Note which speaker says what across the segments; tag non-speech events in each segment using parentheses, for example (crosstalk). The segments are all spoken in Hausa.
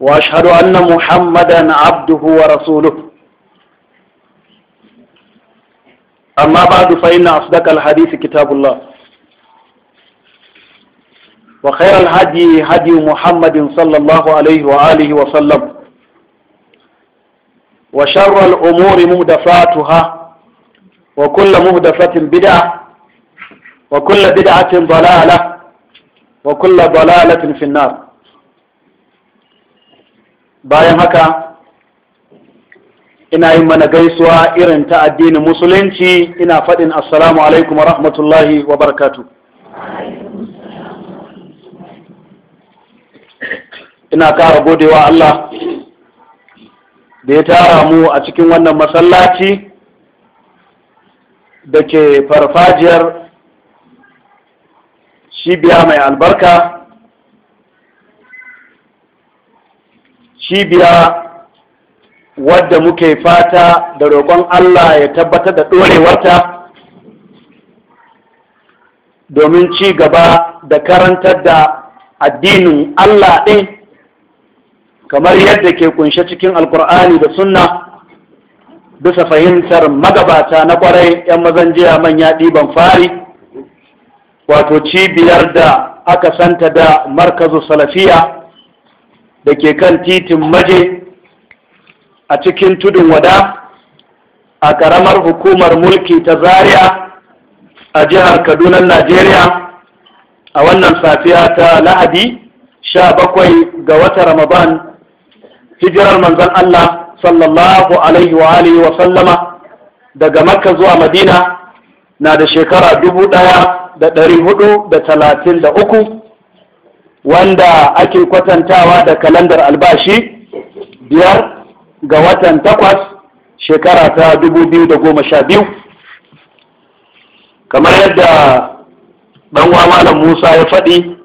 Speaker 1: وأشهد أن محمدا عبده ورسوله أما بعد فإن أصدق الحديث كتاب الله وخير الهدي هدي محمد صلى الله عليه وآله وسلم وشر الأمور مهدفاتها وكل مهدفة بدعة وكل بدعة ضلالة وكل ضلالة في النار bayan haka ina yin mana gaisuwa irin ta addinin musulunci ina faɗin assalamu alaikum wa rahmatullahi wa barakatu ina kara godewa Allah da ya tara mu a cikin wannan masallaci da ke farfajiyar cibiya mai albarka cibiya wadda muke fata da roƙon Allah ya tabbatar da ɗorewarta domin ci gaba da karantar da addinin Allah ɗin kamar yadda ke kunshe cikin alkur'ani da sunna bisa fahimtar magabata na kwarai 'yan mazan jiya manya ɗiban fari wato cibiyar da aka santa da markazu salafiya da ke kan titin maje a cikin tudun wada a ƙaramar hukumar mulki ta zaria a jihar kaduna najeriya a wannan safiya ta lahadi sha bakwai ga wata ramadan hijirar manzon allah sallallahu alaihi wa alihi wa sallama daga makka zuwa madina na da shekara dubu ɗaya da ɗari hudu da talatin da uku wanda ake kwatantawa da kalandar albashi biyar ga watan takwas shekara ta biyu. kamar yadda ɗanwa malam musa ya faɗi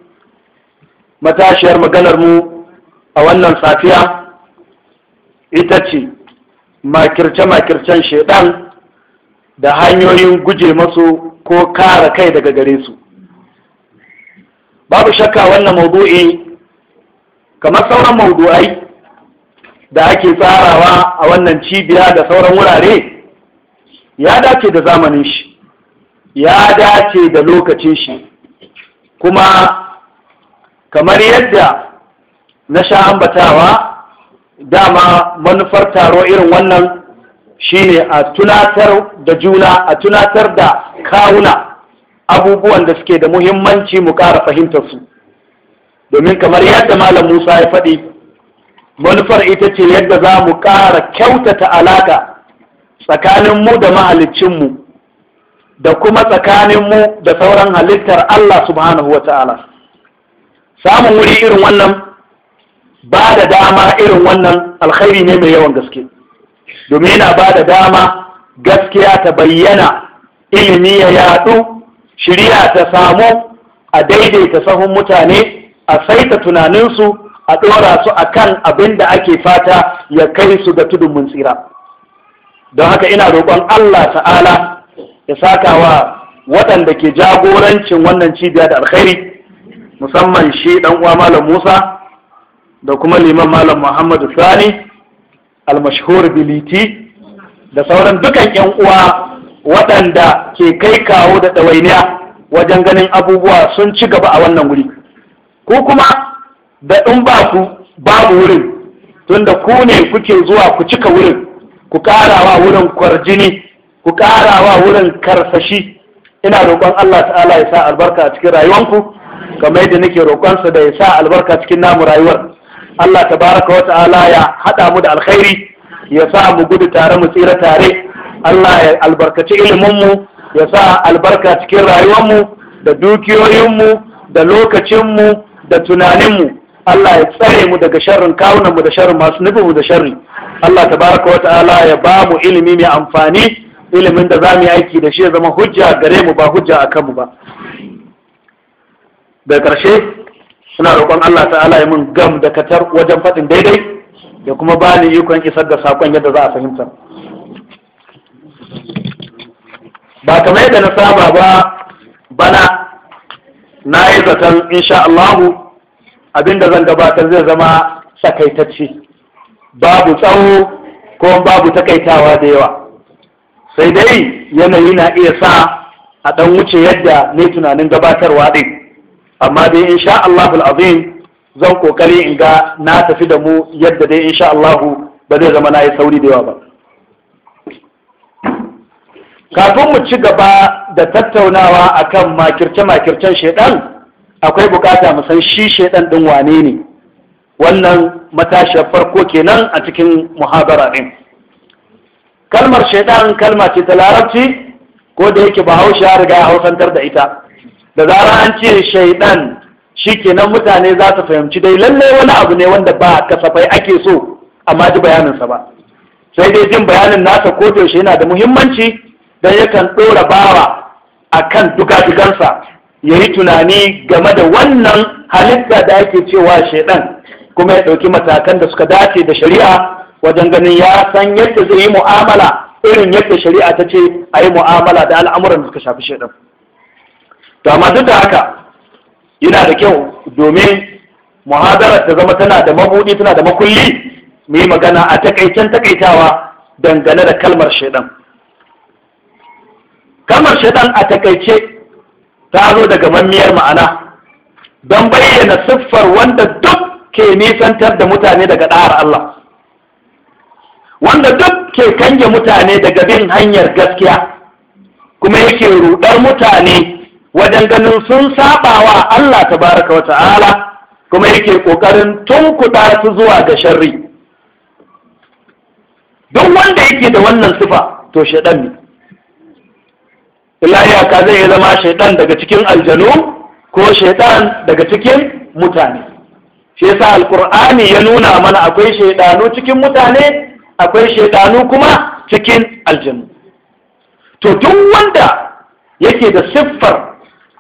Speaker 1: matashiyar maganar mu a wannan safiya ita ce makirce-makircen shaidan da hanyoyin guje masu ko kara kai daga gare su babu shakka wannan maudu'i kamar sauran maudu'ai da ake tsarawa a wannan cibiya da sauran wurare ya dace da zamanin shi ya dace da lokacin shi kuma kamar yadda na sha ambatawa dama manufar taro irin wannan shine a tunatar da juna a tunatar da kawuna abubuwan da suke da muhimmanci mu ƙara fahimtar su domin kamar yadda malam musa ya faɗi manufar ita ce yadda za mu ƙara kyautata alaƙa tsakanin mu da mu da kuma tsakanin mu da sauran halittar allah subhanahu ta'ala. samun wuri irin wannan ba da dama irin wannan alkhairi ne mai yawan gaske domin yana ba da dama gaskiya ta bayyana ilimi ya yadu. shirya ta samu a daidaita sahun mutane a saita tunaninsu a ɗora su a kan abin da ake fata ya kai su ga tudun mun tsira don haka ina roƙon allah ta'ala ya sakawa waɗanda ke jagorancin wannan cibiya da alkhairi musamman shi ɗan uwa malam musa da kuma liman malam muhammadu sani almashhur biliti da sauran dukan 'yan uwa waɗanda ke kai kawo da ɗawainiya wajen ganin abubuwa sun ci gaba a wannan wuri ku kuma da in ba ku babu wurin tunda ku ne kuke zuwa ku cika wurin ku karawa wurin kwarjini ku karawa wurin karsashi ina roƙon Allah ta'ala ya sa albarka cikin rayuwanku kamar yadda nake roƙonsa da ya sa albarka cikin namu rayuwar Allah tabaraka wa ta'ala ya haɗa mu da alkhairi ya sa mu gudu tare mu tsira tare Allah ya albarkaci iliminmu ya sa albarka cikin rayuwarmu da dukiyoyinmu da lokacinmu da tunaninmu Allah ya tsare mu daga sharrin kawunanmu da sharrin masu nufinmu da sharri Allah ta baraka wa ta'ala ya ba mu ilimi mai amfani ilimin da za mu yi aiki da shi ya zama hujja gare mu ba hujja a kanmu ba da ƙarshe suna roƙon Allah ta'ala ya mun gam da katar wajen faɗin daidai ya kuma ba ni ikon isar da saƙon yadda za a fahimta ba kamar yadda na saba ba bana na yi zaton insha Allahu abinda zan gabatar zai zama takaitacce babu tsawo ko babu takaitawa da yawa sai dai yanayi na iya sa a ɗan wuce yadda ne tunanin gabatarwa ɗin amma dai insha Allahu azim zan kokari in ga na tafi da mu yadda dai insha Allahu ba zai zama na yi sauri da yawa ba kafin mu ci gaba da tattaunawa akan makirce-makircen shaidan akwai bukata mu san shi shaidan ɗin wane ne wannan matashiyar farko kenan a cikin muhabara din kalmar shaidan kalma ce ta larabci ko da yake ba haushe ya riga hausantar da ita da zara an ce shaidan shi kenan mutane za su fahimci dai lalle wani abu ne wanda ba kasafai ake so amma ji bayaninsa ba sai dai jin bayanin nasa ko yaushe yana da muhimmanci don yakan ɗora bawa a kan duka-dukansa ya yi tunani game da wannan halitta da ake cewa shaidan kuma ya ɗauki matakan da suka dace da shari'a wajen ganin ya san yadda zai yi mu'amala irin yadda shari'a ta ce a yi mu'amala da al'amuran da suka shafi shaidan to amma duk da haka yana da kyau domin muhadarar ta zama tana da mabuɗi tana da makulli mu yi magana a takaicen takaitawa dangane da kalmar shaidan kamar shaɗan a takaice ta zo daga mammiyar ma'ana don bayyana siffar wanda duk ke nisantar da mutane daga ɗa'ar Allah wanda duk ke kange mutane daga bin hanyar gaskiya kuma yake rudar mutane wajen ganin sun wa Allah baraka wa ta'ala kuma yake ƙoƙarin tunkuɗa su zuwa ga sharri duk wanda yake da wannan sifa to shaɗan ne ilayaka zai iya zama shaidan daga cikin aljanu ko shaidan daga cikin mutane shi yasa alkur'ani ya nuna mana akwai shaidanu cikin mutane akwai shaidanu kuma cikin aljanu to duk wanda yake da siffar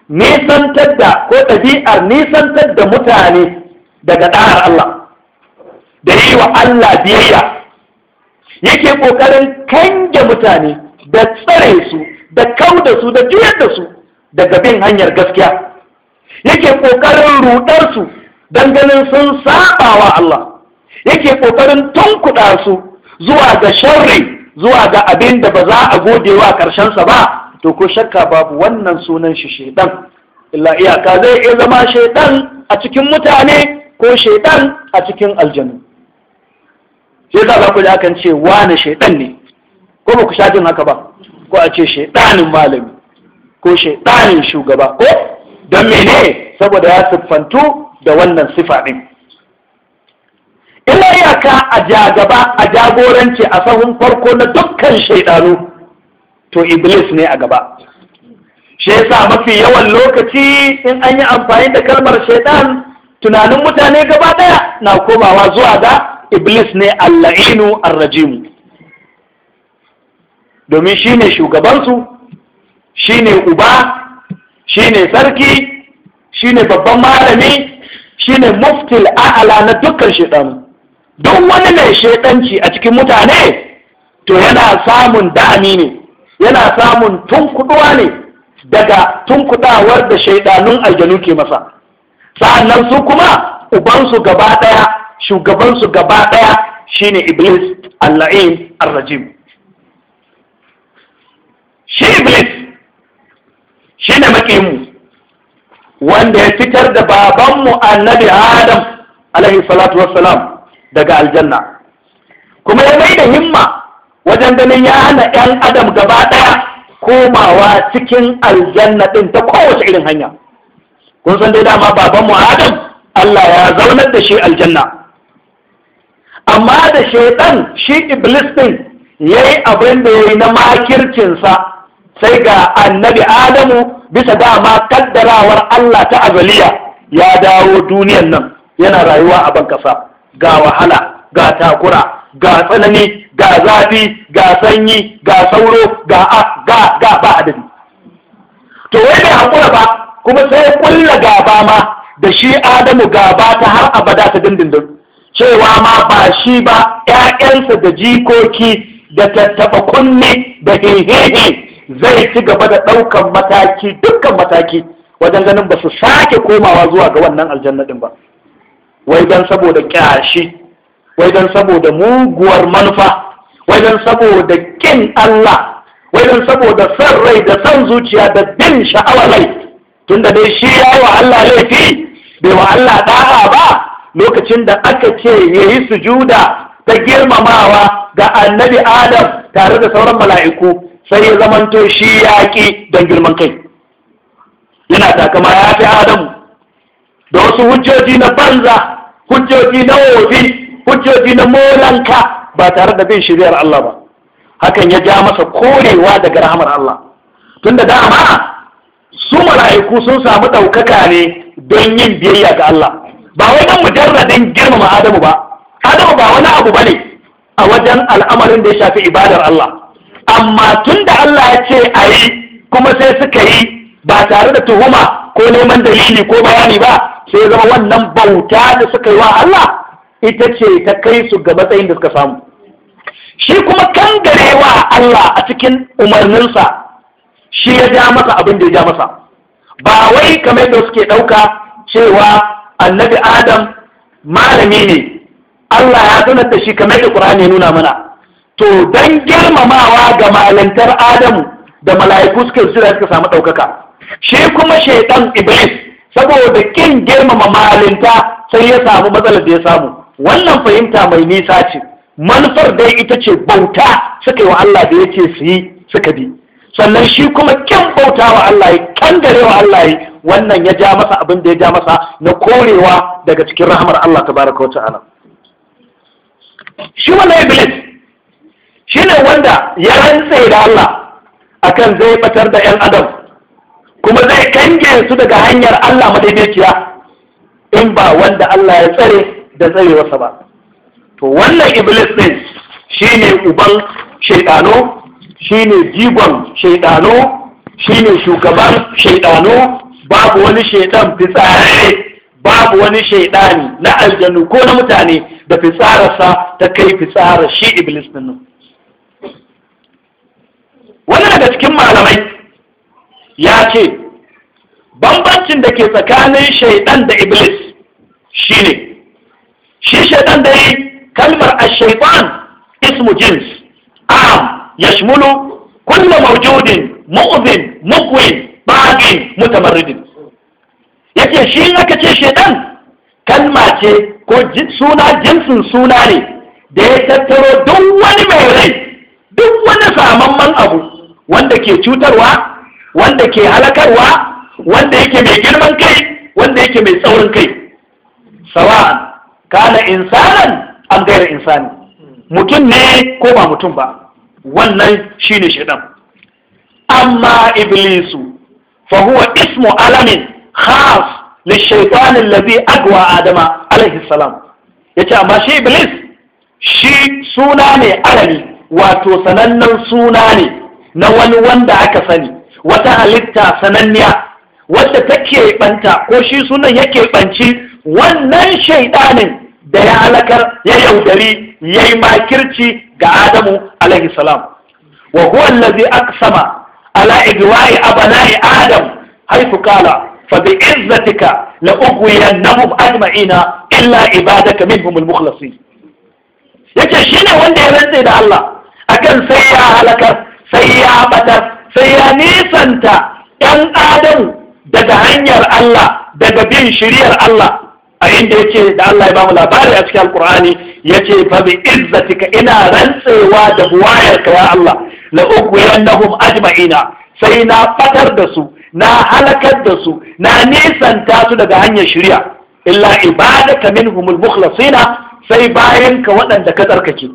Speaker 1: nisantar da ko ɗabi'ar nisantar da mutane daga ɗanar Allah da yi wa Allah biyayya yake ƙoƙarin kange mutane da tsare su da kau da su da juyar da su daga bin hanyar gaskiya yake ƙoƙarin rudar su don ganin sun saba wa Allah yake ƙoƙarin tunkuɗa su zuwa ga sharri zuwa ga abin da ba za a gode wa sa ba to ko shakka babu wannan sunan shi shedan illa iyaka zai iya zama shedan a cikin mutane ko shedan a cikin aljanu sai za ku da akan ce wane shedan ne ko ba ku sha jin haka ba ko a ce shaidanin malami ko shaidanin shugaba ko don mene saboda ya siffantu da wannan sifa ɗin ina yaka a gaba a jagoranci a sahun farko na dukkan shaidanu to iblis ne a gaba shi yasa mafi yawan lokaci in an yi amfani da kalmar shaidan tunanin mutane gaba ɗaya na komawa zuwa ga iblis ne allahinu arrajimu domin shi ne shugabansu shi ne uba shi ne sarki shi ne babban malami shi ne muftil a'ala na dukkan shaidanu don wani mai shaidanci a cikin mutane to yana samun dami ne yana samun tunkuduwa ne daga tunkudawar da shaidanun aljanu ke masa sa'annan su kuma ubansu gaba daya shugabansu gaba daya shine iblis allah'in arrajim shi iblis shi ne makimu wanda ya fitar da babanmu annabi adam alaihi salatu wassalam daga aljanna kuma ya mai da himma wajen ganin ya hana 'yan adam gaba ɗaya komawa cikin aljanna ɗin ta kowace irin hanya kun san dai dama babanmu adam allah ya zaunar da shi aljanna amma da shaidan shi iblis ɗin ya yi abin da ya yi na makircinsa sai ga annabi adamu bisa dama kaddarawar Allah ta azaliya ya dawo duniyan nan yana rayuwa a ban kasa ga wahala ga takura ga tsanani ga zafi ga sanyi ga sauro ga ga ga ba adadi to wai bai hakura ba kuma sai kulla gaba ma da shi adamu gaba ta har abada ta dindindin cewa ma ba shi ba ƴaƴansa da jikoki da tattaba kunne da hehehe zai ci gaba da ɗaukan mataki dukkan mataki wajen ganin ba su sake komawa zuwa ga wannan aljanna ɗin ba wai don saboda ƙyashi wai don saboda muguwar manufa wai don saboda ƙin Allah wai don saboda san rai da san zuciya da bin sha'awar rai tunda dai shi ya wa Allah laifi bai wa Allah da'a ba lokacin da aka ce ya yi sujuda ta girmamawa ga annabi Adam tare da sauran mala'iku sai ya zamanto shi yaƙi don girman kai yana takama ya fi adamu da wasu hujjoji na banza hujjoji na wofi hujjoji na molanka ba tare da bin shiriyar Allah ba hakan ya ja masa korewa daga rahamar Allah tun da dama su mala'iku sun samu ɗaukaka ne don yin biyayya ga Allah ba wai don mujarradin girmama Adamu ba Adamu ba wani abu bane a wajen al'amarin da ya shafi ibadar Allah amma tun da Allah ya ce a yi kuma sai suka yi ba tare da tuhuma ko neman dalili ko bayani ba sai zama wannan bauta da suka yi wa Allah ita ce ta kai su ga matsayin da suka samu shi kuma kan gare wa Allah a cikin umarninsa shi ya ja masa abin da ya ja masa ba wai kamar da suke ɗauka cewa annabi adam malami ne Allah ya sanar da shi kamar da Qur'ani ya nuna mana to don girmamawa ga malantar adamu da mala'iku suka zira suka samu ɗaukaka shi kuma shaidan iblis saboda kin girmama malinta sai ya samu matsalar da ya samu wannan fahimta mai nisa ce manufar dai ita ce bauta suka yi wa Allah da ya ce su yi suka bi sannan shi kuma kin bauta wa Allah ya dare wa Allah ya wannan ya ja masa abin da ya ja masa na korewa daga cikin rahamar Allah tabaraka wa ta'ala shi wannan iblis shine wanda ya rantse da Allah akan zai batar da 'yan adam kuma zai kange su daga hanyar Allah madaidaiciya in ba wanda Allah ya tsare da tsarewarsa ba to wannan iblis din shine uban shaidano shine jigon shaidano shine shugaban shaidano babu wani shaidan fitsare babu wani shaidani na aljanu ko na mutane da fitsararsa ta kai fitsarar shi iblis din wani daga cikin malamai ya ce bambancin da ke tsakanin shaidan da iblis shine shi shaidan da yi kalmar ashaiban ismu jins am yashmulu kulla maujudin mu'zin muqwin bagin mutamarridin ce shi aka ce shaidan kalma ce ko suna jinsin suna ne da ya tattaro duk wani mai rai duk wani samamman abu wanda ke cutarwa wanda ke halakarwa wanda yake mai girman kai wanda yake mai tsaurin kai sawa'an kana insanan an gaira insani mutum ne ko ba mutum ba wannan shine shaidan amma iblisu fa huwa ismu alamin khas shaytanin ladhi agwa Adama, alaihi salam yace amma shi iblis shi suna ne alami wato sanannen suna ne na wani wanda aka sani wata halitta sananniya wadda ta keɓanta ko shi sunan ya keɓanci wannan shaidanin da ya halakar ya yaudari ya yi makirci ga adamu alaihi salam wa huwa allazi aqsama ala igwa'i abana'i adam haythu qala fa bi izzatika la ughwiyannahum ajma'ina illa ibadaka minhum al-mukhlasin yace shine wanda ya rantse da Allah akan sai ya halakar sai ya batar sai ya nisanta ɗan adam daga hanyar Allah daga bin shiriyar Allah a inda yake da Allah ya bamu labari a cikin alkur'ani yace fa bi izzatika ina rantsewa da buwayarka ya Allah la ughwiyannahum ajma'ina sai na fatar da su na halakar da su na nisanta su daga hanyar shiriya. illa ibadaka minhumul mukhlasina sai bayan ka waɗanda ka tsarkake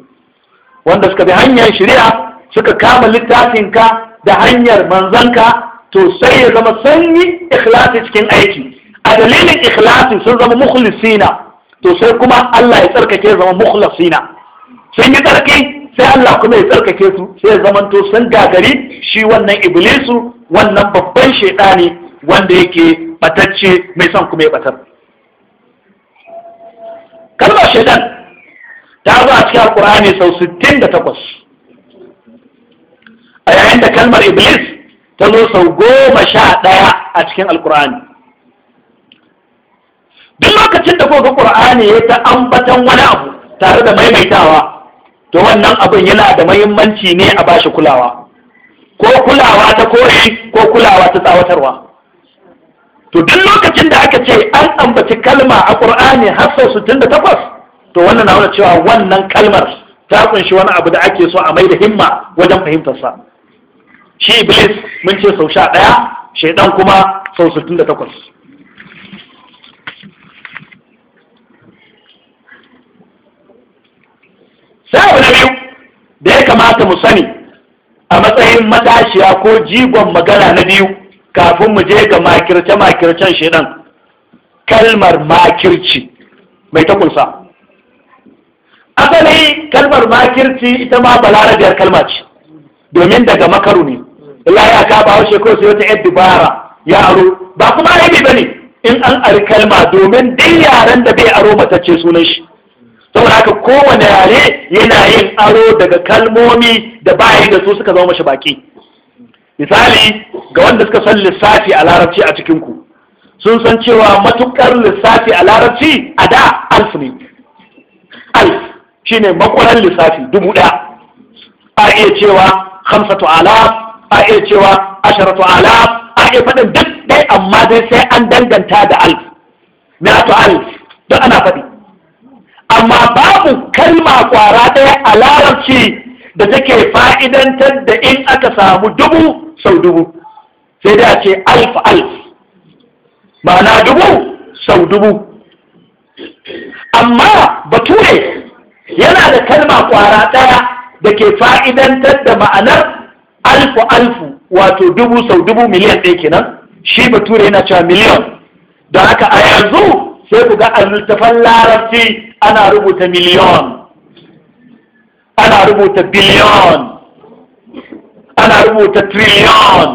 Speaker 1: wanda suka bi hanyar shiriya. suka kama littafinka da hanyar manzanka to sai ya zama sanyi ikhlasi cikin aiki a dalilin ikhlasi sun zama mukhlisina to sai kuma Allah ya tsarkake zama mukhlisina sun yi tsarki sai Allah kuma ya tsarkake su sai ya zama to sun gagari shi wannan iblisu wannan babban ne. wanda yake batacce mai son kuma ya batar kalmar shaidan ta zo a cikin alkur'ani sau 68 yayin kalmar iblis ta zo sau goma sha ɗaya a cikin alkur'ani duk lokacin da koga ƙur'ani ya ta ambatan wani abu tare da maimaitawa to wannan abin yana da mahimmanci ne a bashi kulawa ko kulawa ta kore ko kulawa ta tsawatarwa to duk lokacin da aka ce an ambaci kalma a ƙur'ani har sau sittin da takwas to wannan na cewa wannan kalmar ta kunshi wani abu da ake so a mai da himma wajen fahimtarsa shi iblis mun ce sau sha ɗaya shaidan kuma sau sittin da takwas sai abu biyu da ya kamata mu sani a matsayin matashiya ko jigon magana na biyu kafin mu je ga makirce-makircen shaidan kalmar makirci mai takunsa asali kalmar makirci ita ma balarabiyar kalma ce domin daga makaru ne illa ya ka ba haushe ko sai wata yar dubara ya aro ba kuma rabi bane in an ari kalma domin duk yaren da bai aro matacce sunan shi saboda haka kowane yare yana yin aro daga kalmomi da bayi da su suka zama mashi baki misali ga wanda suka san lissafi a larabci a cikin ku sun san cewa matukar lissafi a larabci a da alf ne alf shine makwaran lissafi dubu ɗaya a iya cewa hamsatu alaf a iya cewa asharatu ala a iya faɗin duk dai amma dai sai an danganta da alf mi'atu alf don ana faɗi amma babu kalma kwara ɗaya a larabci da take fa'idantar da in aka samu dubu sau dubu sai da ce alf alf ma'ana dubu sau dubu amma bature yana da kalma kwara ɗaya da ke fa'idantar da ma'anar alfu alfu wato dubu sau dubu miliyan ɗaya kenan shi bature yana cewa miliyan Da haka a yanzu sai ku ga littafan larabci ana rubuta miliyon ana rubuta biliyon ana rubuta triliyon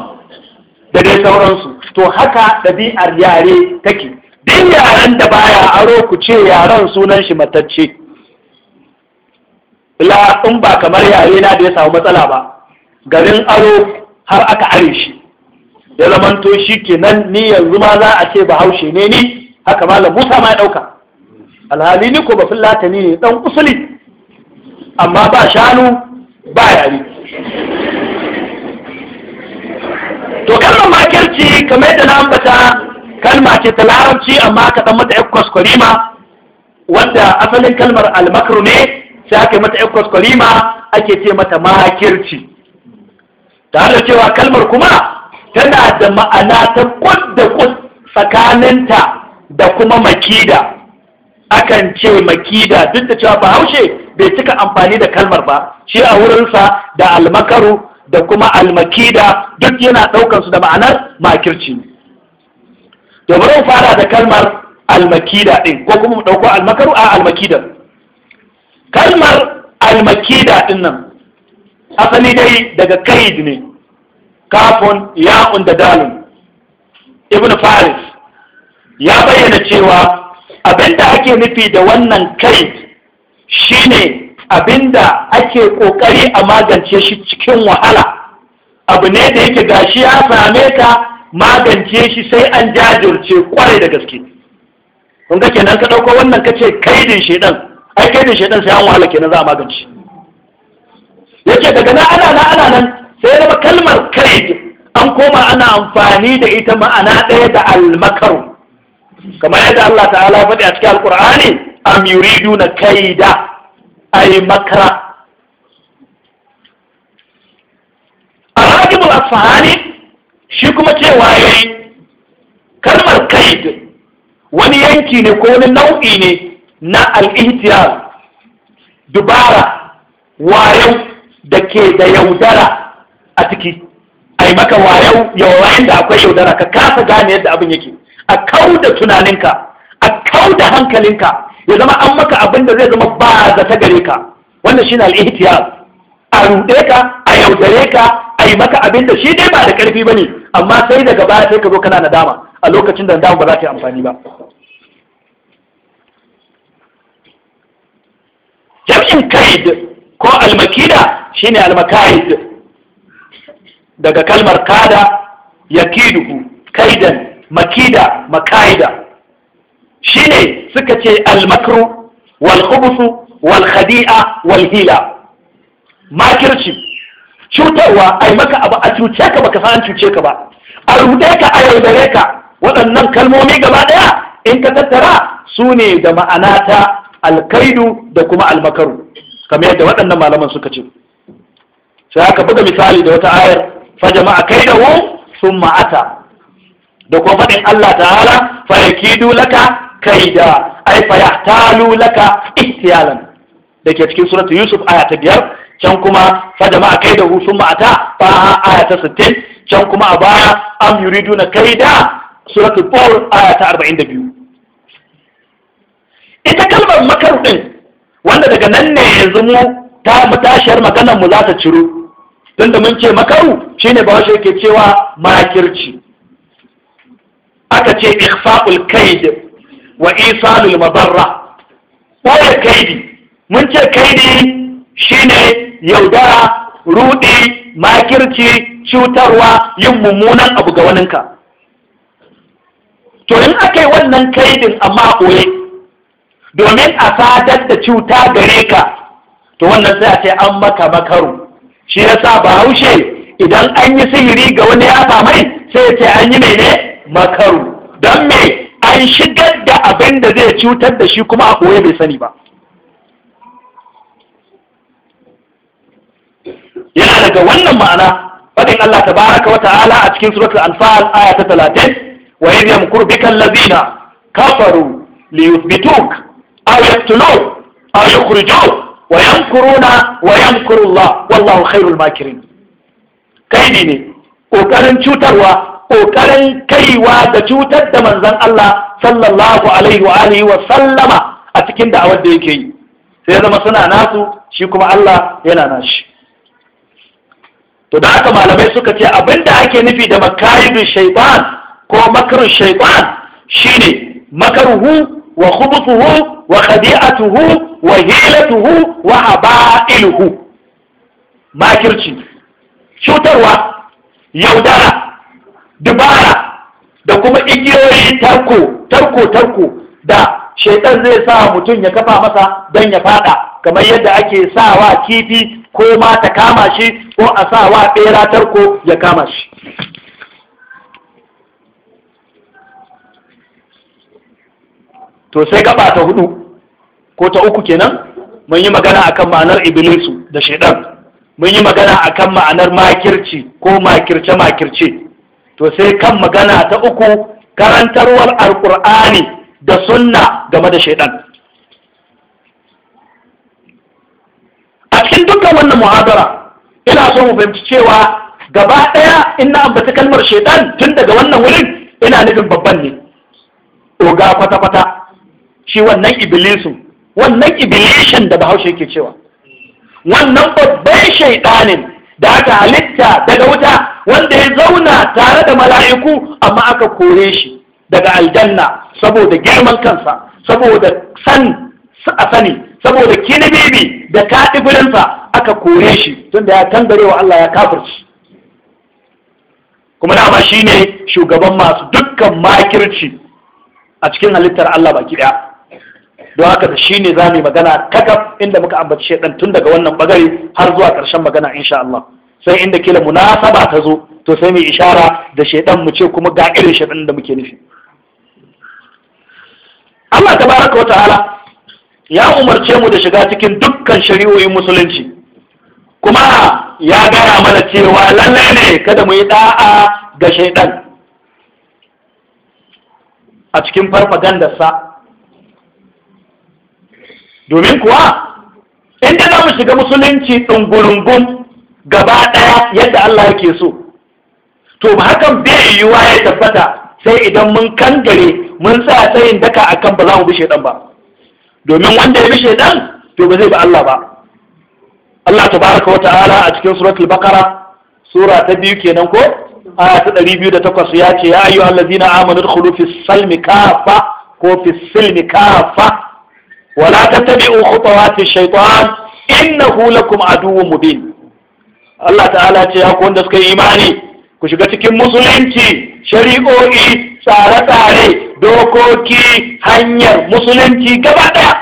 Speaker 1: da dai sauransu to haka ɗabi'ar yare take din yaren da baya aro ku ce yaren sunan shi matacce la in ba kamar yare na da ya samu matsala ba garin aro har aka are shi ya zamanto shi kenan ni yanzu ma za a ce bahaushe ne ni haka ma musa ma ya ɗauka alhali ni ko bafin latani ne ɗan usuli amma ba shanu ba yari to kalmar makirci kamar yadda na ambata kalma ce ta larabci amma ka ɗan mata ikkos kwalima wanda asalin kalmar almakru ne sai aka mata ikkos kwalima ake ce mata makirci Ta da cewa kalmar kuma tana da ma'ana ta kud da kud tsakaninta da kuma makida akan ce makida duk da cewa bahaushe bai cika amfani da kalmar ba shi a wurinsa da almakaru da kuma almakida duk yana ɗaukansu da ma'anar makirci to bari mu fara da kalmar almakida ɗin ko kuma mu ɗauko almakaru a almakida kalmar almakida ɗin nan asali dai daga kaid ne kafin ya'un da dalin ibn faris ya bayyana cewa abinda ake nufi da wannan kaid shine abinda ake kokari a magance shi cikin wahala abu ne da yake gashi ya same ka magance shi sai an jajirce kwarai da gaske kun ga kenan ka dauko wannan kace kaidin shedan ai kaidin shedan sai an wahala kenan za a magance yake daga na ana na ana nan sai zama kalmar kare an koma ana amfani da ita ma'ana ɗaya da almakaru kamar yadda Allah ta'ala faɗi a cikin alkur'ani am na kaida ay makra arajibul asfahani shi kuma cewa yayi kalmar kaid wani yanki ne ko wani nau'i ne na al dubara wayo da ke da yaudara a ciki a yi maka wayau yawayen da akwai yaudara ka kasa gane yadda abin yake a kau da tunaninka a kau da hankalinka ya zama an maka abin da zai zama ba ta gare ka wannan shi na al'ihtiya a ruɗe ka a yaudare ka a yi maka abin da shi dai ba da ƙarfi ba ne amma sai daga baya sai ka zo kana nadama a lokacin da nadama ba za ta yi amfani ba jam'in kaid ko almakida shine almakahid daga kalmar kada yakidu kaidan makida makaida shine suka ce almakru wal khubusu wal khadi'a wal hila makirci cutarwa ai maka abu a cuce ka baka san cuce ka ba a rude ka a yaudare ka waɗannan kalmomi gaba ɗaya in ka tattara su ne da ma'ana ta alkaidu da kuma almakaru kamar yadda waɗannan malaman suka ce sai aka buga misali da wata ayar fa jama'a hu" sun ma'ata, da kuma faɗin Allah ta'ala ki yakidu laka da ai fa yahtalu laka ihtiyalan da ke cikin suratun Yusuf aya ta biyar can kuma fa jama'a kaidahu thumma ata fa aya ta sittin, can kuma a baya am kai da suratun Tur aya ta biyu. ita kalmar makar wanda daga nan ne yanzu mu ta mutashiyar maganar mu za ta ciro tunda mun ce makaru shine ba shi yake cewa makirci aka ce ikhfa'ul kaid wa isalul mabarra boye kaidi mun ce kaidi shine yaudara rudi makirci cutarwa yin mummunan abu ga waninka to in aka yi wannan kaidin amma ɓoye domin a sadar da cuta gare ka to wannan sai a ce an maka makaru shi ya yasa bahaushe idan an yi sihiri ga wani ya mai sai ce an yi mene makaru don me an shigar da abin da zai cutar da shi kuma a koye bai sani ba yana daga wannan ma'ana faɗin Allah Ta baraka wa ta'ala a cikin suratul anfal aya ta 30 wa idh yamkuru bika allazina kafaru liyuthbituk aw yaqtuluk aw yukhrijuk wa yamkuruna wa yamkurullah wallahu khairul makirin kai ne ne kokarin cutarwa kokarin kaiwa da cutar da manzon Allah sallallahu alaihi wa wa sallama a cikin da'awar da yake yi sai zama suna nasu shi kuma Allah yana nashi to da malamai suka ce abinda ake nufi da makaribin shaitan ko makarun shaitan shine makaruhu wa khubutuhu wa khadi'atuhu wa hilatuhu wa haba'iluhu makirci cutarwa yaudara dubara da kuma igiyoyi tarko tarko tarko da shaitan zai sa mutum ya kafa masa don ya fada kamar yadda ake sawa kifi ko ma ta kama shi ko a sawa bera tarko ya kama shi to sai gaba ta hudu ko ta uku kenan mun yi magana akan ma'anar iblisu da shaidan mun yi magana akan ma'anar makirci ko makirce makirce to sai kan magana ta uku karantarwar alkur'ani da sunna game da shaidan a cikin dukkan wannan muhadara ina so mu fahimci cewa gaba ɗaya inna ambati kalmar shaidan tun daga wannan wurin ina nufin babban ne oga kwata-kwata shi wannan iblisu wannan ibilishin da bahaushe yake cewa wannan babban shaidanin da aka halitta daga wuta wanda ya zauna tare da mala'iku amma aka kore shi daga aljanna saboda girman kansa saboda san a sani saboda kinibibi da kaɗibirinsa aka kore shi tunda ya tangare wa Allah ya kafirci kuma dama shi ne shugaban masu dukkan makirci a cikin halittar Allah baki ɗaya don haka da shi ne za mu yi magana kakaf inda muka ambaci shaidan tun daga wannan bagare har zuwa ƙarshen magana insha Allah sai inda kila munasaba ta zo to sai mu ishara da shaidan mu ce kuma ga irin shaidan da muke nufi Allah Ta tabaraka wa ta'ala ya umarce mu da shiga cikin dukkan shari'o'in musulunci kuma ya gaya mana cewa lallai ne kada mu yi da'a ga shaidan a cikin sa. domin kuwa inda za mu shiga musulunci ɗungurungun gaba ɗaya yadda Allah yake so to ba hakan bai yiwuwa ya tabbata sai idan mun kangare mun tsaya tsayin daka akan ba za mu bi shaidan ba domin wanda ya bi shaidan to ba zai bi Allah ba Allah ta baraka wa ta'ala a cikin suratul baqara sura ta biyu kenan ko aya ta 208 ya ce ya ayyuhallazina amanu dkhulu fis salmi kafa ko fis silmi kafa wala tattabi'u khutuwati shaytan innahu lakum aduwwun mubin Allah ta'ala ce ya ku wanda suka yi imani ku shiga cikin musulunci shari'o'i tsare-tsare dokoki hanyar musulunci gaba daya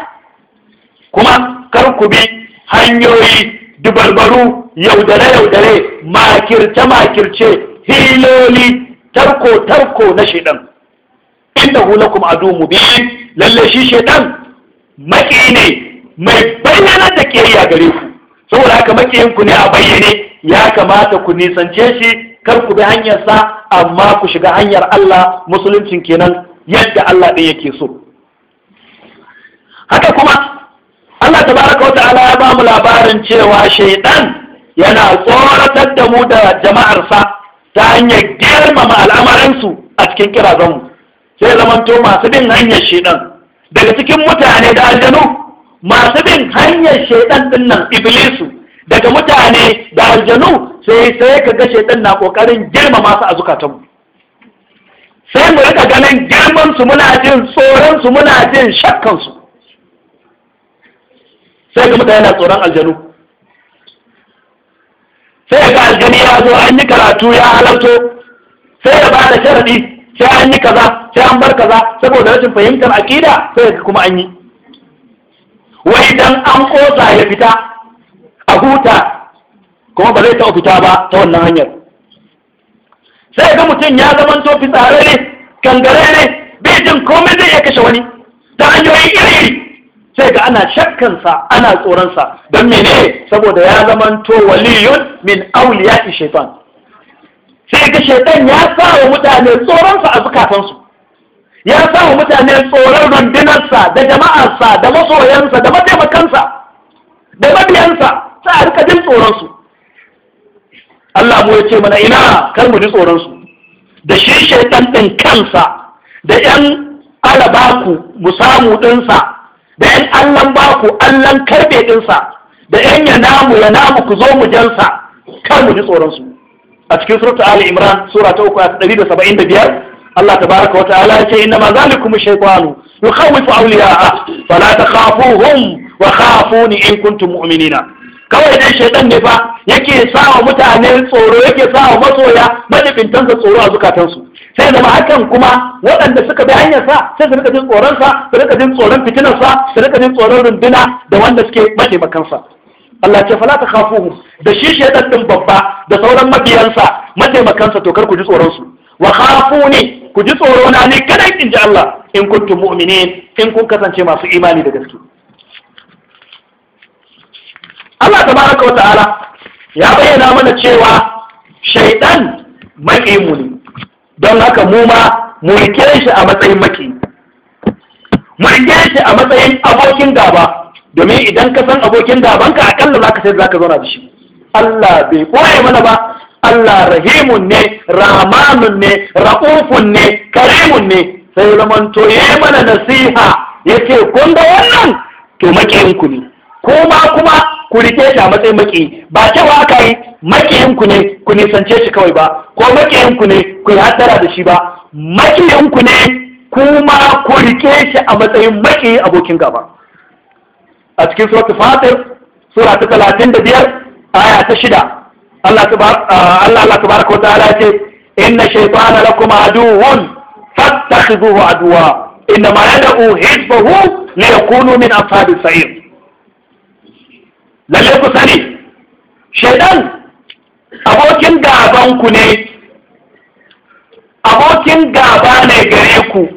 Speaker 1: kuma kar ku bi hanyoyi dubarbaru yaudare-yaudare makirce-makirce hiloli tarko-tarko na shidan inda hula kuma adu mubin lalle shi shaidan maki ne mai bayyana da kiyayya gare ku saboda haka makiyin ku ne a bayyane ya kamata ku nisance shi kar ku bi hanyarsa amma ku shiga hanyar Allah musuluncin kenan yadda Allah ɗin yake so haka kuma Allah tabaraka wata'ala ta'ala ya bamu labarin cewa shaiɗan yana tsoratar da mu da jama'arsa ta hanyar girmama al'amaransu a cikin kirazanmu sai zamanto masu bin hanyar shaiɗan daga cikin mutane da aljanu masu bin hanyar shaidan din nan iblisu daga mutane da aljanu sai sai ka ga shaidan na kokarin girmama su a zukatanmu sai mu rika ganin girman su muna jin tsoron su muna jin shakkan su sai ga mutane na tsoron aljanu sai ga aljani ya zo an yi karatu ya halarto sai ya ba da sharadi sai an yi kaza sai an bar kaza saboda rashin fahimtar akida sai ka kuma an yi wai dan an kosa ya fita a huta kuma ba zai ta fita ba ta wannan hanyar sai ga mutum ya zamanto fitsararre ne bai jin komai zai iya kashe wani ta hanyoyi iri sai ga ana shakkansa ana tsoronsa don menene saboda ya zamanto waliyun min auliya shaitan sai ga shaitan ya sa wa mutane tsoronsa a zukatansu ya sa wa mutane tsoron rundunarsa da jama'arsa da masoyansa da mataimakansa da mabiyansa sai a rika jin tsoronsu Allah mu ya ce mana ina kar mu ji tsoronsu da shi shaitan ɗin kansa da 'yan alabaku mu samu ɗinsa da ‘yan allan baku allan karbe ɗinsa da ‘yan yana namu ya namu ku zo mu jansa kar mu ji tsoronsu a cikin suratul ali imran sura ta uku ɗari da saba'in da biyar Allah tabaraka wa ta'ala ya ce inna ma zalikum shaytanu yukhawifu awliya'a fala hum! wa khafuni in kuntum mu'minina kawai dan shaidan ne fa yake sawa mutane tsoro yake sawa masoya madifintansa tsoro a zukatansu sai zama hakan kuma waɗanda suka bi hanyarsa sai su rika jin tsoronsa su rika jin tsoron fitilarsa, su rika jin tsoron runduna da wanda suke mataimakansa Allah ce fala kafu mu da shi shedan din babba da sauran mabiyansa mataimakansa tokar ku ji tsoronsu. su wa ne ku ji tsoro na ne kada in ji Allah in kuntum mu'minin in kun kasance masu imani da gaske Allah tabaraka wa ta'ala ya bayyana mana cewa shaidan mai mu ne don haka mu ma mu rike shi a matsayin maki mu rike shi a matsayin abokin gaba domin idan ka san abokin gabanka akalla za ka sai za ka zauna da shi Allah bai ɓoye mana ba Allah rahimun ne ramanun ne ra'ufun ne karimun ne sai to ya mana nasiha ya ce kun da wannan to makiyinku ne ko ma kuma ku rike shi a matsayin maki ba cewa aka yi makiyinku ne ku nisance shi kawai ba ko makiyinku ne ku yi haddara da shi ba makiyinku ne kuma ku rike shi a matsayin makiyi abokin gaba a cikin suratul fatir sura ta 35 aya ta 6 Allah Allah Allah tabaraka wa ta'ala ce inna shaytana lakum aduwwun fattakhidhuhu aduwa inna ma yad'u hizbahu li yakunu min ashabis sa'ir lalle ku sani shaytan abokin gaban ku ne abokin gaba ne gare ku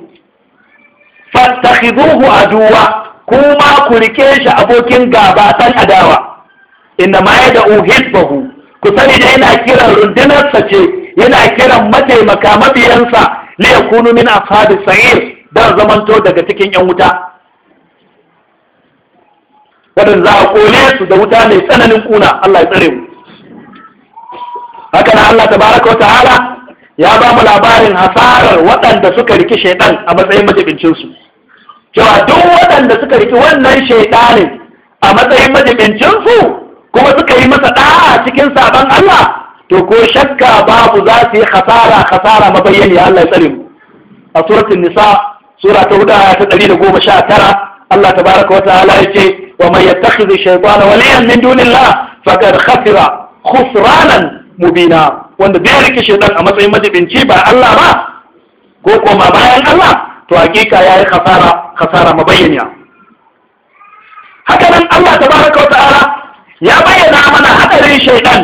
Speaker 1: fattakhidhuhu aduwa kuma ku rike shi abokin gaba san adawa inna ma ya uhid bahu ku sani da yana kiran rundunarsa ce yana kiran mataimaka mabiyansa ya kunu min ashabis sa'ir dan zamanto daga cikin yan wuta wadan za a kone su da wuta mai tsananin kuna Allah ya tsare mu haka na Allah tabaraka wa ta'ala ya ba mu labarin hasarar waɗanda suka riki shaidan a matsayin su cewa duk waɗanda suka riki wannan shaidanin a matsayin majibincinsu kuma suka yi masa ɗa'a cikin sabon Allah to ko shakka babu za su yi khasara khasara mabayyani Allah ya tsare mu a suratul nisa sura ta hudu ta ɗari da goma sha tara Allah tabaraka wa ta'ala ya ce wa man yattakhidhu shaytana waliyan min dunillah faqad khasira khusranan mubina wanda bai riƙe shaytan a matsayin majibinci ba Allah ba ko kuma bayan Allah to hakika yi yi kasara mabayyana haka nan Allah tabaraka wa ta'ala ya bayyana mana hadarin shaytan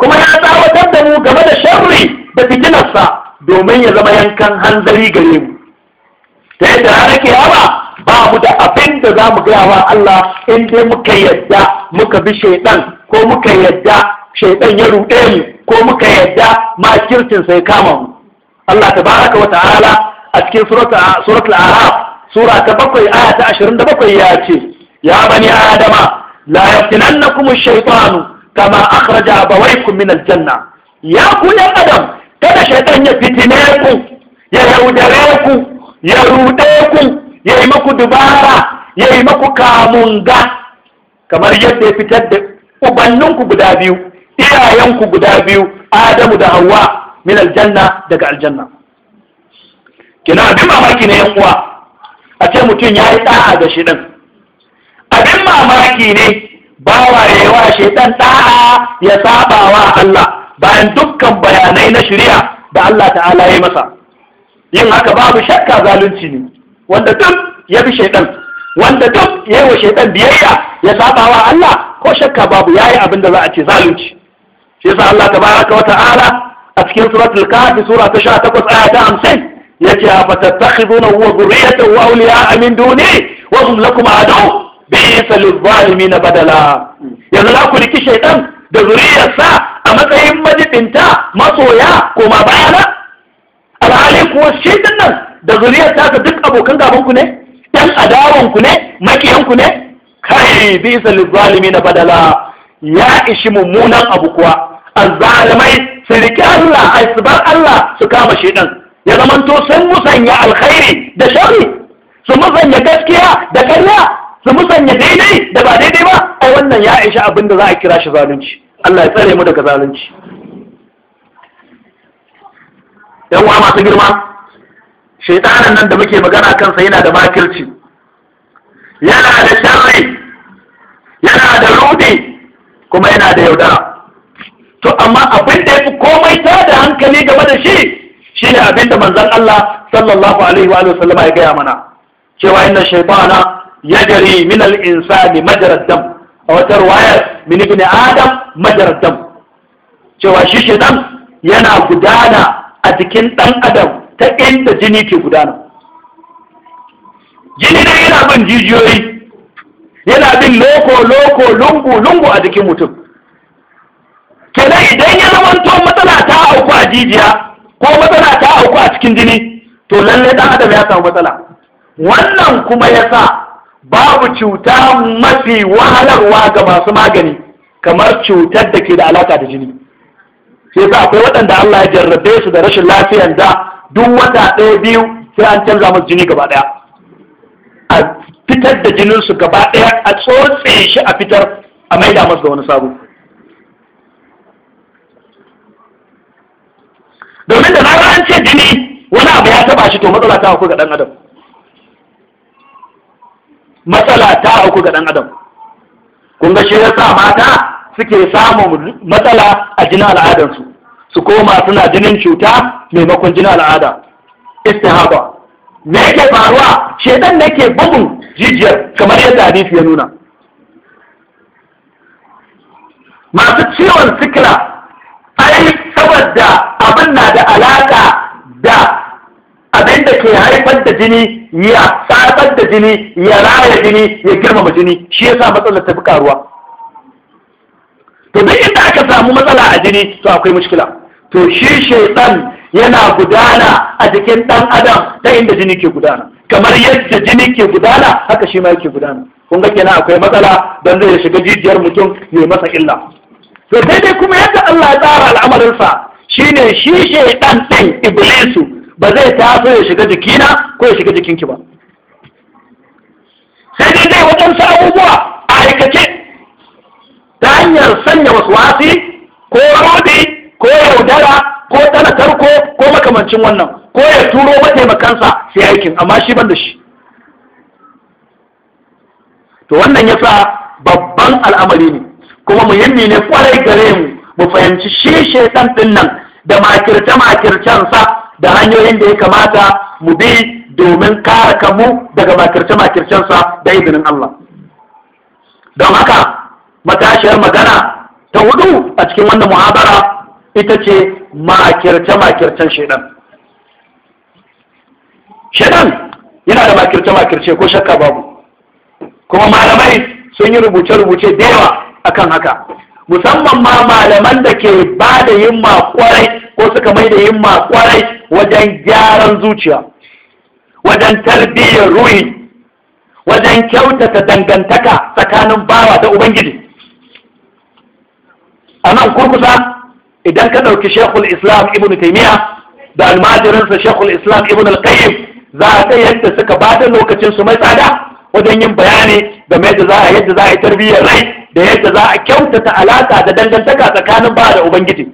Speaker 1: kuma ya tsawatar da mu game da sharri da fitinarsa domin ya zama yankan hanzari gare mu ta yadda ranar yawa ba mu da abin da za mu gaya wa Allah in dai muka yadda muka bi shaidan ko muka yadda shaidan ya ruɗe mu ko muka yadda makircin sai kama mu Allah tabaraka wa ta'ala a cikin suratul araf sura ta bakwai aya ta ashirin da bakwai ya ce ya bani adama la yaftinannakum ash-shaytanu kama akhraja ku min al-janna ya ku yan adam kada shaytan ya fitine ku ya yaudare ku ya rude ku ya yi maku dubara ya yi maku kamunga kamar yadda ya fitar da ubanninku guda biyu iyayenku guda biyu adamu da hawa min aljanna daga aljanna kina abin mamaki ne yan uwa a ce mutum ya yi ɗa'a ga shi din abin mamaki ne bawa ya yi wa ɗan ɗa'a? ya saba wa Allah bayan dukkan bayanai na shari'a da Allah ta'ala ya masa yin haka babu shakka zalunci ne wanda duk ya bi shaitan wanda duk ya yi wa shaitan biyayya ya saba wa Allah ko shakka babu yayi abin da za a ce zalunci shi yasa Allah tabaraka wa ta'ala a cikin suratul kahfi sura ta 18 aya ta 50 ya yace a fatattakhiduna wa dhurriyyatahu awliya'a min duni wa hum lakum adu bisa na badala yanzu za ku riki shaidan da zuriyarsa a matsayin majibinta masoya ko ma bayana alhali kuwa shaidan nan da zuriyarsa ga duk abokan gaban ku ne dan adawan ku ne makiyan ku ne kai bisa na badala ya ishi mummunan abu kuwa azzalimai su riƙe Allah yi su bar Allah su kama shaidan ya zamanto sun musanya alkhairi da shari su musanya gaskiya da karya su musanya daidai da ba daidai ba a wannan ya aisha abin da za a kira shi zalunci Allah ya tsare mu daga zalunci yan uwa masu girma shaitanan nan da muke magana kansa yana da makirci yana da shari yana da rudi kuma yana da yaudara to amma abin da ya fi komai ta da hankali game da shi Shi ne shine abinda manzon Allah sallallahu alaihi wa sallama ya gaya mana cewa inna ya jari min al-insani majrad dam a wata riwaya min ibn adam majaradam cewa shi shaytan yana gudana a jikin ɗan adam ta inda jini ke gudana jini ne yana bin jijiyoyi yana bin loko loko lungu lungu a jikin mutum kenan idan ya zamanto matsala ta auku a jijiya ko matsala ta auku a cikin jini to lallai ɗan adam ya samu matsala wannan kuma ya sa babu cuta mafi wahalarwa ga masu magani kamar cutar da ke da alaka da jini sai yasa akwai waɗanda Allah ya jarrabe su da rashin lafiyar da duk wata ɗaya biyu sai an canza masu jini gaba ɗaya a fitar da jinin su gaba ɗaya a tsotse shi a fitar a maida masu da wani sabo domin da zarar an ce jini wani abu ya taba shi to matsala ta auku ga dan adam matsala ta auku ga dan adam kun ga shi sa mata suke samun matsala a jini al'adansu su koma suna jinin cuta maimakon jini al'ada istihaba me yake faruwa shedan ne ke bugun jijiyar kamar yadda hadisi ya nuna masu ciwon sikila jini ya tsatsar da jini ya raya jini ya girmama jini shi yasa matsalar ta fi karuwa to duk inda aka samu matsala a jini to akwai mushkila to shi shaitan yana gudana a jikin dan adam ta inda jini ke gudana kamar yadda jini ke gudana haka shi ma yake gudana kun ga kenan akwai matsala don zai shiga jijiyar mutum ya masa illa to sai dai kuma yadda Allah ya tsara al'amarinsa shine shi shaitan din iblisu ba zai taso ya shiga jikina ko ya shiga jikinki ba
Speaker 2: sai dai zai waɗansu abubuwa a
Speaker 1: aikace ta hanyar sanya wasu wasi ko rodi ko yaudara ko tarko ko makamancin wannan ko ya turo mataimakansa sai aikin amma shi ban da shi to wannan ya sa babban al'amari ne kuma muhimmi ne kwarai gare mu mu fahimci shi shaitan din nan da makirce makircensa da hanyoyin da ya kamata mu bi domin kare kanmu daga makirce-makircensa da izinin Allah. Don haka matashiyar magana ta hudu a cikin wannan muhabara ita ce makirce-makircen shaidan. Shaidan yana da makirce-makirce ko shakka babu. Kuma malamai sun yi rubuce-rubuce da yawa akan haka. Musamman ma malaman da ke ba da yin kwarai ko suka mai da yin kwarai wajen gyaran zuciya wajen tarbiyyar ruhi wajen kyautata dangantaka tsakanin bawa da ubangiji a nan kurkusa idan ka ɗauki shekul islam ibn taimiyya da almajirinsa shekul islam ibn alkayyim za a ta yadda suka ba da lokacinsu mai tsada wajen yin bayani game da za a yadda za a yi tarbiyyar rai da yadda za a kyautata alaƙa da dangantaka tsakanin bawa da ubangiji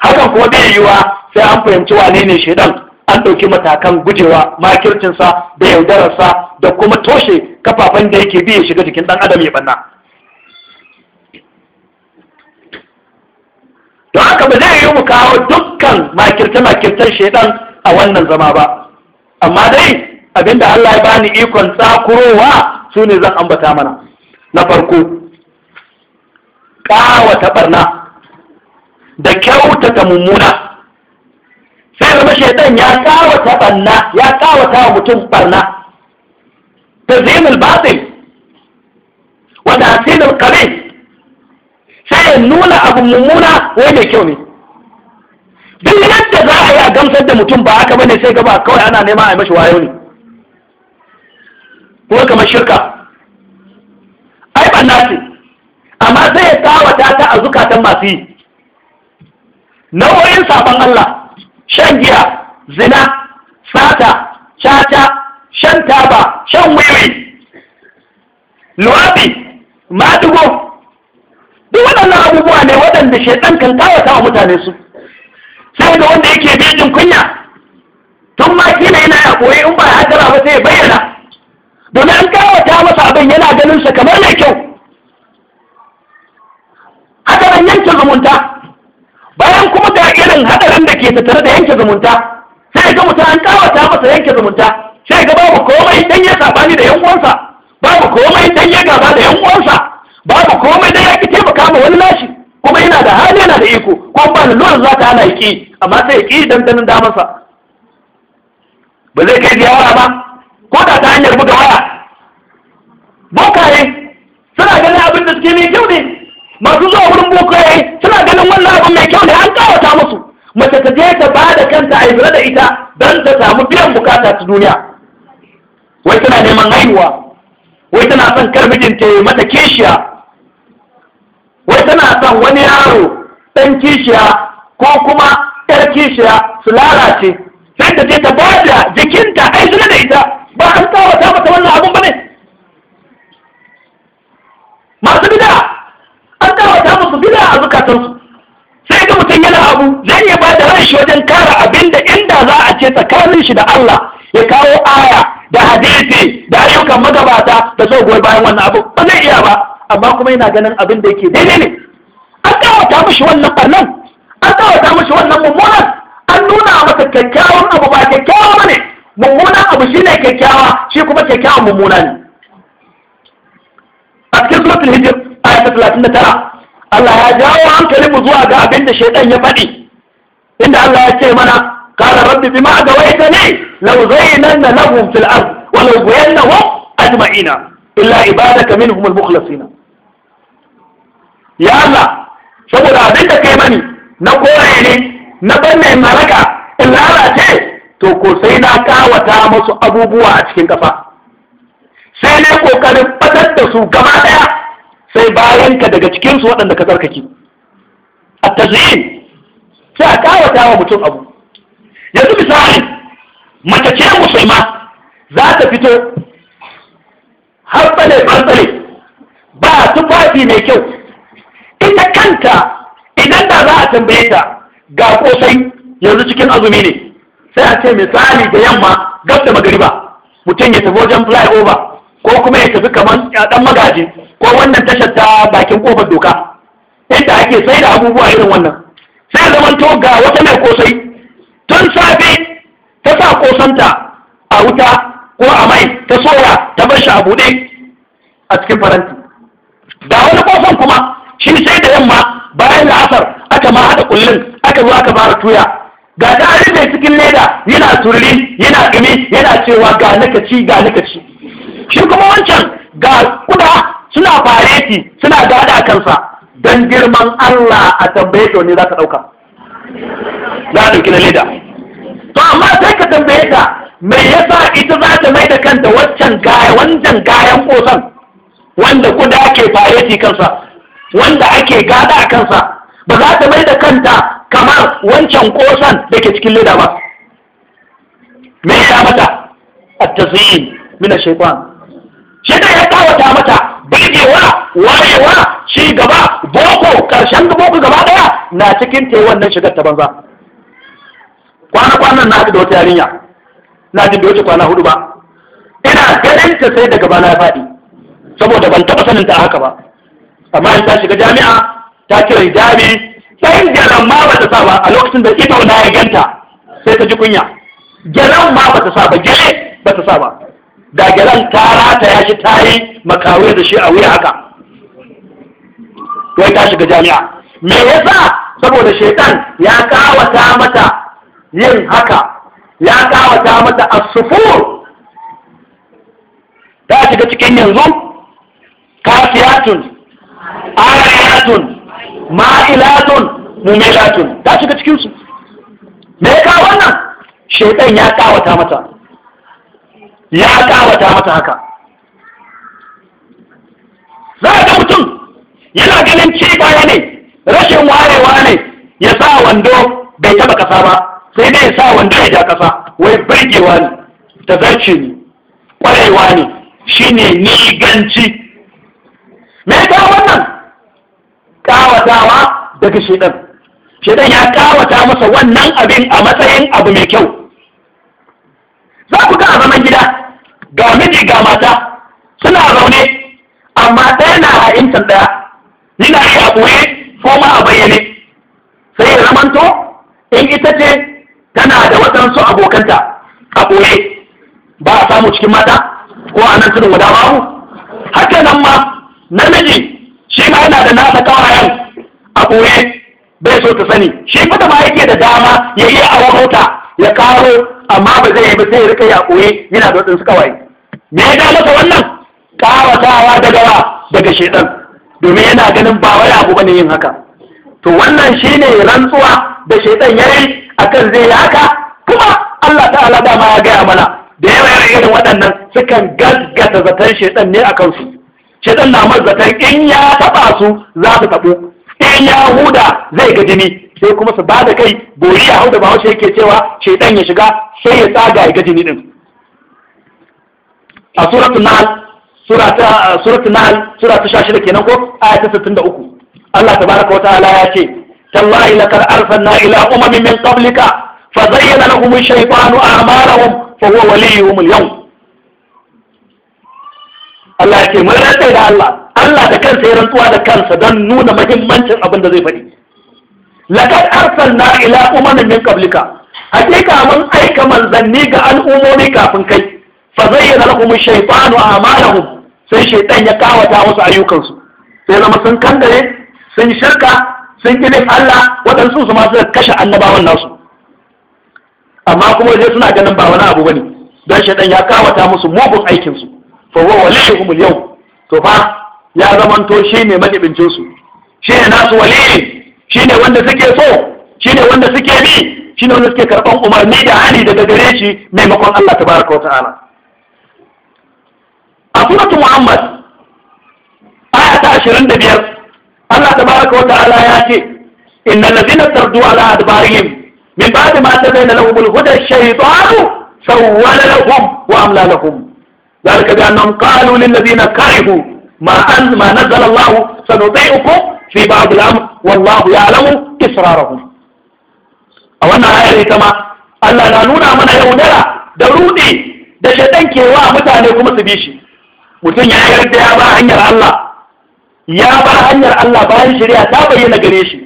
Speaker 1: hakan kuma bai yiwuwa sai an fahimci wane ne shaidan an ɗauki matakan gujewa makircinsa da yaudararsa da kuma toshe kafafen da yake bi shiga jikin ɗan adam ya banna don haka ba zai yi mu kawo dukkan makirce-makircen shaidan a wannan zama ba amma dai abinda Allah ya bani ikon tsakurowa su ne zan ambata mana na farko ƙawata ɓarna da kyautata mummuna sai zama shaidan ya kawata barna ya kawata wa mutum barna ta zinul batil wanda asilul kare sai ya nuna abu mummuna wai mai kyau ne duk yadda za a yi a gamsar da mutum ba haka bane sai gaba kawai ana nema a mashi wayo ne ko kamar shirka ai banna ce amma sai ya kawata ta a zukatan masu yi nau'o'in sabon Allah shan giya zina sata caca shan taba shan wiwi luwafi madugo duk waɗannan abubuwa ne waɗanda shaidan kan kawata wa mutane su sai da wanda yake bejin kunya tun ma kina yana ya koyi in ba hajjara ba sai ya bayyana domin an kawata masa abin yana ganin sa kamar mai kyau A nan yankin zumunta irin hadarin da ke tattare da yanke zumunta sai ga mutum an kawata masa yanke zumunta sai ga babu komai dan ya sabani da yan uwansa babu komai dan ya gaba da yan uwansa babu komai dan ya ki taimaka ma wani lashi kuma yana da hali yana da iko ko ba da lura za ta hana ki amma sai ya ki dandanin damansa ba zai kai ziyara ba ko da ta hanyar buga waya bokaye suna ganin abin da suke mai kyau ne masu zuwa wurin bokaye suna ganin wannan abin mai kyau ne an kawata musu mace ta je ta ba da kanta a ibra da ita don ta samu biyan bukata ta duniya wai tana neman haihuwa wai tana son karbijin ta yi mata kishiya wai tana son wani yaro ɗan kishiya ko kuma ɗan kishiya su lalace sai ta je ta ba da jikinta a zina da ita ba an ta mata wannan abun ba ne masu bida an ta musu bida a zukatansu sai ga mutum yana abu zai iya shi wajen kara abin da inda za a ce tsakanin shi da Allah ya kawo aya da hadisi da ayyukan magabata da zai goyi bayan wannan abu ba zai iya ba amma kuma yana ganin abin da yake daidai ne an kawata mishi wannan ɓarnan an kawata mishi wannan mummunan an nuna masa kyakkyawan abu ba kyakkyawa ba ne mummunan abu shine kyakkyawa shi kuma kyakkyawan mummuna ne a cikin suratul talatin ayat 39 Allah ya jawo hankalinmu zuwa ga abin da shaitan ya faɗi inda Allah ya ce mana qala rabbi bima agawaitani law zayyana lahum fil ard wa law zayyannahum ajma'ina illa ibadaka minhum al mukhlasina ya Allah saboda abin da kai mani na kore ne na banne malaka in lalace to ko sai na kawata musu abubuwa a cikin kafa sai ne kokarin fatar da su gaba daya sai bayan ka daga cikin su waɗanda ka tsarkake A tazyin sai a kawata wa mutum abu yanzu misali mace ce musulma za ta fito har tsale tsale ba tufafi mai kyau ita kanta idan da za a tambaye ta ga kosai yanzu cikin azumi ne sai a ce misali da yamma gab da magariba mutum ya tafi wajen flyover ko kuma ya tafi kamar dan magaji ko wannan tashar ta bakin kofar doka inda ake sai da abubuwa irin wannan sai zaman to ga wata mai kosai tun safe ta sa kosanta a wuta ko a mai ta soya ta bar shi a buɗe a cikin faranti da wani kosan kuma shi sai da yamma bayan la'asar aka ma haɗa kullum aka zo aka fara tuya ga dare mai cikin leda yana turli yana ɗumi yana cewa ga nakaci ga nakaci shi kuma wancan ga kuda suna fareti suna gada kansa Dan girman Allah a tambaye ta wani za ka ɗauka za a ɗauki na leda to amma sai ka tambaye ta me yasa ita za ta mai da kanta waccan gaya wancan gayan kosan wanda kuda ake fayeti kansa wanda ake gada a kansa ba za ta mai da kanta kamar wancan kosan da ke cikin leda ba me ya mata A tazyin min ash Shekwan ya kawata mata bigewa wayewa shi gaba yau karshen gabo gaba daya na cikin ta wannan shigar ta banza kwana kwanan na haɗu da wata yarinya na jin da wuce kwana hudu ba ina ganin ta sai daga bana ya faɗi saboda ban taɓa sanin ta haka ba amma in ta shiga jami'a ta kira hijabi sai gyaran ma ba ta sa ba a lokacin da ido na ya ganta sai ta ji kunya gyaran ma ba ta sa ba gyare ba ta sa ba da gyaran ta rata ya shi ta yi makawai da shi a wuya haka wai ta shiga jami'a me yasa saboda shaitan ya kawata mata yin haka ya kawata mata asufur ta shiga cikin yanzu kafiyatun ayatun ma'ilatun mumilatun ta shiga cikin su me ka wannan shaitan ya kawata mata ya kawata mata haka za ka mutum yana ganin ci baya ne rashin warewa ne ya sa wando bai taba kasa ba sai dai ya sa wando ya ja kasa wai birgewa ne zarce ne kwarewa ne shi ne niganci me ta wannan kawatawa daga shedan shedan ya kawata masa wannan abin a matsayin abu mai kyau za ku ga a zaman gida ga miji ga mata suna zaune amma ɗaya na ha'intar ɗaya nina ya a ɓoye ko ma a bayyane sai ya zamanto in ita ce tana da waɗansu abokanta a ɓoye ba a samu cikin mata ko a nan tunan wadawa mu haka nan ma namiji shi ma yana da nasa kawayen a ɓoye bai so ta sani shi fita da ma yake da dama ya yi iya awarota ya karo amma ba zai yi ba sai ya rika ya ɓoye yana da waɗansu kawaye me ya ga wannan ƙawatawa da gawa daga shaidan domin yana ganin ba wai abu bane yin haka to wannan shine rantsuwa da shaitan yayi akan zai yi haka kuma Allah ta'ala da ma ya gaya mana da yawa yawa irin waɗannan sukan gaggata zaton shaitan ne a kansu shaitan na zaton in ya taɓa su za su taɓo in ya huda zai ga jini sai kuma su bada kai gori ya hau bawa shi yake cewa shaitan ya shiga sai ya tsaga ya ga jini din a suratul nahl sura ta suratul shashi da kenan ko aya ta 63 Allah Ta baraka wa ala ya ce tallahi arfan na ila umamin min qablika fazayyana lahum ash-shaytanu a'malahum fa huwa waliyuhum al-yawm Allah ya ce mun rantsa da Allah Allah da kansa ya rantsuwa da kansa don nuna muhimmancin abin da zai faɗi Lakar arfan na ila umamin min qablika hakika mun aika manzanni ga al'umomi kafin kai fa fazayyana lahum ash-shaytanu a'malahum sai shaitan ya kawata wasu ayyukansu sai zama sun kandare, sun shirka sun ƙi Allah waɗansu su masu kashe annabawan nasu amma kuma sai suna ganin ba wani abu bane dan shaitan ya kawata musu mugun aikinsu, su fa huwa waliyuhum al to fa ya zamanto shine madibincin su shine nasu wali shine wanda suke so shine wanda suke bi shine wanda suke karban umarni da hali daga gare shi maimakon Allah tabaraka wa ta'ala a muhammad aya ta ashirin da biyar allah ta baraka wa ta'ala ya ce inna allazina tardu ala adbarihim min ba'di ma tabayyana lahum al-huda ash-shaytanu sawwala lahum wa amla lahum ذلك بأنهم قالوا للذين كرهوا ما أن ما نزل الله سنطيعكم في بعض الأمر والله يعلم إسرارهم a wannan ayar ita ma Allah na nuna mana yaudara da rudi da shaɗan kewa mutane kuma su bi shi mutum ya yi yarda ya ba hanyar Allah ya ba hanyar Allah bayan shari'a ta bayyana gare shi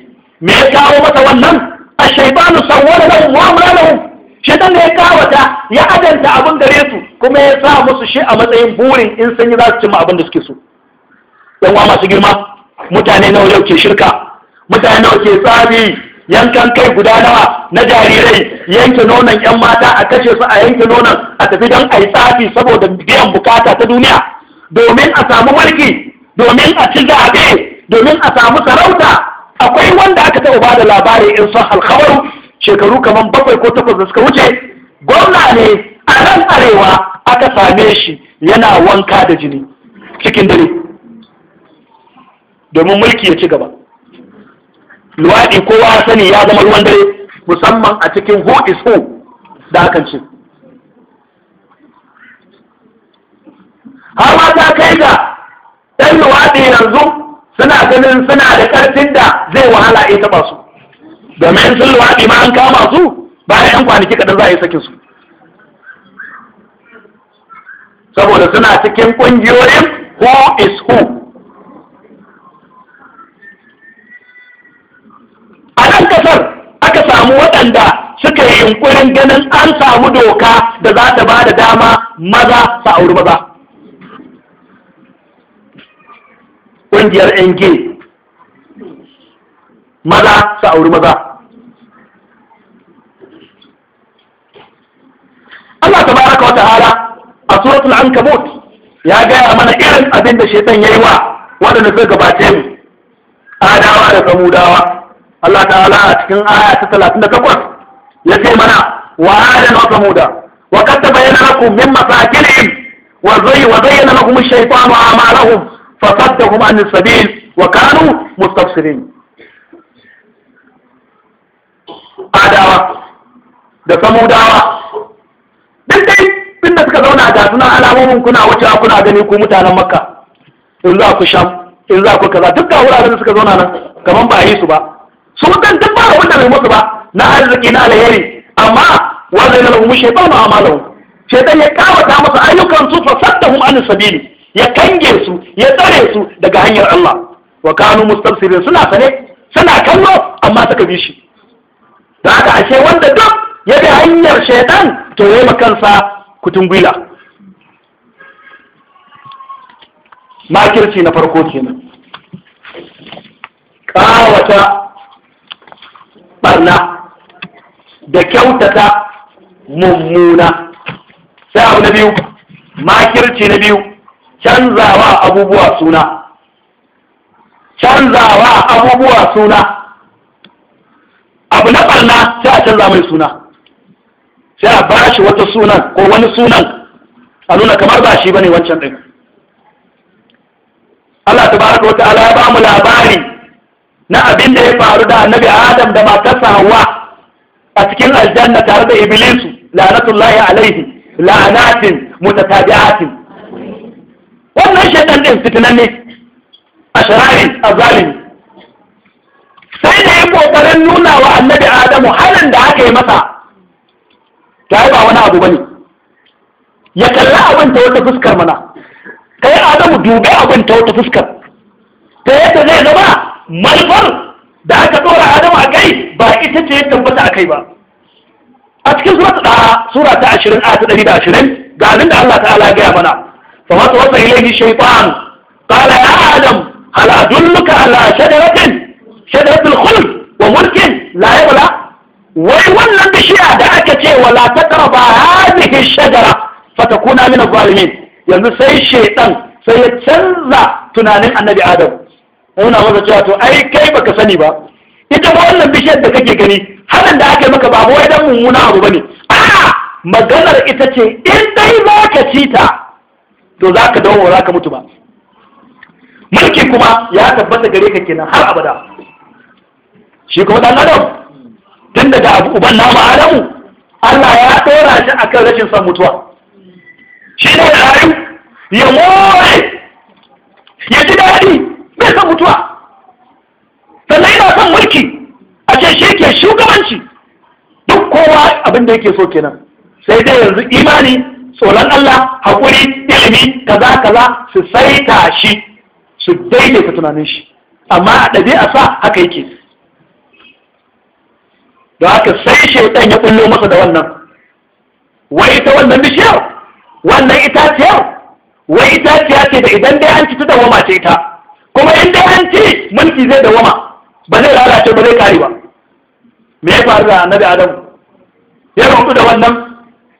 Speaker 1: me ya kawo mata wannan A shaytanu sawwala lahum wa amra lahum shaytan ne ya kawata ya adanta abin gare su kuma ya sa musu shi a matsayin burin in sun yi za su cimma abin da suke so dan uwa masu girma mutane nawa yau ke shirka mutane nawa ke tsabi yankan kai guda nawa na jarirai yanke nonon yan mata a kashe su a yanke nonon a tafi don a yi tsafi saboda biyan bukata ta duniya domin a samu mulki domin a ci zaɓe domin a samu sarauta akwai wanda aka taɓa ba da labari in son alkhawaru shekaru kamar bakwai ko takwas da suka wuce gwamna ne a nan arewa aka same shi yana wanka da jini cikin dare domin mulki ya ci gaba luwaɗi kowa sani ya zama ruwan dare musamman a cikin who is who da akan ce har ma ta kai ga ɗan luwaɗi yanzu suna ganin suna da ƙarfin da zai wahala ya taɓa su domin sun luwaɗi ma an kama su bayan 'yan kwanaki kaɗan za a yi sakin su saboda suna cikin ƙungiyoyin who is who a nan ƙasar aka samu waɗanda suka yi yunkurin ganin an samu doka da za ta ba da dama maza su auri maza ƙungiyar yan maza su auri maza Allah Ta baraka wata hala a suratul ankabut ya gaya mana irin abin da shaitan yi wa waɗanda suka gabace mu adawa da samudawa Allah hala a cikin aya ta ya yace mana wa adan wa samuda wa kasta bayyana lakum min masakinihim wa zai yana lakum kuma shaytanu a'malahum kuma فصدهم عن السبيل وكانوا مستبصرين adawa da samudawa duk dai inda suka zauna ga suna alamomin kuna wuce kuna gani ku mutanen makka in za ku sham in za ku kaza duk ga wuraren da suka zauna nan kaman ba yi su ba su mutan duk ba wanda mai musu ba na arziki na alheri amma wanda yana da mu shaytan ma amalahu shaytan ya kawata masa ayyukan su fasaddahum an sabili ya kange su ya tsare su daga hanyar Allah wa kanu mustamsirin suna sane suna kallo amma suka bi shi da aka ashe wanda duk ya bi hanyar shaidan to yi makansa kutun gwila makirci na farko kenan kawata barna da kyautata mummuna sai abu na biyu makirci na biyu canzawa abubuwa suna canzawa abubuwa suna abu na barna sai a canza mai suna sai a ba shi wata sunan ko wani sunan a nuna kamar ba shi bane wancan din Allah baraka wata ala ya ba mu labari na abin da ya faru da annabi Adam da matarsa Hawwa a cikin aljanna tare da Iblisu la'natullahi alaihi la'natin mutatabi'atin wannan shaitan din fitinan ne a shararin a zalimi sai da ya kokarin nuna wa annabi adamu halin da aka yi masa ta ba wani abu bane ya kalla abin ta wata fuskar mana kai adamu dube abin ta wata fuskar ta yadda zai zama malfar da aka tsora adamu a kai ba ita ce ya tabbata a kai ba a cikin sura ta sura ta 20 a ta 120 ga abin da Allah ta'ala ya gaya mana فوسوس إليه الشيطان قال يا آدم هل أدلك على شجرة شجرة الخلد وملك لا يبلى ويولى بشيء دعكتي ولا تقرب هذه الشجرة فتكون من الظالمين yanzu sai shaitan sai ya canza tunanin annabi Adamu. yana wanda cewa to ai kai baka sani ba ita ba wannan bishiyar da kake gani hakan da aka maka ba wai dan mummuna abu bane a maganar ita ce in dai za ka ci ta to za ka dawo za ka mutu ba mulki kuma ya tabbata gare ka kenan har abada shi kuma dan adam tun daga abu uban nama adamu Allah ya tsora shi akan rashin son mutuwa shi ne rayu ya more ya ji daɗi bai son mutuwa sannan yana son mulki a ce shi ke shugabanci duk kowa abin da yake so kenan sai dai yanzu imani tsoron Allah haƙuri ilimi kaza kaza su saita shi su daidaita tunanin shi amma a ɗabi'a sa haka yake da haka sai shaitan ya kullo masa da wannan wai ita wannan bishiyar wannan itaciyar wai itaciya ce da idan dai an ci ta dawama ce ita kuma in dai an ci mulki zai dawama ba zai lalace ba zai kare ba me ya faru da annabi adam ya rubutu da wannan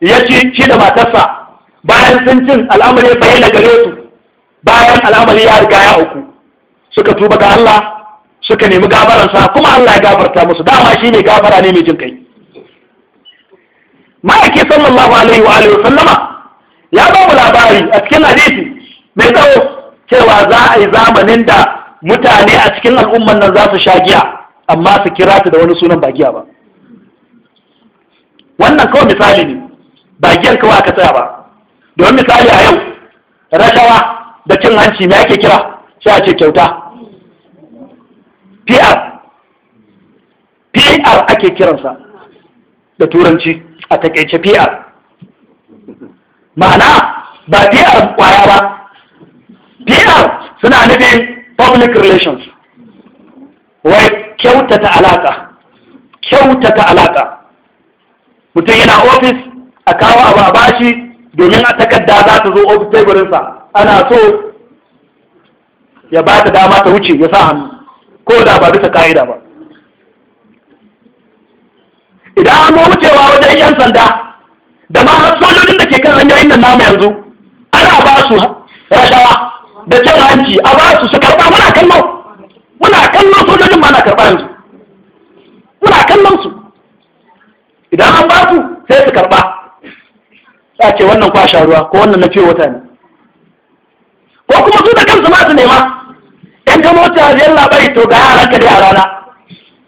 Speaker 1: ya ci shi da matarsa bayan sun cin al'amari ya bayyana gare su bayan al'amari ya riga ya uku suka tuba ga Allah suka nemi gafararsa, kuma Allah ya gafarta musu dama shi ne gafara ne mai jin kai ma'aiki sallallahu alaihi wa alihi sallama ya ba mu labari a cikin hadisi mai tsawo cewa za a yi zamanin da mutane a cikin al'umman nan za su sha giya amma su kira ta da wani sunan ba giya ba wannan kawai misali ne ba giyan kawai aka tsaya ba don misali a yau rashawa da cin hanci me ake kira sai a ce kyauta pr pr ake kiransa da turanci a takaice pr ma'ana ba pr kwaya ba pr suna nufin public relations wai kyautata alaka kyautata alaka mutum yana ofis a kawo a babashi domin a takarda za ta zo ofis teburinsa ana so ya ba ta dama ta wuce ya sa hannu ko da ba bisa ka'ida ba idan an wucewa wajen yan sanda da ma sojojin da ke kan hanyoyin da namu yanzu ana ba su rashawa da cin hanci a ba su su karɓa muna kallon muna kallon sojojin ma na karɓa yanzu muna kallon su idan an ba su sai su karɓa a ce wannan kwa sha ruwa ko wannan na fiye wata ne ko kuma su da kansu masu nema in ga mota yan labari to ga yaran ka dai a rana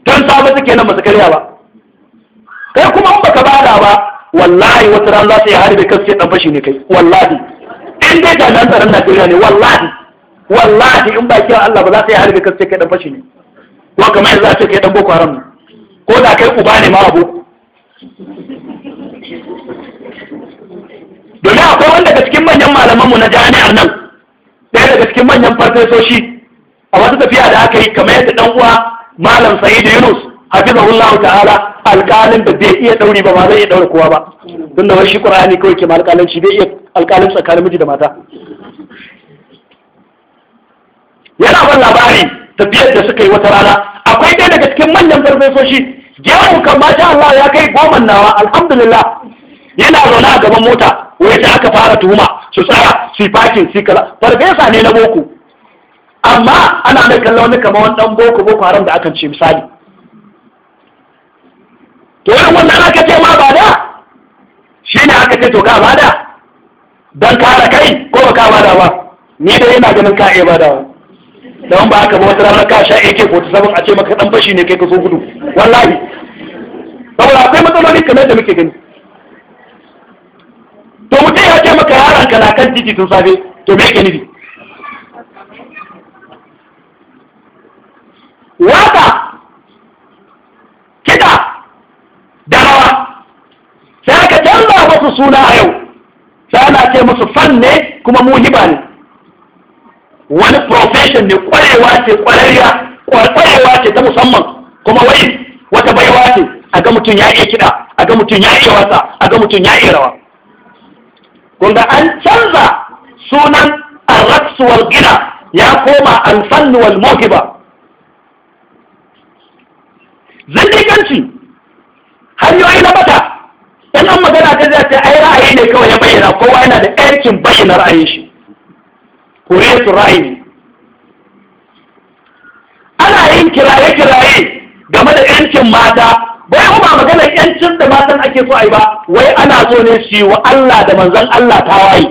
Speaker 1: don sabu suke nan masu karya ba kai kuma in baka bada ba wallahi wata ran za su yi harbe kansu ɗan fashi ne kai wallahi in dai ga nan tsaron Najeriya ne wallahi wallahi in ba kiyar Allah ba za su yi harbe kansu kai ɗan fashi ne ko kamar yanzu a ce kai ɗan boko haram ne ko da kai uba ne ma abu domin akwai wanda daga cikin manyan malamanmu na jami'ar nan ɗaya daga cikin manyan farfesoshi a wata tafiya da aka yi kamar yadda ɗan uwa malam sa'idu yunus hafizahullah ta'ala alƙalin da bai iya ɗauri ba ba zai iya ɗaura kowa ba tunda da wani shi ne kawai ke ma shi bai iya alƙalin tsakanin miji da mata yana ban labari tafiyar da suka yi wata rana akwai ɗaya daga cikin manyan farfesoshi gyaran kan masha Allah ya kai goma nawa alhamdulillah yana zaune a gaban mota wai ta aka fara tuhuma su tsara su yi fakin su kala. farfesa ne na boko amma ana mai kallon wani kamar wani dan boko boko haram da akan ce misali to wani wannan aka ce ma ba da shi ne aka ce to ka ba da don kare kai ko ba ka ba da ba ni da yana ganin ka iya ba da ba don ba aka ba wata ranar ka sha ta sabon a ce maka dan fashi ne kai ka so gudu wallahi saboda akwai matsaloli kamar da muke gani to mutum ya ce maka yaron ka na kan titi tun safe to me yake nufi Wata, kiɗa da rawa sai aka canza musu suna a yau sai ana ce musu fan ne kuma mu hiba ne wani profession ne kwarewa ce kwararriya kwarewa ce ta musamman kuma wai wata baiwa ce a ga mutum ya iya kiɗa a ga mutum ya iya wasa a ga mutum ya iya rawa kunga an canza sunan arraksu wal gina ya koma alfannu wal mohiba zindiganci hanyoyi na bata in an magana ta zai ta ai ra'ayi ne kawai ya bayyana kowa yana da ƴancin bayyana ra'ayin shi kuriyatu ra'ayi ne ana yin kiraye-kiraye game da ƴancin mata bai ba magana yancin da matan ake so ai ba wai ana so ne shi wa Allah da manzan Allah ta waye?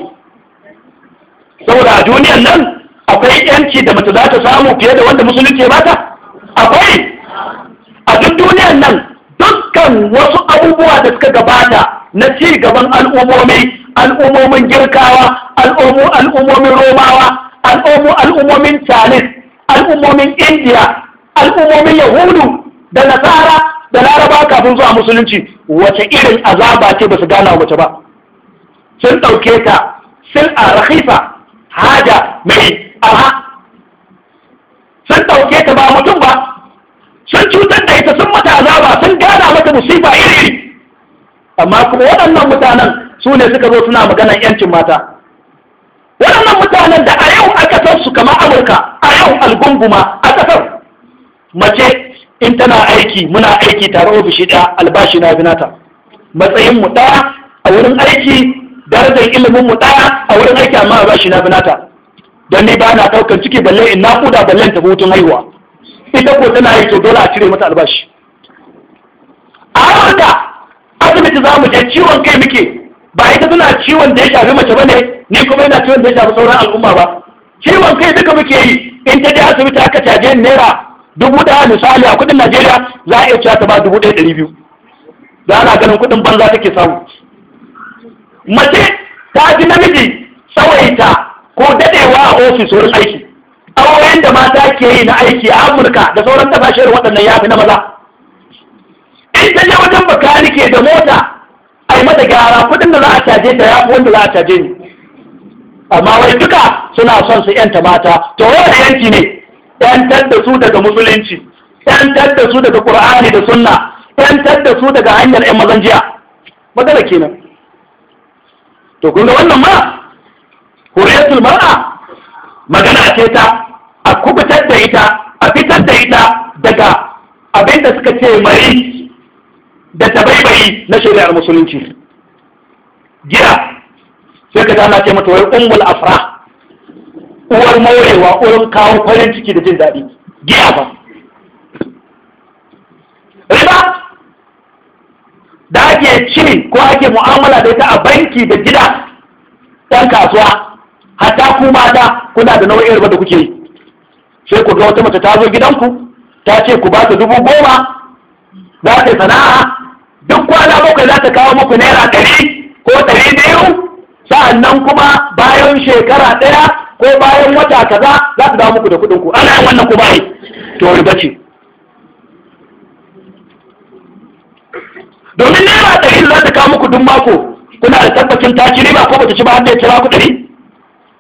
Speaker 1: saboda a duniyar nan akwai yanci da mace za ta samu fiye da wanda musulunci ya bata akwai a duk duniyar nan dukkan wasu abubuwa da suka gabata na ci gaban al'ummomi al'ummomin girkawa al'ummomin romawa al'ummomin chinese al'ummomin india al'ummomin yahudu da nasara da laraba kafin zuwa musulunci wace irin azaba ce ba su gana wace ba sun ɗauke ta sun a rahifa haja mai aha. sun ɗauke ta ba mutum ba sun cutar da ita sun mata azaba sun gana mata musifa iri amma kuma waɗannan mutanen su ne suka zo suna maganan yancin mata waɗannan mutanen da a yau a kasar su kamar amurka a yau algunguma a kasar mace in tana aiki muna aiki tare ofishi ɗaya albashi na binata matsayin mu ɗaya a wurin aiki darajar ilimin mu ɗaya a wurin aiki amma albashi na binata don ni ba na ɗaukar ciki balle in na naƙuda balle ta hutun haihuwa ita ko tana yi to dole a cire mata albashi a haka asibiti za mu je ciwon kai muke ba ita tana ciwon da ya shafi mace ba ne ni kuma yana ciwon da ya shafi sauran al'umma ba ciwon kai duka muke yi in ta je asibiti aka caje naira dubu ɗaya misali a kuɗin najeriya za a iya cewa ta ba dubu ɗaya ɗari biyu da ana ganin kuɗin banza take samu mace ta ji namiji tsawaita ko daɗewa a ofis wurin aiki awoyin da mata ke yi na aiki a amurka da sauran kasashen waɗannan ya fi na maza in ta je wajen ke da mota a yi mata gyara kuɗin da za a caje ta ya fi wanda za a caje ni amma wai duka suna son su yanta mata to wani yanci ne yantar da su daga musulunci yantar da su daga qur'ani da sunna yantar da su daga hanyar ƴan mazan jiya magana kenan to kun ga wannan ma huriyatul mar'a magana ce ta a kubutar da ita a fitar da ita daga abin da suka ce mari da tabaibayi na shari'ar musulunci jiya sai ka ce mata wai ummul afra uwar maurewa uwar kawo farin ciki da jin daɗi giya ba riba da ake ci ko ake mu'amala da ita a banki da gida ɗan kasuwa hatta ku mata kuna da nau'in riba da kuke yi sai ku ga wata mace ta zo gidanku ta ce ku ba ta dubu goma za ta sana'a duk kwana bakwai za ta kawo muku naira ɗari ko ɗari biyu sa'annan kuma bayan shekara ɗaya ko bayan wata kaza za su dawo muku da kuɗin ku ana wannan ku bai to riba ce domin ba ta za ta kawo muku dun mako kuna da tabbacin ta ci riba ko bata ci ba har da ya kira ku ɗari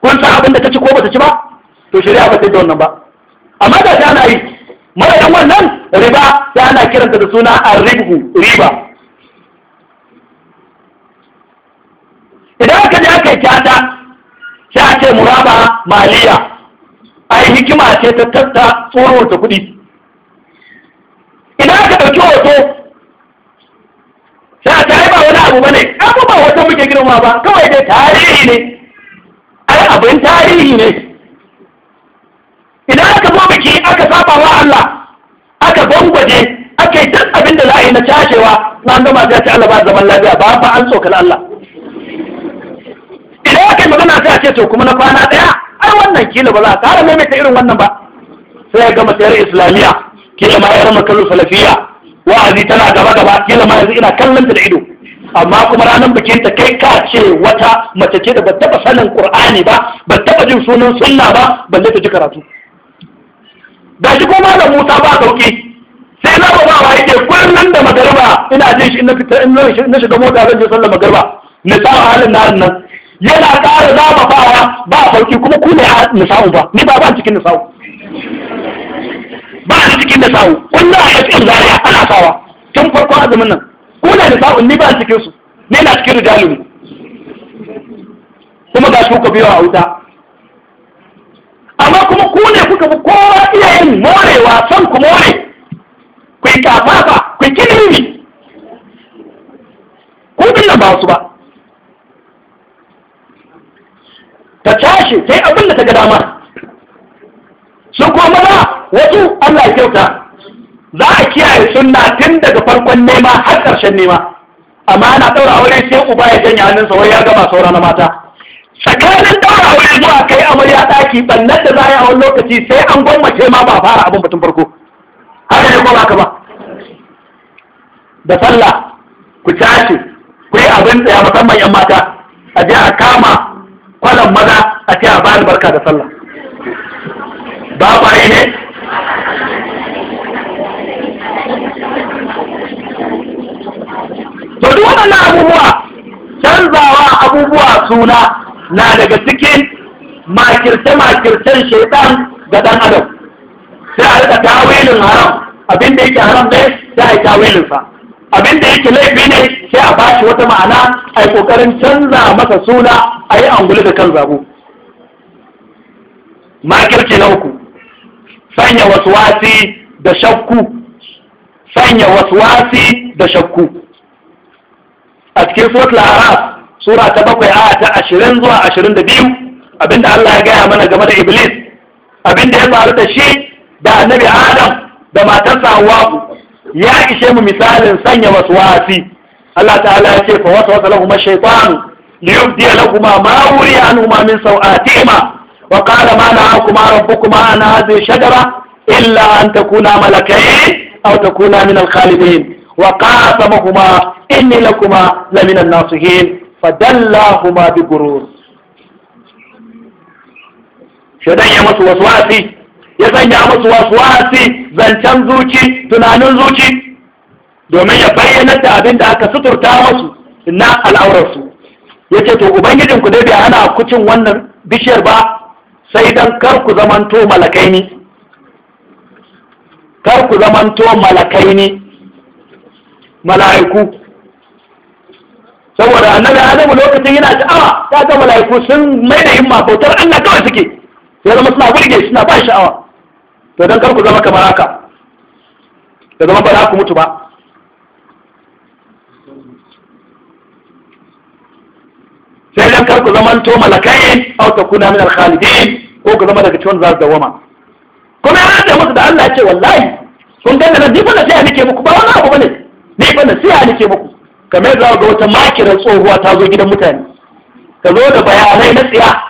Speaker 1: kun san abin da ta ci ko bata ci ba to shari'a ba ta da wannan ba amma da ta na yi marayan wannan riba ta ana kiranta da suna arribu riba idan aka je aka yi kyata ce muraba maliya ai hikima ce ta tatta tsoro ta kuɗi idan aka dauki hoto sai ta yi ba wani abu bane abu ba wata muke girma ba kawai dai tarihi ne ai abin tarihi ne idan aka zo biki aka saba wa Allah aka gwangwaje aka yi duk abin da za a yi na cashewa na an gama ta Allah ba zaman lafiya ba fa an tsokala Allah kai magana sai a ce to kuma na kwana ɗaya ai wannan kila ba za a kara ta irin wannan ba sai ya gama sayar islamiyya kila ma yar makalu falafiyya. wa'azi tana gaba gaba kila ma yanzu ina kallon da ido amma kuma ranar bikin ta kai ka ce wata mace ce da ba taba sanin qur'ani ba ba taba jin sunan sunna ba balle ta ji karatu da shi ko malam Musa ba sauki sai na baba wa yake kullun da magariba ina jin shi in na fita shiga mota zan je sallar magariba ni ta halin nan nan yana ƙara zafafawa ba a sauki kuma ku ne a nisa'u ba ni ba ba cikin nisa'u ba a cikin nisa'u kuna a cikin zariya ana sawa tun farko azumin nan ku ne nisa'u ni ba cikin su ni na cikin rijalin kuma ga shuka biyu a wuta amma kuma ku ne kuka fi kowa iya yin morewa son ku more ku yi kafafa ku yi ku bin nan ba su ba ta tashi ta yi abin da ta ga dama sun kuma ba wasu Allah kyauta za a kiyaye sunna tun daga farkon nema har ƙarshen nema amma ana ɗaura aure sai uba ya janye hannunsa wai ya gama saura na mata tsakanin ɗaura aure zuwa kai amarya ɗaki bannan da za a yi a wani lokaci sai an gwammace ma ba fara abin batun farko haka ne ko ba ba da sallah ku tashi ku yi abin tsaya musamman yan mata a je a kama Malam maza a ce a bani barka da sallah ba ba ne to duk waɗannan abubuwa canzawa abubuwa suna na daga cikin makirce-makircen shaitan ga ɗan adam sai a rika tawilin haram abinda yake haram ne sai a yi tawilinsa abin da yake laifi ne sai a bashi wata ma'ana a yi kokarin canza masa suna a yi angulu da kan zabu makirci na uku sanya wasi da shakku sanya wasi da shakku a cikin sot sura ta bakwai a ta ashirin zuwa ashirin da biyu abinda Allah ya gaya mana game da iblis abinda ya faru da shi da annabi adam da matarsa hawa ya ishe mu misalin sanya wasu wasi. Allah ta'ala ya ce fa waswasa lahum ash-shaytan liyubdi lahum ma wuri anhuma min sawatihima wa qala ma na'akuma rabbukuma an hadhihi shajara illa an takuna malakayn aw takuna min al-khalidin wa qasamahuma inni lakuma lamina an-nasihin fadallahuma bi gurur shedan ya masu wasi. ya sanya musu wasi zancen zuci tunanin zuci domin ya bayyana da abin da aka suturta musu na al'aurarsu ya ce to ubangijin ku dai bai ana kucin wannan bishiyar ba sai dan kar ku zamanto malakai ne kar ku zamanto malakai ne mala'iku saboda annabi adamu lokacin yana sha'awa ta ga mala'iku sun mai da himma bautar Allah kawai suke ya zama suna burge suna ba sha'awa to don karku ku zama kamar haka da zama ba za ku mutu ba sai dan kar ku zama to malakai aw kuna min al-khalidin ko ku zama daga cikin da dawama kuma ya rada musu da Allah ya ce wallahi kun ga nan ni sai a nake muku ba wani abu bane ni fa nasiha nake muku kamar za ga wata makirar tsohuwa ta zo gidan mutane Ka zo da bayanai na tsiya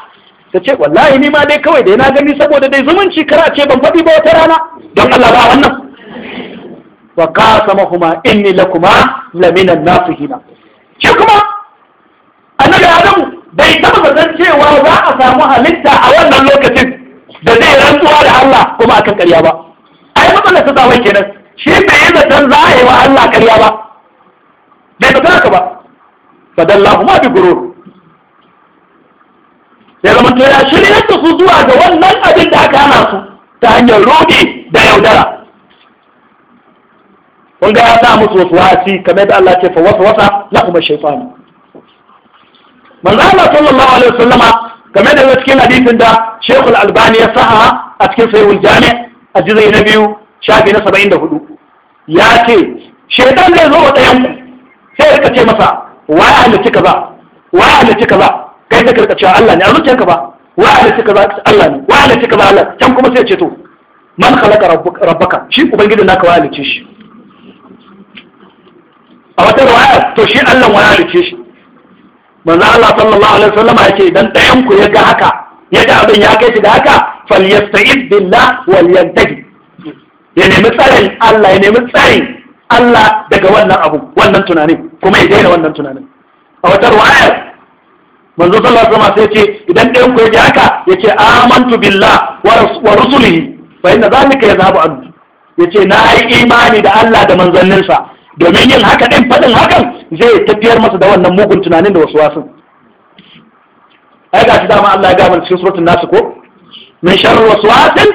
Speaker 1: ta ce wallahi ni ma dai kawai dai na gani saboda dai zumunci kara ce ban faɗi ba wata rana don Allah ba wannan wa huma inni lakuma laminan nafihina ce kuma annabi adamu bai taba bazan cewa za a samu halitta a wannan lokacin da zai rantsuwa da Allah kuma akan ƙarya ba ai matsalar ta zawai kenan shi bai yi zaton za a yi wa Allah ƙarya ba bai zaton ka ba ma bi gurur ya zama to ya shirya da su zuwa ga wannan abin da aka hana su ta hanyar rudi da yaudara kun ga ya sa musu wasu wasi kamar da Allah ce fa wasu wasa la kuma shaytan manzo Allah sallallahu alaihi wasallama kamar da yake cikin hadisin da Sheikh Al-Albani ya saha a cikin Sahihul Jami' a jizai na biyu shafi na 74 ya ce shaytan zai zo wa ɗayan ku sai ka ce masa wa ya halitta kaza wa ya halitta kaza kai sai ka rika cewa Allah ne a ka ba wa ala tika ba Allah ne wa ala ba Allah can kuma sai ya ce to man khalaqa rabbaka shi ubangijin naka wa halice shi a wata riwaya to shi Allah wa halice shi manzo Allah sallallahu alaihi wasallam yake ce idan ɗayan ku ya ga haka ya ga abin ya kai shi da haka falyasta'id billah wal yantahi ya nemi tsarin Allah ya nemi tsarin Allah daga wannan abu wannan tunanin kuma ya daina wannan tunanin a wata riwayar manzo sallallahu alaihi wasallam sai ce idan ɗayan ku yaji haka yace amantu billah wa rusulihi fa inna zalika yadhhabu anhu yace na yi imani da Allah da manzanninsa domin yin haka ɗin faɗin hakan zai tafiyar masa da wannan mugun tunanin da wasu wasu ai ga shi dama Allah ya gama cikin suratul nas ko min sharri waswasin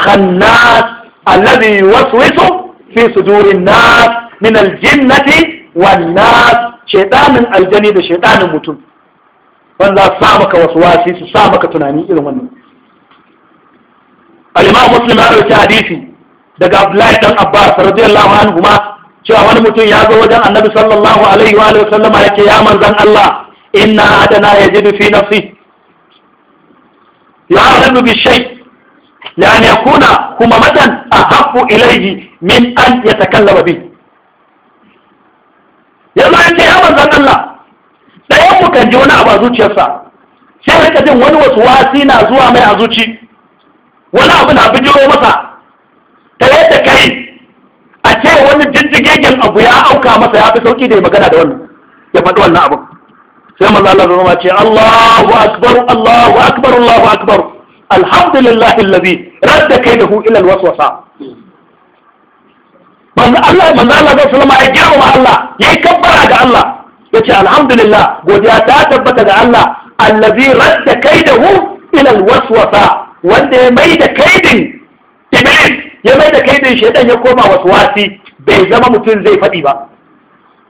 Speaker 1: khannas alladhi yuwaswisu fi sudurin nas min aljinnati wan nas shaytanin aljani da shaytanin mutum wanda za su sa maka wasu wasi su sa maka tunani irin wannan al-imam muslim ya rawaita hadisi daga abdullahi dan abbas radiyallahu anhu ma cewa wani mutum ya zo wajen annabi sallallahu alaihi wa sallama yake ya manzan Allah inna adana yajidu fi nafsi ya'lamu bi shay la yakuna kuma madan ahabbu ilayhi min an yatakallama bi yanzu yake ya manzan Allah ɗayan mu kan ji wani abu a zuciyarsa sai rika jin wani wasu wasi na zuwa mai a zuci wani abu na bijiro masa ta yadda kai a ce wani jijjigegen abu ya auka masa ya fi sauki da ya magana da wannan ya faɗi wannan abu sai manzo Allah zama ce Allahu akbar Allahu akbar Allahu akbar alhamdulillahi allazi radda kaidahu ila alwaswasa manzo Allah manzo Allah sallallahu alaihi wasallam ya girma Allah yayi kabbara ga Allah ce alhamdulillah godiya ta tabbata ga Allah allazi radda kaidahu ila alwaswasa wanda ya mai da kaidin iblis ya mai da kaidin shaytan ya koma waswasi bai zama mutum zai faɗi ba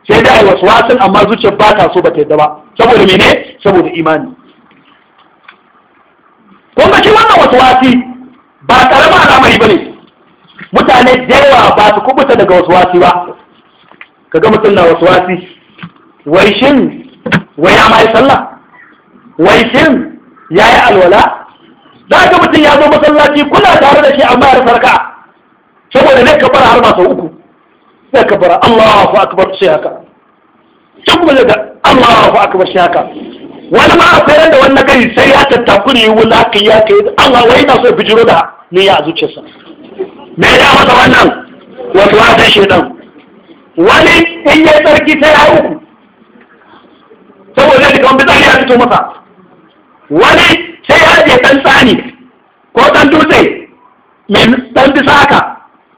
Speaker 1: sai dai waswasin amma zuciyar ba ta so ba ta yadda ba saboda mene saboda imani kuma shi wannan waswasi ba karama al'amari bane mutane da yawa ba su kubuta daga waswasi ba kaga mutum na waswasi wai shin wai ya mai sallah wai shin ya yi alwala za ka mutum ya zo masallaci kuna tare da shi amma ya rasa raka saboda ne kabara har masu uku sai kabara Allahu akbar sai haka can kuma daga Allahu akbar sai haka wani ma a akwai da wannan kai sai ya tattaku ne yi ya kai Allah wai na so bijiro da ni ya zuciyarsa me ya masa wannan wato wasan shedan wani in ya tsarki sai ya uku saboda shi kamar bizar ya fito masa wani sai ya rage ɗan tsani ko ɗan dutse mai ɗan bisa haka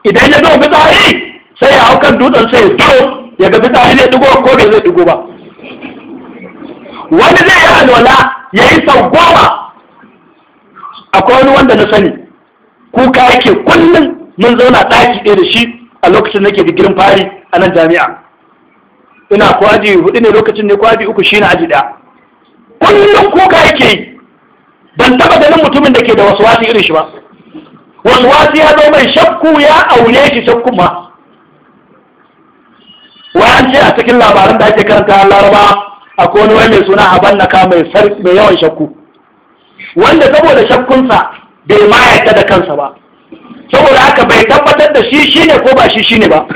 Speaker 1: idan ya zo fitsari sai ya hau kan dutsen sai ya zo ya ga fitsari zai dugo ko bai zai dugo ba wani zai yi alwala ya yi sau goma akwai wani wanda na sani kuka yake kullum mun zauna ɗaki ɗaya da shi a lokacin nake digirin fari a nan jami'a ina ko aji hudu ne lokacin ne ko aji uku shine aji ɗaya. kullum kuka yake yi ban taba ganin mutumin da ke da wasu wasi irin shi ba wasu wasi ya zo mai shakku ya aure shi shakku ma wayan ce a cikin labaran da ake karanta laraba akwai wani mai suna habannaka mai mai yawan shakku wanda saboda shakkunsa bai ma yarda da kansa ba saboda haka bai tabbatar da shi shine ko ba shi shine ba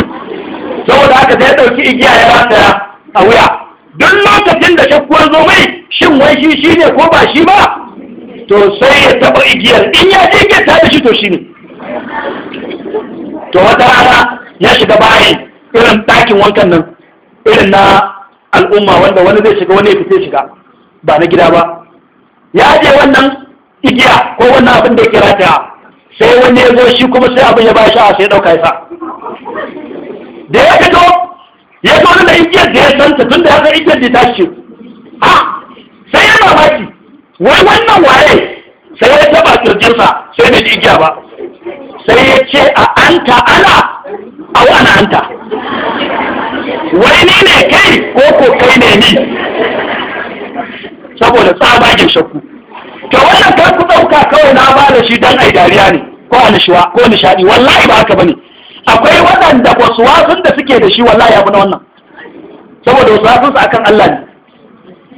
Speaker 1: saboda haka sai ya ɗauki igiya ya rataya a wuya duk lokacin da shakkuwar zo mai shin wai shi shine ne ko ba shi ba to sai ya taɓa igiyar in ya je ke ta shi to shi ne to wata rana ya shiga bayan irin ɗakin wankan nan irin na al'umma wanda wani zai shiga wani ya fita shiga ba na gida ba ya je wannan igiya ko wannan abin da ya kira sai wani ya zo shi kuma sai abin ya ba shi a sai ɗauka ya sa da ya fito ya zo da igiyar da ya santa tun da ya zai igiyar da ta shi a sai ya mamaki wai wannan waye sai ya taba kirjinsa sai bai ji igiya ba sai ya ce a anta ana a wani anta wai Wani ne kai ko ko kai ne ni saboda tsabagen shakku to wannan kar ku ɗauka kawai na ba da shi don ayi dariya ne ko a ko nishadi wallahi ba haka bane akwai waɗanda wasu wasun da suke da shi wallahi ya na wannan saboda wasu wasun su akan Allah ne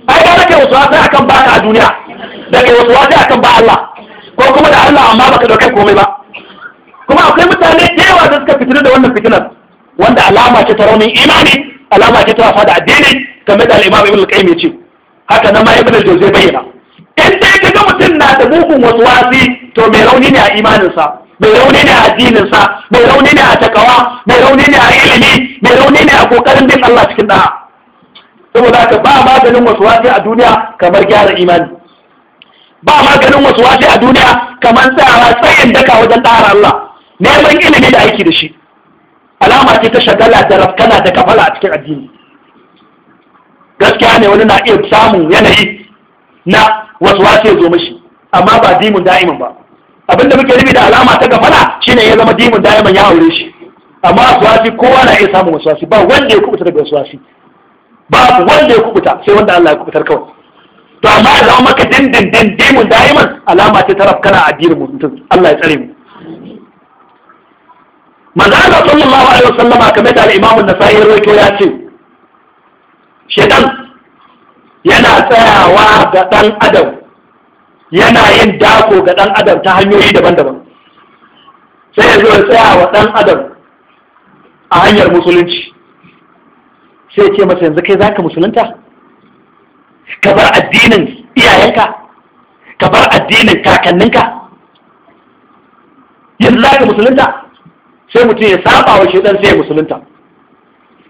Speaker 1: ai ga kake wasu wasun akan baka a duniya da kai wasu wasun akan ba Allah ko kuma da Allah amma baka dauka komai ba kuma akwai mutane da yawa da suka fitina da wannan fitinar wanda alama ce ta raunin imani alama ce ta wafa da addini game da al-Imam Ibn al-Qayyim yace haka nan ma Ibn al-Jawzi bayyana in dai kaga mutum na da mugun wasu wasi to mai rauni ne a imaninsa mai rauni ne a addininsa mai rauni ne a takawa mai rauni ne a ilimi mai rauni ne a kokarin bin Allah cikin da'a saboda ka ba maganin wasu wasu a duniya kamar gyara imani ba maganin wasu wasu a duniya kamar tsayawa tsayin daka wajen tsara Allah neman ilimi da aiki da shi alama ce ta shagala da rafkana da kafala a cikin addini gaskiya ne wani na iya samun yanayi na wasu wasu ya zo mashi amma ba dimin da'iman ba abinda muke rubi da alama ta gafala shine ya zama dimin daiman ya aure shi amma waswasi kowa na iya samun wasu ba wanda ya kubuta daga wasu ba wanda ya kubuta sai wanda Allah ya kubutar kawai to amma ya zama maka dindindin dimin daiman alama ce taraf kana addinin mutum Allah ya tsare mu manzo Allah sallallahu alaihi wasallam kamar da al na an-Nasa'i rawaito ya ce shedan yana tsayawa ga dan adam yana yin dako ga ɗan adam ta hanyoyi daban-daban sai ya zo ya tsaya wa ɗan adam a hanyar musulunci sai ya ce masa yanzu kai za ka musulunta ka bar addinin iyayenka ka bar addinin kakanninka yanzu za ka musulunta sai mutum ya saba wa shi sai ya musulunta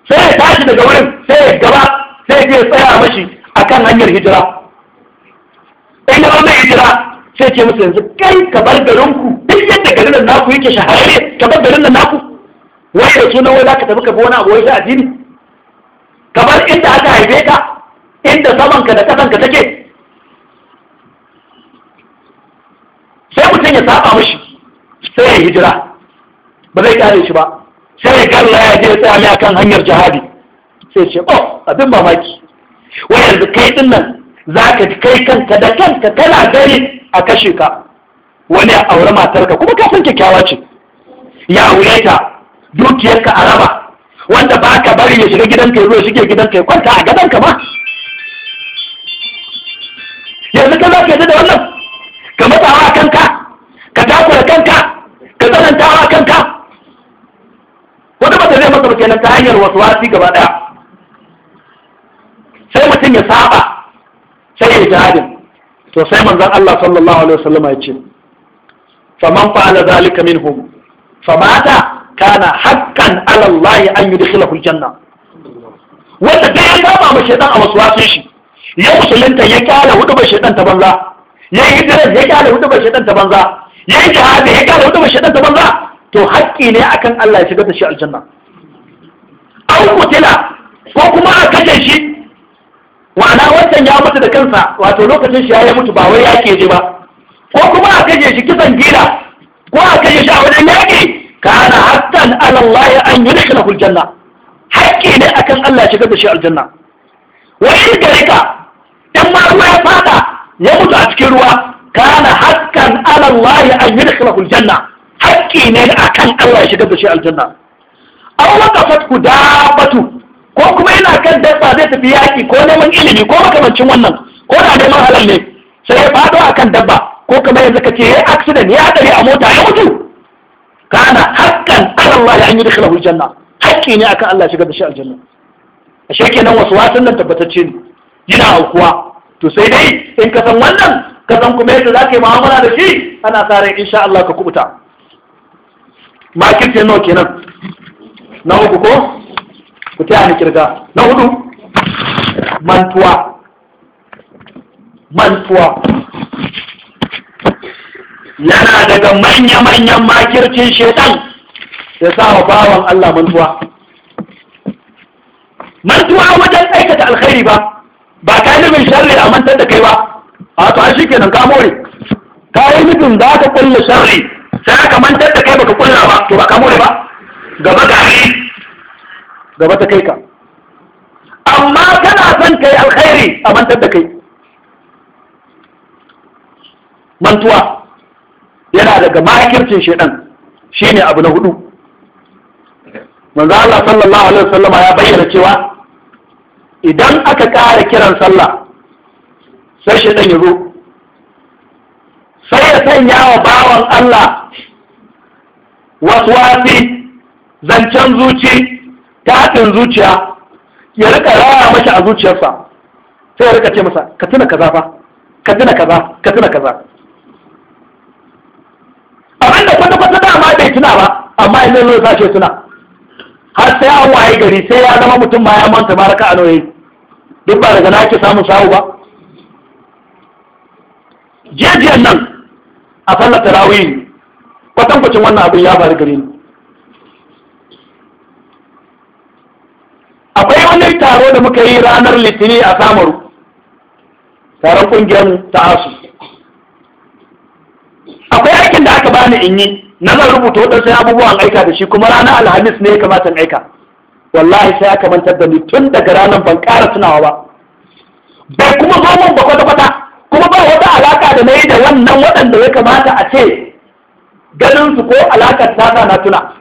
Speaker 1: sai ya tashi daga wurin sai ya gaba sai ya tsaya mashi akan hanyar hijira in ya mai hijira sai ce musu yanzu kai ka bar garin ku duk yadda garin nan naku yake shahararre ka bar garin nan naku wai da sunan wai zaka tafi ka bi wani abu wai sai addini ka bar inda aka haife ka inda saman ka da kasan ka take sai mutum ya saba mishi sai ya hijira ba zai kare shi ba sai ya kalla ya je tsaya akan hanyar jihadi sai ce oh abin mamaki wai yanzu kai din nan za ka kai kanka da kanka tana gari a kashe ka wani a aure matarka kuma ka san kyakkyawa ce ya aure ta dukiyarka a raba wanda ba ka bari ya shiga gidanka ya zo shige gidanka ya kwanta a ka ma yanzu ka za ka yi da wannan ka matsawa kanka ka takura kanka ka tsanantawa kanka wata mata zai masa nan ta hanyar wasu wasi gaba daya sai mutum ya saba jihadin to sai manzon Allah sallallahu alaihi wasallam ya ce faman fa'ala zalika minhum famata kana hakkan ala Allah an yudkhilahu aljanna wanda da ya gaba ma shedan a waswasin shi ya musulunta ya kyala hudu ba shedan ta banza ya yi hijira ya kyala hudu ba shedan ta banza ya yi jihadi ya kyala hudu ba shedan ta banza to haƙƙi ne akan Allah ya shiga da shi aljanna an kutila ko kuma a kashe shi wancan ya mutu da kansa wato lokacin shi ya mutu ba wai ya ke ji ba ko kuma a kashe shi kisan gida ko a kashe shi a wajen yaƙi kana hakkan alallahi an yi dukkan aljanna Haƙƙi ne akan Allah ya shigar da shi aljanna wai gare ka dan ma ruwa ya fada ya mutu a cikin ruwa kana hakkan alallahi an yi dukkan aljanna Haƙƙi ne akan Allah ya shigar da shi aljanna an waka fatku dabatu ko kuma ina kan dabba zai tafi yaƙi ko neman ilimi ko makamancin wannan ko da neman halal ne sai ya fado a kan dabba ko kuma yanzu ka ce ya accident ya haɗari a mota ya mutu kana hakan Allah ya an yi da kalahul janna haƙƙi ne akan Allah shiga da shi aljanna a nan wasu wasan nan tabbatacce ne yana aukuwa to sai dai in ka san wannan ka san kuma yadda za ka yi mu'amala da shi ana sa ran insha Allah ka kubuta makirce nawa kenan na uku ko ku taya ni kirga na hudu mantuwa mantuwa yana daga manya-manyan makircin shetan da sa wa bawan Allah mantuwa mantuwa wajen aikata alkhairi ba ba ka yi nufin sharri a mantar da kai ba a to an shi kenan ka more ka yi nufin za ka kulle sharri sai ka mantar da kai baka kulla ba to ba ka more ba gaba gari gaba ta kai ka amma kana son kai alkhairi a mantar da kai mantuwa yana daga makircin shedan ne abu na hudu manzo Allah sallallahu alaihi wasallam ya bayyana cewa idan aka ƙara kiran sallah sai shedan ya zo sai ya sanya wa bawan Allah waswasi zancen zuci ta zuciya ya rika raya mashi a zuciyarsa sai ya rika ce masa ka tuna kaza fa ka tuna kaza ka tuna kaza abin da kwata kwata dama bai tuna ba amma ya zai sa shi tuna har sai an waye gari sai ya zama mutum ma ya manta ma raka anoyi duk ba daga na ake samun sawu ba jejiyan nan a sallar tarawih kwatankwacin wannan abin ya faru gari ne akwai wani taro da muka yi ranar litini a samaru taron kungiyar ta asu akwai aikin da aka bani in yi na zan rubuta waɗansu abubuwan aika da shi kuma ranar alhamis ne ya kamata in aika wallahi sai aka mantar da ni tun daga ranar ban ƙara tunawa ba bai kuma zo mun ba kwata-kwata kuma ba wata alaka da na yi da wannan waɗanda ya kamata a ce ganin su ko alakar ta na tuna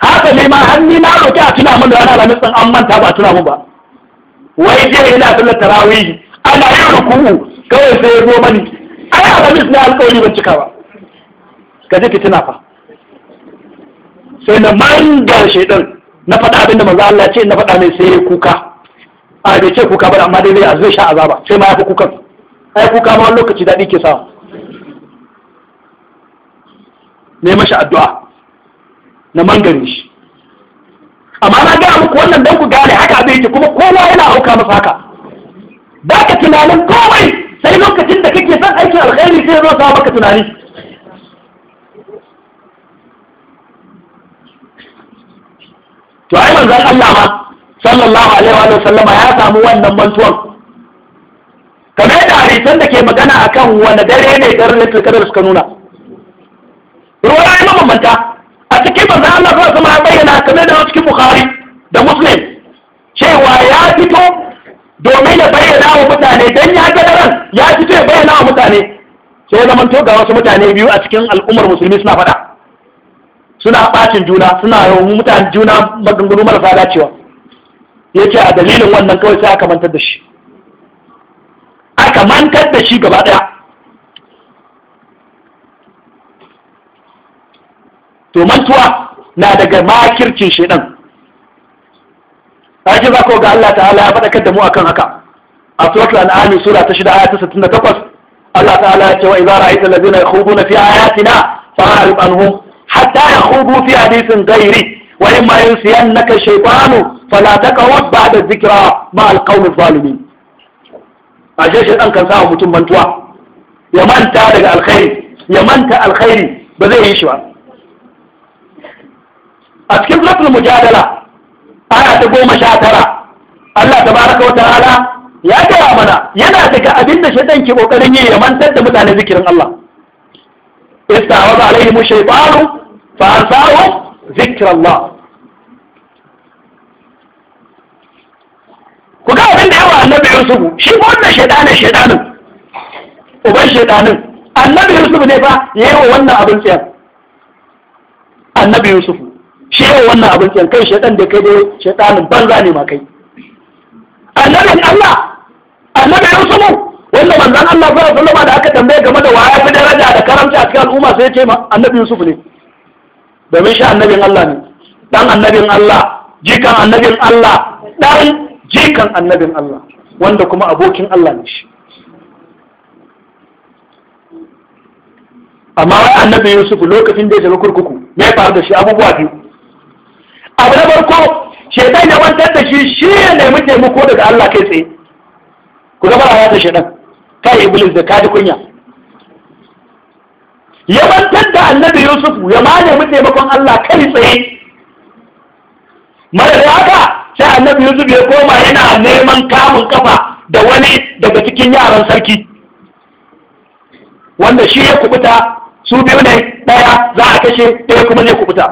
Speaker 1: haka ne ma hannu na roki a tuna min da ranar san an manta ba tuna min ba wai je ina sallar tarawih ana yin ruku'u kawai sai ya zo mani ai alhamis na alƙawari ban cika ba ka je ki tuna fa sai na manga shaidan na faɗa abin da manzo Allah ce na faɗa mai sai kuka a bai ce kuka ba amma dai zai zai sha azaba sai ma ya fi kukan ai kuka ma wani lokaci daɗi ke sa ne masha addu'a na mangare shi amma na gaya muku wannan don ku gane haka abin yake kuma kowa yana auka masa haka ba ka tunanin komai sai lokacin da kake son aikin alkhairi sai zo sa maka tunani to ai manzon Allah ma sallallahu alaihi wa sallama ya samu wannan mantuwan kamar da hadisan da ke magana akan wani dare ne daren da suka nuna ruwa ya mabambanta a cikin manzo Allah sallallahu alaihi bayyana kamar da cikin Bukhari da Muslim cewa ya fito domin ya bayyana wa mutane dan ya ga daren ya fito ya bayyana wa mutane sai zaman to ga wasu mutane biyu a cikin al'ummar musulmi suna fada suna bacin juna suna yawan mutane juna maganganu marasa dacewa yace a dalilin wannan kawai sai aka mantar da shi aka mantar da shi gaba daya to mantuwa na daga makircin ɗan. aji za ga Allah ta'ala ya faɗakar da mu akan haka a suratul an'am sura ta ayata sittin da takwas. Allah ta'ala ya ce wa idza ra'aita allazina yakhuduna fi ayatina fa'rid anhum hatta yakhudu fi hadithin ghairi wa imma yunsiyannaka shaytanu fala taqawad ba'da dhikra ma alqawmi zalimin aje shedan kan sa mutum mantuwa ya manta daga alkhairi ya manta alkhairi ba zai yi shi ba a cikin suratul mujadala aya ta goma sha tara Allah tabaraka wa ta'ala ya gaya mana yana daga abin da shaitan ke kokarin yi ya mantar da mutane zikirin Allah istawa alaihim shaytanu fa asahu zikrallah ku ga abin da yawa annabi yusufu shi ko wannan shaidanin shaidanin uban shaidanin annabi yusufu ne fa yayi wa wannan abin tsaya annabi yusufu shi wannan abin kyan kai shaitan da kai dai shaitanin banza ne ma kai annabin Allah annabi sumu wanda manzon Allah zuwa alaihi da aka tambaye game da waya fi daraja da karamci a cikin al'umma sai ce annabin Yusuf ne domin shi annabin Allah ne dan annabin Allah jikan annabin Allah dan jikan annabin Allah wanda kuma abokin Allah ne shi amma wai annabi Yusuf lokacin da ya shiga kurkuku me ya faru da shi abubuwa biyu abu na farko shedan ya wantar da shi shi ya nemi taimako daga Allah kai tsaye ku ga bara ya shedan kai iblis da kaji kunya ya wantar da annabi yusuf ya ma nemi taimakon Allah kai tsaye mara da haka sai annabi yusuf ya koma yana neman kamun kafa da wani daga cikin yaran sarki wanda shi ya kubuta su biyu ne daya za a kashe ɗaya kuma zai kubuta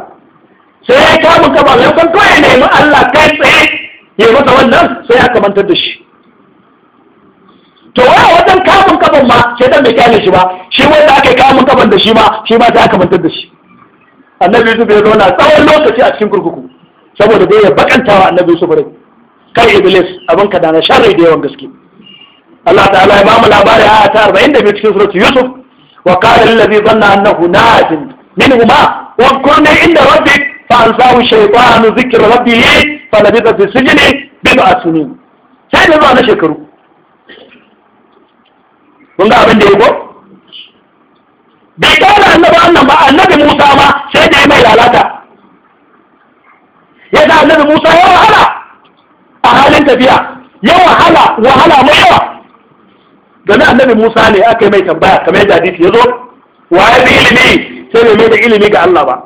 Speaker 1: sai ya kamun ka ba mai kwan kawai nemi Allah kai tsaye ya masa wannan sai ya kamantar da shi to waya wajen kamun kaban ma dan bai kyale shi ba shi wanda aka kamun kaban da shi ma shi ma sai aka mantar da shi annabi yusuf ya zauna tsawon lokaci a cikin kurkuku saboda dai ya bakantawa annabi yusuf rai kai iblis abin ka da na sharri da yawan gaske Allah ta'ala ya bamu labari a ta 42 cikin suratu yusuf wa qala allazi dhanna annahu najin huma wa kunna inda rabbik ansahu shaytanu zikra rabbih fa labitha fi sijni bid'a sunin sai da zuwa na shekaru kun ga abin da yago bai kawai annabi annan ba annabi Musa ma sai da mai lalata yadda annabi Musa ya wahala a halin tafiya ya wahala wahala mai yawa Gani annabi Musa ne aka yi mai tambaya kamar yadda hadisi ya zo wa ya bi ilimi sai bai mai da ilimi ga Allah ba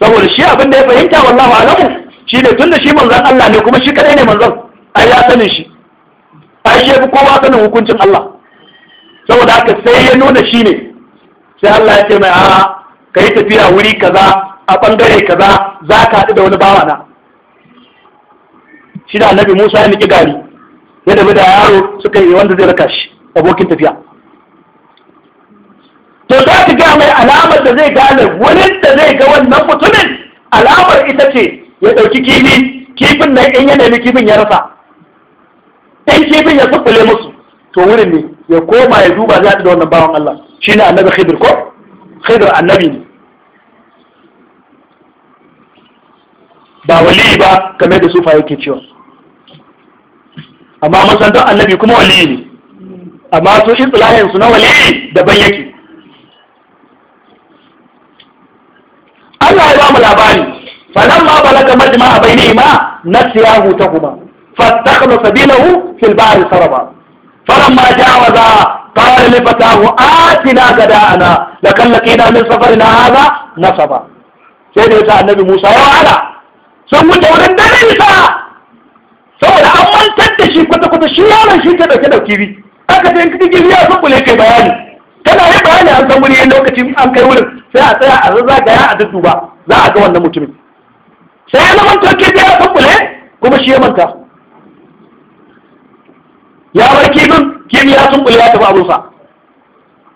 Speaker 1: saboda shi abin da ya fahimta wallahu alamu shi ne tunda shi manzan Allah ne kuma shi kadai ne manzan. ai ya sanin shi ai shi kowa sanin hukuncin Allah saboda haka sai ya nuna shi ne sai Allah ya ce mai a yi tafiya wuri kaza a bangare kaza za ka haɗu da wani bawa na shi da annabi Musa ya niki gari ya dabi da yaro suka yi wanda zai raka shi abokin tafiya to za ki ga mai alamar da zai gane wurin da zai ga wannan mutumin alamar ita ce ya ɗauki kifi kifin nan in ya nemi kifin ya rasa ɗan kifin ya sufule musu to wurin ne ya koma ya duba zai da wannan bawan Allah shi ne annabi khidir ko khidir annabi ne ba wali ba kame da sufa yake cewa amma masantar annabi kuma wali ne amma su islahin su na wali daban yake Allah ya ba mu labari falan ma balaga majma a bai nema na siya huta kuma fastakalo sabilahu fil bahri saraba falan ma jawaza qala li fatahu atina gada'ana lakal laqina min safarina hadha nasaba sai da ta annabi Musa ya wala sun wuce wurin dalilin sa saboda an mantar da shi kwata-kwata shi yaron shi ta dauke dauki bi aka ta yanki ya fukule bayani tana yi bayani an san wuri lokacin an kai wurin sai a tsaya a ya a dudduba za a ga wannan mutumin sai ya zama toke da ya bule kuma shi ya manta ya bar kifin kifin ya bule ya tafi abunsa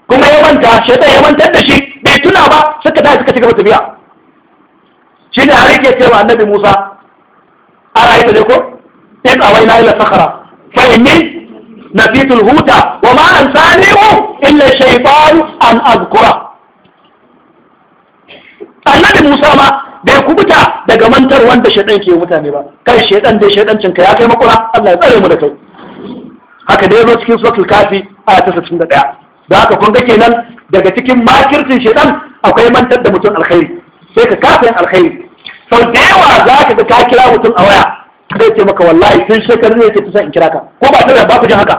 Speaker 1: kuma ya manta shaitan ya mantar da shi bai tuna ba suka tafi suka cigaba tafiya shi ne ke ce cewa annabi musa a rayu da ko sai tsawai na ila sakara fa inni نبيت الهدى وما أنسانيه إلا الشيطان أن أذكره annabi Musa ma bai kubuta daga mantar wanda shaidan ke mutane ba kai shaidan dai shaidancin ka ya kai makura Allah ya tsare mu da kai haka dai zo cikin sokil kafi a ta 61 da ɗaya. haka kun ga nan daga cikin makircin shaidan akwai mantar da mutum alkhairi sai ka kafa yin alkhairi sau da yawa za ka ga ka kira mutum a waya zai ce maka wallahi sun shekaru ne yake ta san in kira ka ko ba tana ba ku jin haka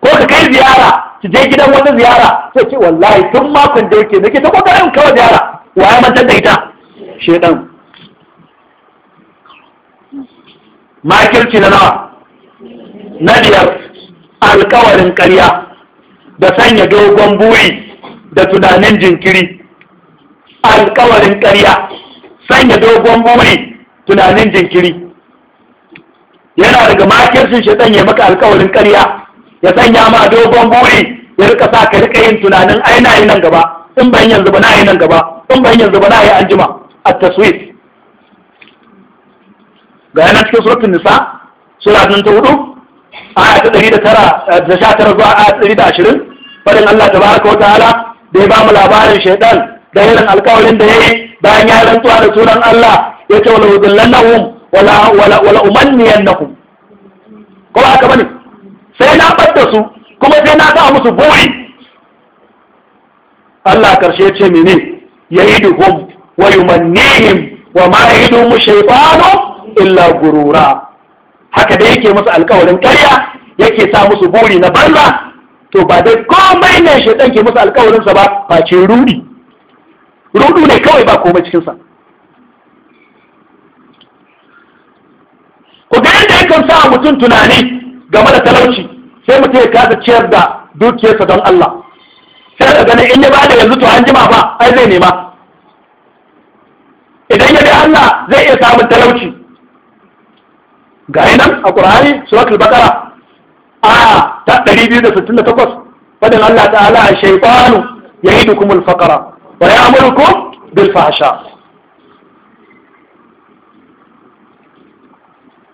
Speaker 1: ko ka kai ziyara ki je gidan wani ziyara sai ce wallahi tun makon da yake nake ta kokarin kawai ziyara wa ya mantar da ita shedan makirci na nawa na biyar alkawarin karya da sanya dogon buri da tunanin jinkiri alkawarin karya sanya dogon buri tunanin jinkiri yana daga makircin shaitan ya maka alkawarin karya ya sanya ma dogon buri ya rika sa ka rika yin tunanin ai na yi nan gaba in ban yanzu ba na yi nan gaba in ban yanzu ba na yi anjima a taswif ga yana cikin suratul nisa sura nan ta hudu ya ta ɗari da tara eh, da sha tara zuwa a ya ta ashirin barin Allah baraka wata ta'ala da ya ba mu labarin shaidan da irin alkawarin da yi bayan ya rantsuwa da sunan Allah ya ce wala udillannahum wala wala wala umanniyannakum ko ba haka bane sai na ɓadda su kuma sai na sa musu buri Allah karshe ce mene yayiduhum wa yumannihim wa ma yayiduhum shaytanu illa gurura haka da yake musu alƙawarin ƙarya yake sa musu buri na banza to ba dai komai ne shaiɗan ke musu alƙawarin sa ba face rudi rudu ne kawai ba komai cikin sa ku ga yadda yakan sa mutum tunani game da talauci sai mutum ya kasa ciyar da dukiyarsa don Allah sai ka gani in ya bada yanzu to an jima ba ai zai nema idan ya bi Allah zai iya samun talauci ga nan a Qur'ani suratul Baqara a ta 268 fadin Allah ta'ala ash-shaytanu ya'idukumul faqra wa ya'murukum bil fahsha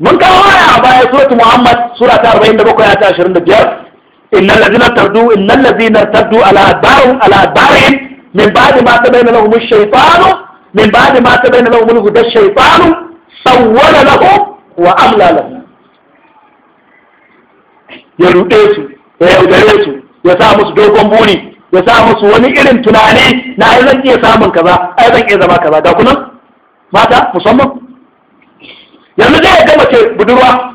Speaker 1: من كان رايع سورة محمد سورة 47 25 إن الذين ارتدوا إن الذين ارتدوا على أدبارهم على أدبارهم من بعد ما تبين لهم الشيطان من بعد ما تبين لهم الهدى الشيطان سول لهم وأملى لهم يرؤيته ويأجريته يسامس دوكم بوني يسامس وني إلم تناني نا إذن إيه سامن كذا إذن إيه ما كذا دا ماذا مصمم yanzu zai ga mace budurwa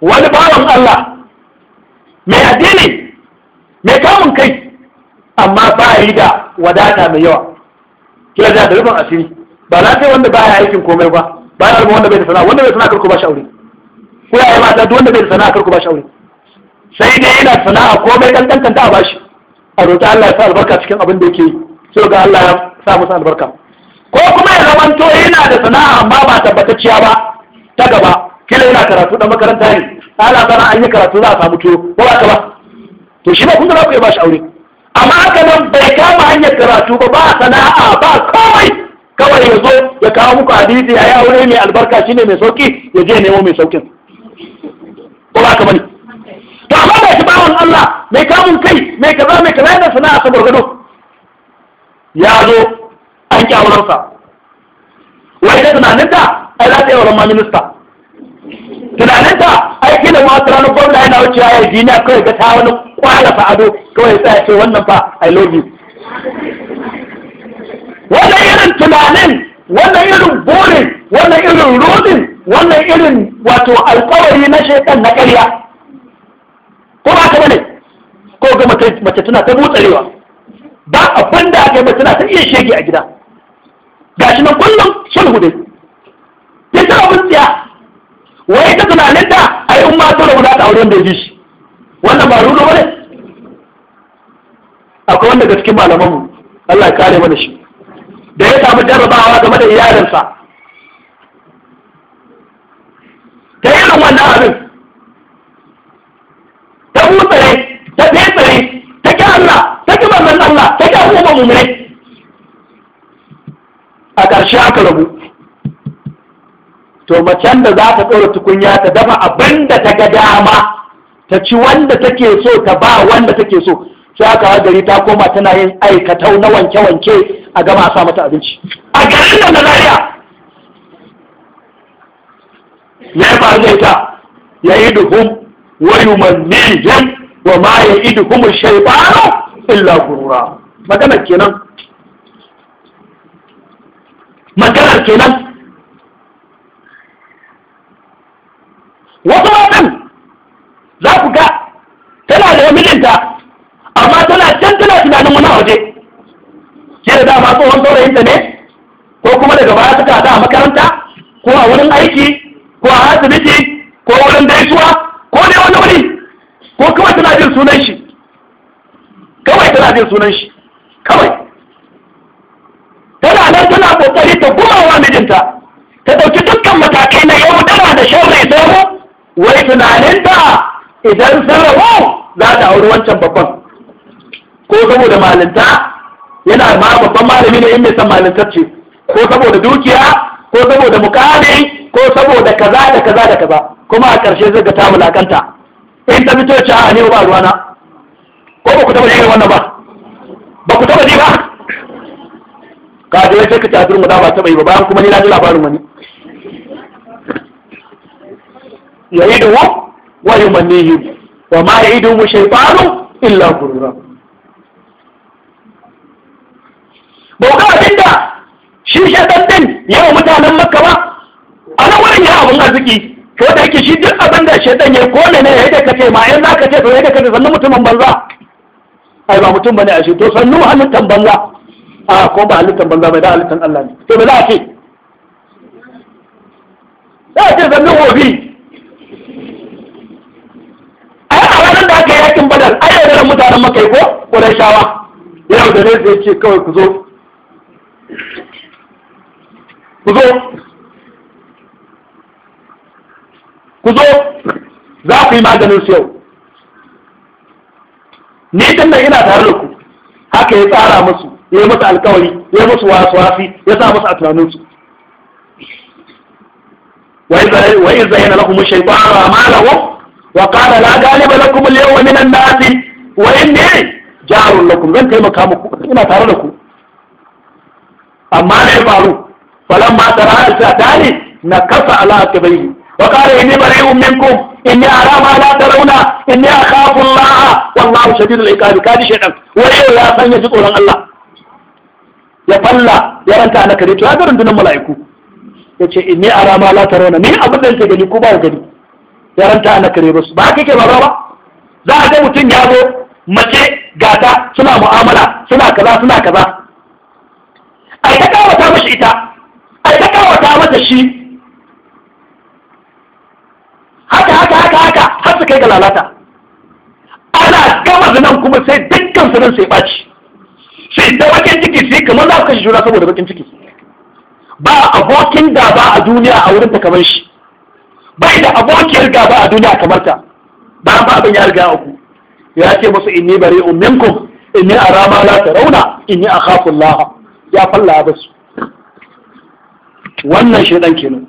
Speaker 1: wani bawan Allah mai addini mai kamun kai amma ba yi da wadata mai yawa kila da rufin asiri ba za ta wanda baya aikin komai ba ba ya wanda bai da sana'a wanda bai sana'a karku ba shi aure ko ya yi mata wanda bai da sana'a karku ba shi aure sai dai yana sana'a komai dan ta ba shi a roƙi Allah ya sa albarka cikin abin da yake yi sai ga Allah ya sa musu albarka ko kuma ya zamanto yana da sana'a amma ba tabbatacciya ba ta gaba kila yana karatu da makaranta ne ala sana an yi karatu za a samu tuyo ko ba ka ba to shi ba kun za ku bashi aure amma haka nan bai kama hanyar karatu ba ba sana'a ba kawai kawai ya zo ya kawo muku hadisi ya yi aure mai albarka shine mai sauki ya je nemo mai saukin ko ba ka bane to amma bai shi bawan Allah mai kamun kai mai kaza mai kaza da sana'a ta gurgudu ya zo an kyawunansa wai da tunaninta ai za ta yi wa ma minista tunaninta ai kila ma wata ranar gwamna yana wuce ya duniya kawai ga ta wani kwala fa ado kawai sai ce wannan fa i love you wannan irin tunanin wannan irin burin wannan irin rudin, wannan irin wato alkawari na shekan na ƙarya ko ba ka bane ko ga mace tana ta butsarewa ba abin da aka yi mace tana ta iya shege a gida gashi na kullum shan hudu abin tsiya wai ta tunanin da a yi umar ta rabu ta auren da ji shi wannan ba rudo ba ne akwai wanda ga cikin malamanmu Allah ya kare mana shi da ya samu jarrabawa game da iyalinsa ta yi wannan abin
Speaker 2: ta mutsare ta fesare ta ki Allah
Speaker 1: ta ki manzon Allah ta ki abubuwan mummunai a ƙarshe aka rabu to macen da za ta ɗora tukunya ta dafa abin da ta ga dama ta ci wanda take so ta ba wanda take so sai aka gari ta koma tana yin aikatau na wanke-wanke a gama a sa abinci a garin da na lafiya ya faru da ita ya yi duhun wayu mannihin wa ma ya yi duhun shaibanu illa gurura maganar kenan wasu matan za ku ga tana da mijinta amma tana can tana tunanin wani waje ke da dama tsohon ta ne ko kuma daga baya suka da a makaranta ko a wurin aiki ko a asibiti ko wurin daisuwa ko dai wani wuri ko kawai tana jin sunan shi kawai tana jin sunan shi kawai tana nan tana kokari ta gumawa mijinta ta ɗauki dukkan matakai na yau tana da shan rai zama wai tunaninta idan sun rabu za ta auri wancan babban ko saboda malinta yana ma babban malami ne in mai san malintar ce ko saboda dukiya ko saboda mukami ko saboda kaza da kaza da kaza kuma a ƙarshe zai ga ta mulakanta in ta fito ci a ne ba ruwana ko ba ku taɓa jiya wannan ba ba ku taɓa ji ba ka ji wai sai ka ci a turmu da ba taɓa yi ba bayan kuma ni na ji labarin wani Ya yi ya'iduhum wa yumannihim wa ma yi ya'iduhum shaytanu illa ghurura bauka abinda shi shaitan din yawa mutanen makka ba a nan wurin ya abin arziki ko da yake shi duk abin da shaitan ya kone ne ya da kace ma za ka ce to ya da kace sannu mutumin banza ai ba mutum bane a shi to sannu halittan banza a ko ba halittan banza bai da halittan Allah ne to me za a ce za a ce sannu hobi maganar mutanen makai ko ƙurashawa yau da ne zai ce kawai ku zo ku zo ku zo za ku yi maganin su yau ni tun nan ina tare da ku haka ya tsara musu ya yi musu alkawari ya yi musu wasu wasi, ya sa musu a tunaninsu وإذ زين لهم الشيطان أعمالهم وقال لا غالب لكم اليوم من الناس wayan ne jarun lakum zan taimaka muku ina tare da ku amma ne faru falan ma tara ta dali na kasa ala akabai wa qala inni bari'un minkum inni ara ma la tarawna inni akhafu Allah wallahu shadidul iqab kadi shaytan wai ya san ya ji tsoron Allah ya falla ya ranta na kare to ya garin dunan mala'iku yace inni ara ma la tarawna ni abin da yake gani ko ba gani ya ranta na kare ba su ba kike ba ba za a ga mutum ya zo mace gata suna mu'amala suna kaza suna kaza ai ta kawata mashi ita ai ta kawata mata shi haka haka haka haka har su kai ga lalata ana gama zinan kuma sai dukkan su nan sai ɓaci sai da bakin ciki sai kamar za su kashe juna saboda bakin ciki ba abokin gaba a duniya a wurin ta kamar shi bai da abokiyar gaba a duniya kamar ta ba ba abin ya riga uku ya ce musu inni bari'un minkum inni ara ma la tarawna inni akhafu laha. ya falla su. wannan shedan kenan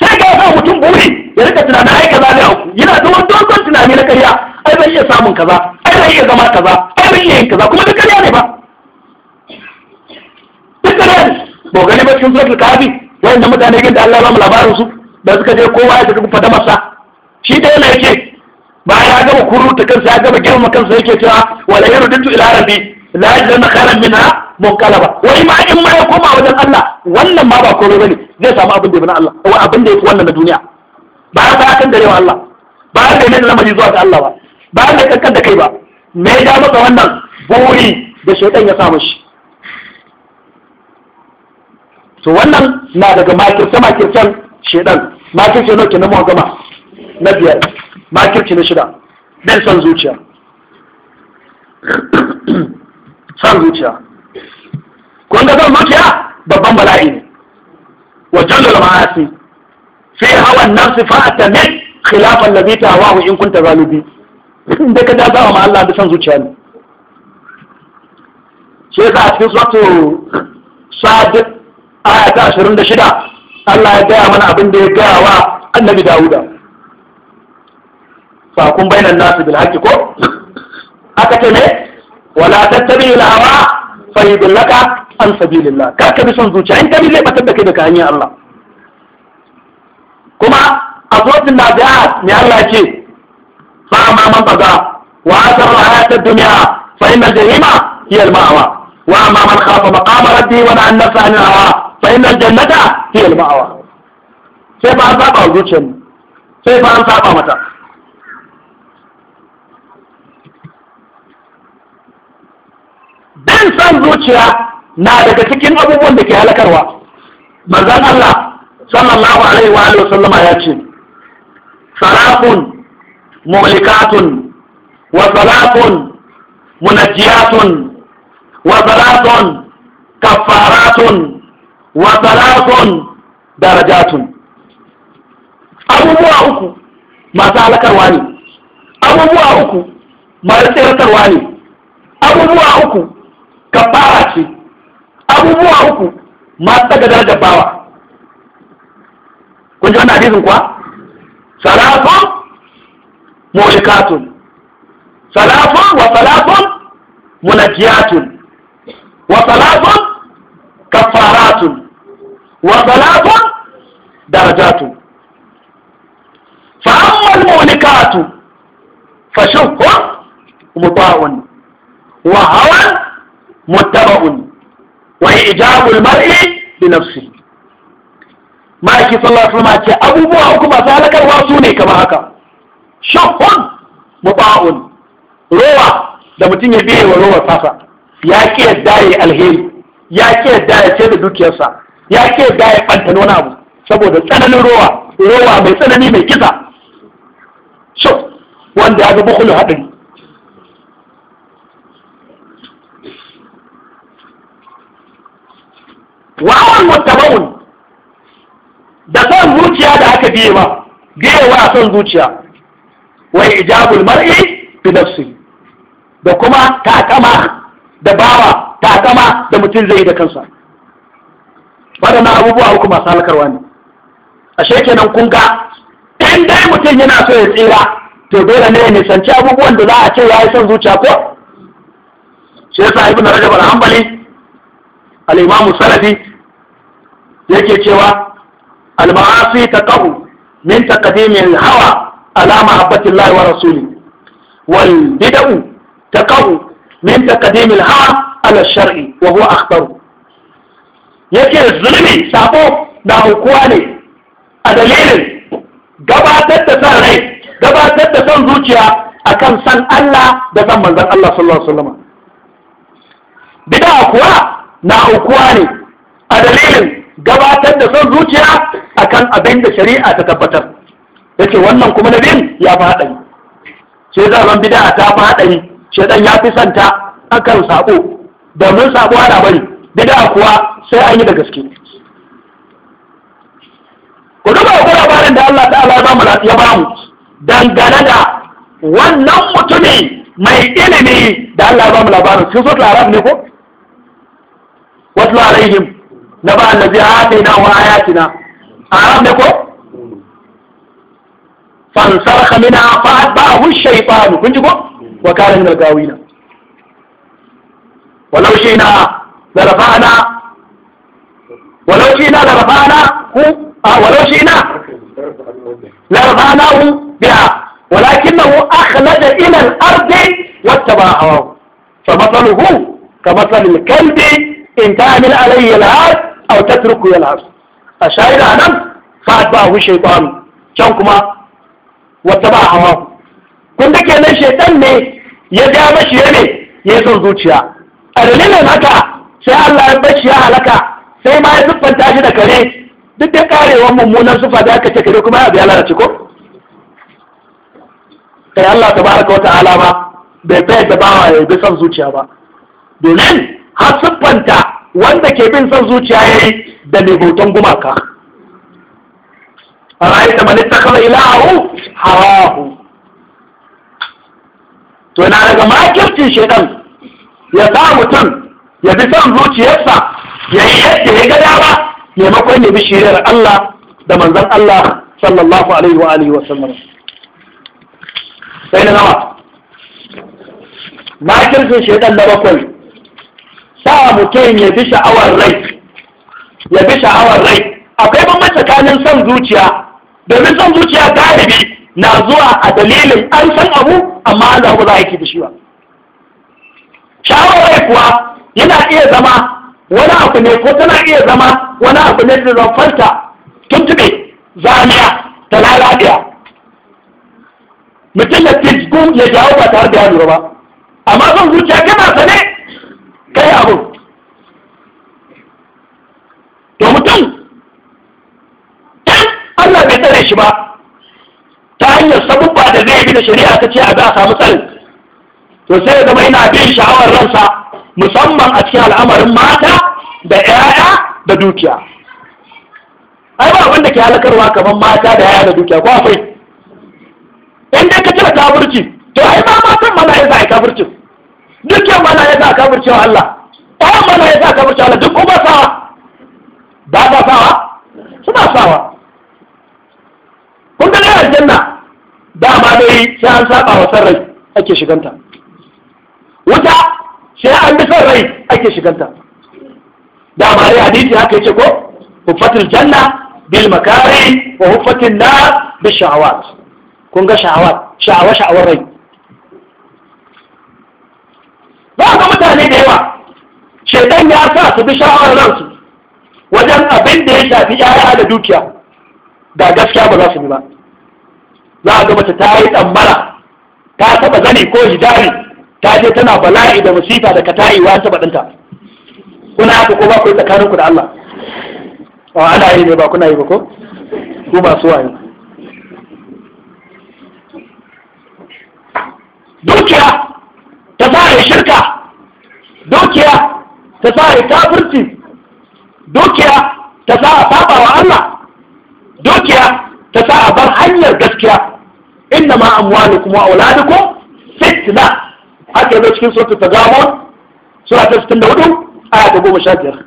Speaker 1: sai ga sa mutum buri ya rika tunanin ai kaza ne aku yana da wani dogon tunani na karya ai bai iya samun kaza ai bai iya zama kaza ai bai iya yin kaza kuma duk karya ne ba duk karya ne ba gani ba cikin suratul kafi wanda mutane gida Allah ba mu labarin su da suka je kowa ya tafi fada masa shi da yana yake ba ya gama kuruta kansa ya gaba girma kansa yake cewa wala yaruddu ila rabbi la yajidna mun minha ba. wai ma in ma ya koma wajen Allah wannan ma ba komai bane zai samu abin da ya na Allah ko abin da fi wannan na duniya ba ba kan da yawa Allah ba da ne lamari zuwa ga Allah ba ba da kankan da kai ba me ya maka wannan buri da shaytan ya samu shi to wannan na daga makirce makircen shaytan makirce nake na mu gama na biyar makirci na shida bin son zuciya (clears throat) son zuciya kun ga son zuciya babban bala'i ne wajen da ma'asi sai hawan nafsi fa'ata min khilafan labita wa in kunta zalubi da ka daza wa Allah da son zuciya ne shi yasa a cikin suratu sadiq ashirin da 26 Allah ya gaya mana abin da ya gaya wa annabi Dawuda fakun bainan nasu bil haqqi ko aka ce ne wala tattabi al hawa fa yudillaka an sabilillah kar ka bi son zuciya in ka bi zai batar da kai daga hanyar Allah kuma a na naziat ne Allah ce fa amma man baza wa asara hayat ad-dunya fa inna jahima hiya al-ma'wa wa amma man khafa maqama rabbi wa nahana nafsa 'anil hawa fa inna al-jannata hiya al sai ba an saba zuciyar sai ba an saba mata
Speaker 2: bin san zuciya
Speaker 1: na daga cikin abubuwan da ke halakarwa manzon Allah sallallahu alaihi wa alihi wasallama ya ce salatun mulikatun wa salatun munajjiyatun wa salatun kaffaratun wa salatun darajatun abubuwa uku masu halakarwa ne abubuwa uku masu tsirtarwa ne abubuwa uku kafara ce abubuwa uku masu daga darajar bawa kun ji wannan hadisin kuwa salatun mulikatun salatun wa salatun munakiyatun wa salatun kafaratun wa salatun darajatun فأما المهلكات فشق wa hawan muttaba'un wa ijabul mar'i bi nafsi maki sallallahu alaihi wasallam ce abubuwa uku masu halakarwa su ne kamar haka shahun muba'un rowa da mutum ya biye wa rowa ya ki yadda ya alheri ya ki yadda ya ce da dukiyarsa ya ki yadda ya banta nuna abu saboda tsananin rowa rowa mai tsanani mai kisa shuf wanda ya ga bukulu haɗari wa'awar mutabawun da son zuciya da aka biye ma biye wa son zuciya wa ijabul mar'i bi nafsi da kuma takama da bawa takama da mutum zai da kansa waɗannan abubuwa uku masu halakarwa ne ashe kenan kun ga Ɗan dai mutum yana so ya tsira to dole ne ya nisanci abubuwan da za a ce ya yi son zuciya ko shi yasa ibn rajab al-hanbali al-imam salafi yake cewa al ta taqahu min taqdimin hawa ala mahabbatillahi wa rasuli wal bid'u taqahu min taqdimil hawa ala shar'i wa huwa akhtar yake zulmi sabo da hukuwa ne a dalilin gabatar da san rai gabatar da san zuciya akan san Allah da san manzon Allah sallallahu alaihi wasallam bid'a kuwa na hukuwa ne a dalilin gabatar da son zuciya akan abin da shari'a ta tabbatar yace wannan kuma nabin ya fi haɗari sai zaman bid'a ta fi haɗari shedan ya fi santa akan sabo domin sabo ana bari bid'a kuwa sai an yi da gaske ku duba ku labarin da Allah ta'ala ya bamu ya bamu dangane da wannan mutumi mai ilimi da Allah ya bamu labarin sun so ne ko wasu alaihim na ba allazi atina wa ayatina arab ne ko fansarha minha fa atba'ahu shaytanu kun ji ko wa kana min al-gawina walau shayna la rafa'na walau shayna la rafa'na hu walau shayna
Speaker 2: la rafa'nahu
Speaker 1: biha ولكنه أخلد إلى الأرض واتبع هواه فمثله كمثل الكلب إن تعمل عليه العاد aw tatruku yalhas a shahida anan fa atba'ahu shaytan can kuma wata ba hawa kun da kenan shaytan ne ya ja mashi ya ne ya son zuciya a dalilin haka sai Allah ya shi ya halaka sai ma ya siffanta shi da kare duk da karewar mummunan sufa da aka ce kare kuma ya biya lalace ko kai Allah tabaraka wata alama bai fayar da bawa ya bi son zuciya ba domin har siffanta wanda ke bin son zuciya ya yi da mai gumaka gumaka ra'ayi da manita kama ilahu hawahu to na daga makircin shaidan ya sa mutum ya bi son zuciyarsa ya yi yadda ya gada ba maimakon ya bi da Allah da manzan Allah sallallahu alaihi wa alihi wa sallam sai na nawa makircin shaidan na bakwai sa mutum ya bi sha'awar rai ya bi sha'awar rai akwai bambanci tsakanin son zuciya domin son zuciya galibi na zuwa a dalilin an san abu amma Allah ba za a yi da shi ba sha'awar rai kuwa yana iya zama wani abu ne ko tana iya zama wani abu ne da zafarta tuntube zaniya da lalabiya mutum ya fi ya jawo ba tare da ya ba amma son zuciya kana sane kai abu. to mutum Allah bai tsare shi ba ta hanyar sabubba da zai bi da shari'a ta ce a za a samu tsarin to sai ya zama yana bin sha'awar ransa musamman a cikin al'amarin mata da 'ya'ya da dukiya ai ba wanda ke halakarwa kamar mata da 'ya'ya da dukiya ko akwai in dai ka cire kafirci to ai ba matan mana yin za a yi duk yamma na ya sa kafircewa Allah tsawon mana ya sa kafircewa Allah duk kuma sawa ba ba sawa suna sawa kun a janna aljanna dama dai sai an saba wa sarrai rai ake shiganta wuta sai an bi sarrai rai ake shiganta dama dai hadisi haka yace ko huffatul janna bil makari wa hufatin nar bi shahawat kun ga shahawat sha'awa sha'awar rai ba ga mutane da yawa shaitan ya sa su bi sha'awar ransu wajen abin da ya shafi yaya da dukiya da gaskiya ba za su bi ba za a ga mace ta yi tsammara ta taba zani ko hijari, ta je tana bala'i da musifa da kata'i wa ta badanta kuna haka ko ba ku tsakanin ku da Allah a ana yi ne ba kuna yi ba ko ku ba su dukiya dukiya ta sa ya kafirci dukiya ta sa a saba wa Allah dukiya ta sa a bar hanyar gaskiya inna ma kuma amwalukum wa auladukum fitna aka yi cikin suratul tagamun sura ta 64 aya ta 15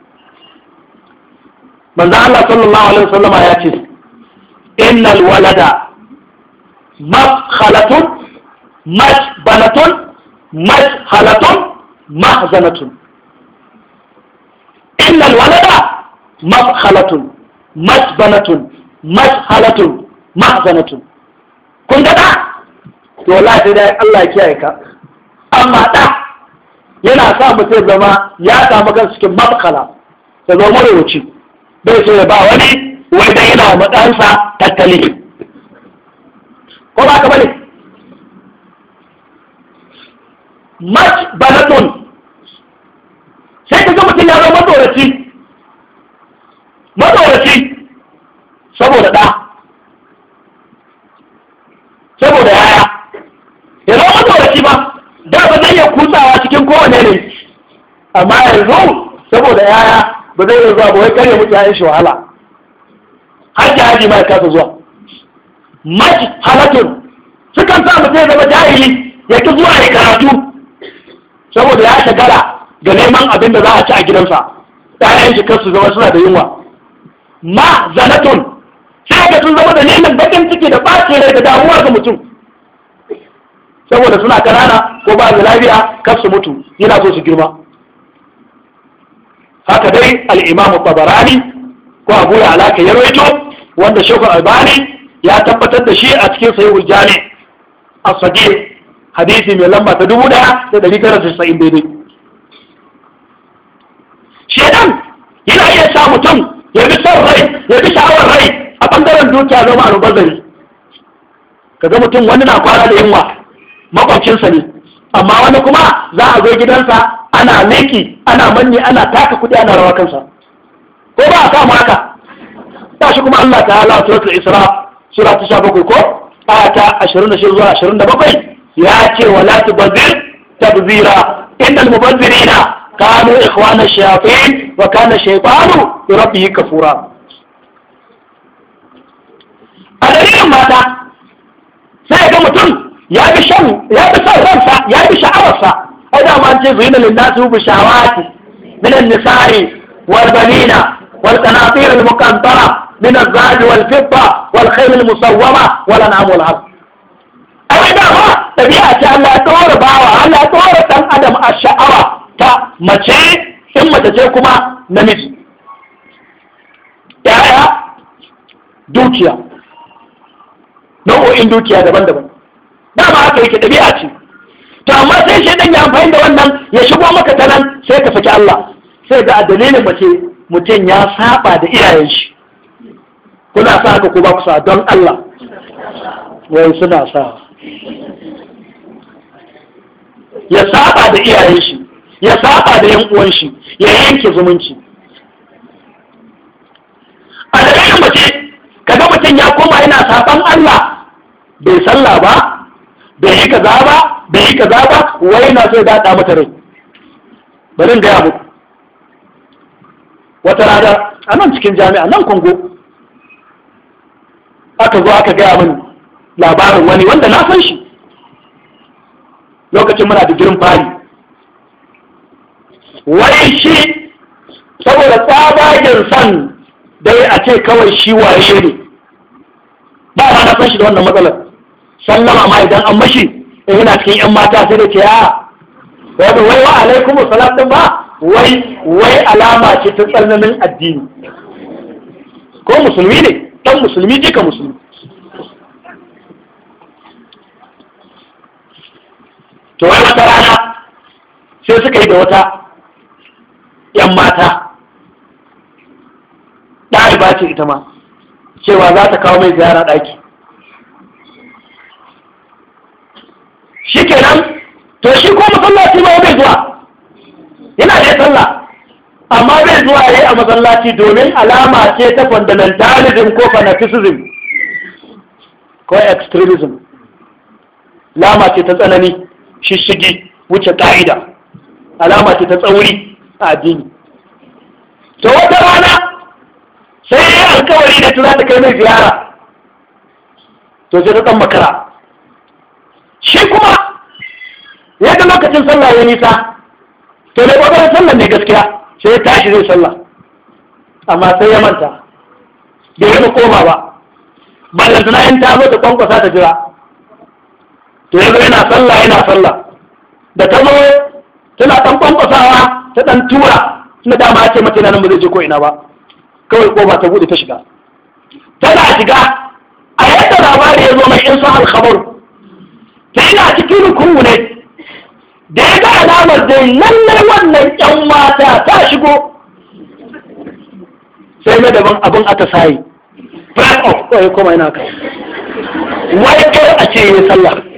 Speaker 1: manzo Allah sallallahu alaihi wasallama ya ce mas innal walada mafkhalatun mashbalatun mashhalatun mahzanatun inna alwalada mashalatun masbanatun mashalatun mahzanatun kun ga da to wallahi dai Allah ya kiyaye ka amma da yana sa mutum zama ya samu kan cikin mafkala da zama marauci bai so ya ba wani wai yana wa matsansa tattali ko ba ka bane
Speaker 2: balaton sai ka ga mutum ya zama matsoraci matsoraci saboda ɗa saboda yaya ya zama matsoraci ba
Speaker 1: da ba zai iya kutsawa cikin kowane ne amma yanzu saboda yaya ba zai iya zuwa ba wai karya mutu ya shi wahala har jahaji ma ya kasa zuwa majhalatun sukan sa mutum ya zama jahili ya ki zuwa ya karatu saboda ya shagara ga neman abin da za a ci a gidansa ɗayan shi kansu zama suna da yunwa ma zanatun sai da sun zama da neman bakin ciki da ɓacin rai da damuwa ga mutum saboda suna kanana ko ba da lafiya kar su mutu yana so su girma haka dai al'imamu tabarani ko abu ya alaka ya rawaito wanda shekul albani ya tabbatar da shi a cikin sayi jami a sagir hadisi mai lamba ta dubu ɗaya da ɗari tara casa'in daidai shedan yana iya sa mutum ya bi son rai ya bi sha'awar rai a bangaren dukiya zama ka kaga mutum wani na kwana da yunwa makwabcinsa ne amma wani kuma za a zo gidansa ana leki ana manni ana taka kuɗi ana rawa kansa ko ba a mu haka ba shi kuma Allah ta hala suratul isra sura ta bakwai ko aya ta shi zuwa ashirin da bakwai. ya ce wala tubzir tabzira innal mubzirina kanu ikhwana shayatin wa kana shaytanu bi rabbihi kafura a dalilin mata sai ga mutum ya bi shan ya bi son ransa ya bi sha'awarsa ai da ma ce zuyina linnasu bi shawati min an-nisa'i wal banina wal qanatir al muqantara min az-zahab wal fidda wal khayl al musawwama wal an'am wal harb ai dawa ɗabi'a ce Allah a tsawara bawa Allah ɗan adam a sha'awa ta mace in mace ce kuma namiji Yaya dukiya nau'o'in dukiya daban-daban dama haka yake ɗabi'a ce to amma sai shaidan ya amfani da wannan ya shigo maka ta nan sai ka saki Allah sai ga a dalilin mace mutum ya saba da iyayen shi kuna sa haka ko ba ku sa don Allah wai suna sa ya saba da iyayen shi ya saba da yan uwan shi ya yanke zumunci a dalilin mace kaga mutum ya koma yana saban Allah bai sallah ba bai yi kaza ba bai yi kaza ba wai yana so ya dada mata rai bari ga yabo wata rada a nan cikin jami'a nan kongo aka zo aka gaya mani labarin wani wanda na san shi lokacin muna da girin fari wai shi saboda tsabagen san dai a ce kawai shi waye ne ba ma na san shi da wannan matsalar sallama ma idan an mashi eh, in yana cikin yan mata sai da ke ya ah, wato wai wa alaikum salam ba wai wai alama ce ta tsananin addini ko musulmi ne dan musulmi jika musulmi to wani wata rana sai suka yi da wata ‘yan mata ɗaliba ce ita ma cewa za ta kawo mai ziyara ɗaki shi kenan to shi ko masallaci ba bai zuwa yana da sallah amma bai zuwa ya yi a masallaci domin alama ce ta fundamentalism ko fanaticism ko extremism lama ce ta tsanani shishigi wuce ka'ida alama ce ta tsauri a addini to wata rana sai ya alkawari da tuna ta kai mai ziyara to sai ta dan makara shi kuma yadda lokacin sallah ya nisa to ne kokarin sallah ne gaskiya sai tashi zai sallah amma sai ya manta bai yi koma ba ba da zanayin ta zo ta kwankwasa ta jira to yanzu yana sallah yana sallah da ta zo tana ɗan kwankwasawa ta ɗan tura na dama ake mata na nan ba zai je ko ina ba kawai ko ba ta buɗe ta shiga tana shiga a yadda labari ya zo mai insu alkhabar ta yana cikin kungu ne da ya ga alamar dai ne wannan ƴan mata ta shigo sai na daban abin aka sayi pride of kawai kuma yana kai wai kai a ce yi sallah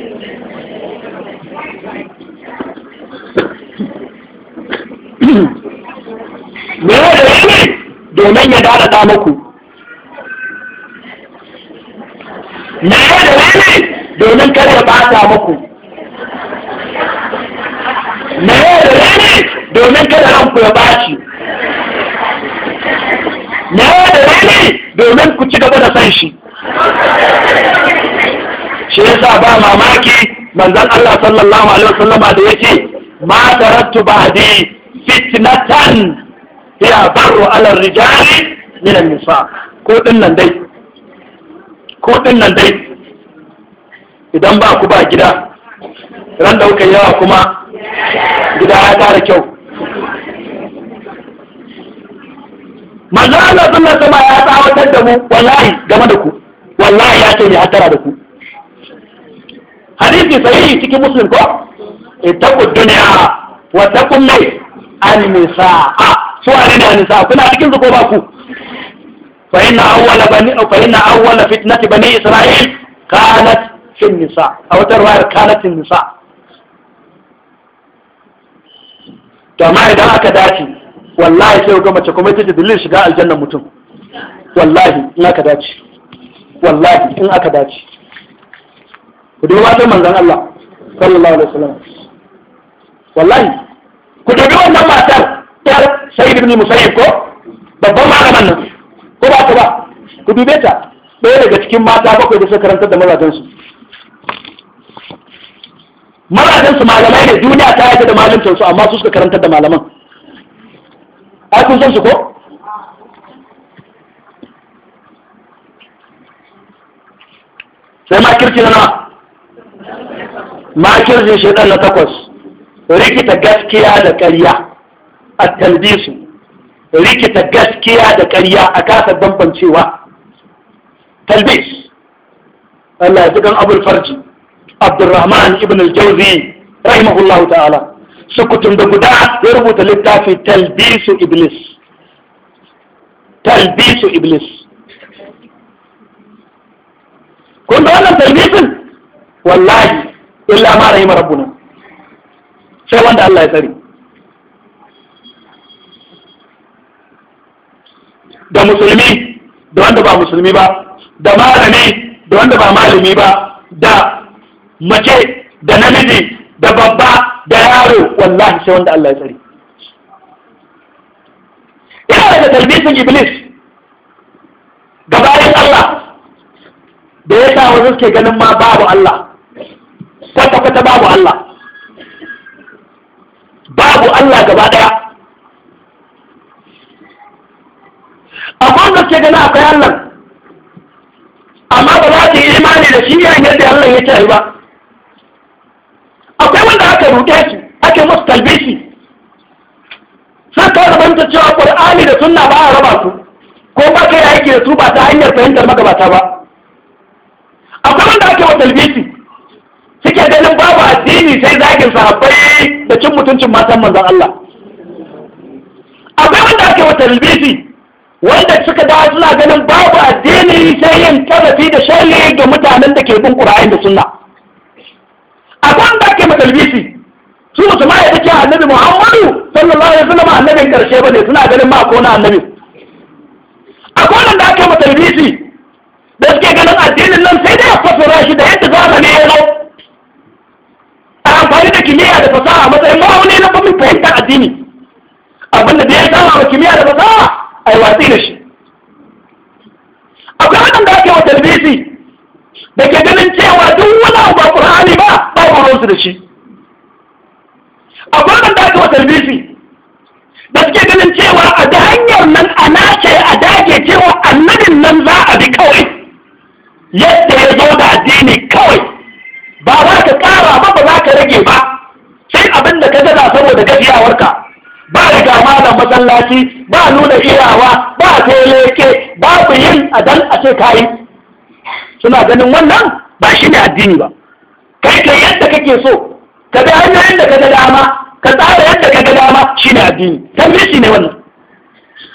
Speaker 1: me ya da shi domin ya dada da muku na ya da wani domin kar ya bata muku na ya da wani domin kada ranku ya baci na ya da wani domin ku ci gaba da san shi shi yasa ba mamaki manzon Allah sallallahu alaihi wasallama da yace ma tarattu ba'di fitnatan ya baro ala rijali min an-nisa ko din nan dai ko din nan dai idan ba ku ba gida ran da kuka yawa kuma gida ya ƙara kyau manzo Allah sama alaihi ya tsawatar da mu wallahi game da ku wallahi ya ce ni hatara da ku hadisi sahihi cikin muslim ko ku dunya wa taqum mai an su ne da nisa kuna cikin su ko ba ku fa inna awwala bani fa inna awwala fitnati bani isra'il kanat fi nisa a wata ruwayar kanat fi nisa to amma idan aka dace wallahi sai ga mace kuma ita ce dalilin shiga aljanna mutum wallahi in aka dace wallahi in aka dace ku dai wata manzon Allah sallallahu alaihi wasallam wallahi ku ɗabi wannan matar ta shahid ibn musayyib ko babban malaman nan ko ba ta ba ku dube ta ɗaya daga cikin mata bakwai da suka karantar da mazajensu mazajensu malamai ne duniya ta yadda da malamcinsu amma su suka karantar da malaman a kun san su ko sai makirci na makirci ɗan na takwas rikita gaskiya da ƙarya a talbisu rikita gaskiya da ƙarya a kasa bambancewa talbis Allah ya kan abul farji Abdurrahman ibn al-Jawzi rahimahullah ta'ala sukutun da guda ya rubuta littafi talbisu iblis talbisu iblis kun da wannan talbisin wallahi illa ma rahima rabbuna sai wanda Allah ya tsare da musulmi da wanda ba musulmi ba da malami da wanda ba malami ba da mace da namiji da babba da yaro wallahi sai wanda Allah ya tsare ina daga talbisin iblis gabayin Allah da ya sa wasu suke ganin ma babu Allah kwata-kwata babu Allah babu Allah gaba ɗaya.
Speaker 2: amma wanda ke gani akwai Allah amma ba
Speaker 1: za ta yi imani da shi yayin yadda Allah ya tayi ba akwai wanda aka rute shi, ake musu talbisi sai ka rabanta cewa Qur'ani da sunna ba a raba su ko ba ka yi aiki da su ba ta hanyar fahimtar magabata ba akwai wanda ake wa shi, suke ganin babu addini sai zagin sahabbai da cin mutuncin matan manzon Allah akwai wanda ake wata rubisi wanda suka da suna ganin babu addini sai yin tarafi da sharri ga mutanen da ke bin ƙura'in da sunna akwai wanda ake wata rubisi su mutum ya take annabi Muhammadu sallallahu alaihi wasallam annabin karshe bane suna ganin ma ko na annabi akwai wanda ake wata rubisi da suke ganin addinin nan sai dai a fasara shi da yadda zamani ya yi amfani da kimiyya da fasaha matsayin ma'auni na famin fahimtar addini abinda da ya sama wa kimiyya da fasaha a yi watsi da shi akwai da ake wa talbisi da ke ganin cewa duk wani abu ba ƙur'ani ba ba ƙwaronsu da shi akwai da ake wa talbisi da suke ganin cewa a da hanyar nan a nace a dage cewa annabin nan za a bi kawai yadda ya zo da addini kawai ba za ka ƙara ba ba za ka rage ba sai abin da ka gaza saboda gajiyawarka ba riga malam masallaci ba nuna iyawa ba teleke babu yin adal a ce kayi suna ganin wannan ba shi ne addini ba kai ke yadda kake so ka bi hanyoyin da ka ga dama ka tsara yadda ka ga dama shi ne addini talbisi ne wannan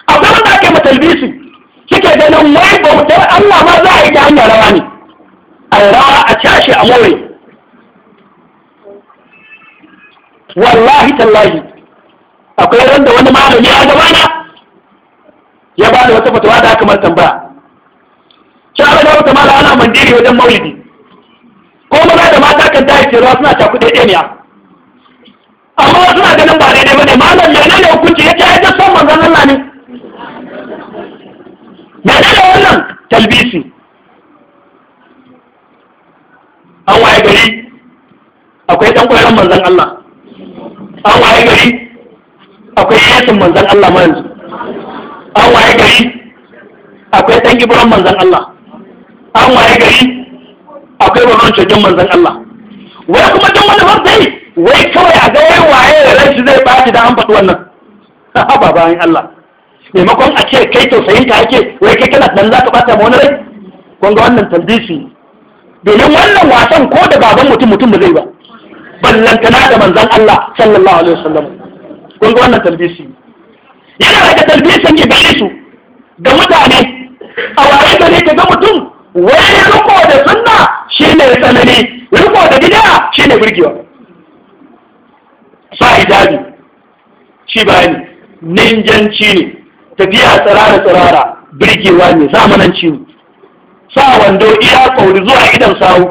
Speaker 1: akwai wanda ake matalbisi talbisi suke ganin wai bautar Allah ma za a yi ta hanyar rawa ne a rawa a cashe a more wallahi tallahi akwai wanda wani malami ya gabana ya ba da wata fatawa da aka mar tambaya shi abin da wata mala ana mandiri wajen maulidi ko maza da mata kan tayi ruwa suna ta ɗaya amma suna ganin ba daidai ba ne malam mai ne hukunci ya ce ya ce son manzan Allah ne mai ne wannan talbisi an waye gari akwai ɗan ƙwayar manzan Allah an waye gari akwai yasin manzan Allah ma yanzu an waye gari akwai ɗan gibiran manzan Allah an waye gari akwai wannan cogin manzan Allah wai kuma duk wani farzai wai kawai a ga wai waye ran shi zai ɓaci da an faɗi wannan ba bayan Allah maimakon a ce kai tausayin ka ake wai kai kana za ka ɓata ma wani rai kun ga wannan tambisi domin wannan wasan ko da baban mutum mutum ba zai ba ballantana da manzan Allah sallallahu alaihi wasallam kun ga wannan talbisi yana daga talbisin iblisu da mutane a waye gare ka ga mutum wai riko da sunna shine tsanani riko da gida shine burgewa sa hijabi shi bayani ninjanci ne tafiya tsirara tsirara birgewa ne zamananci ne sa wando iya kauri zuwa idan sawu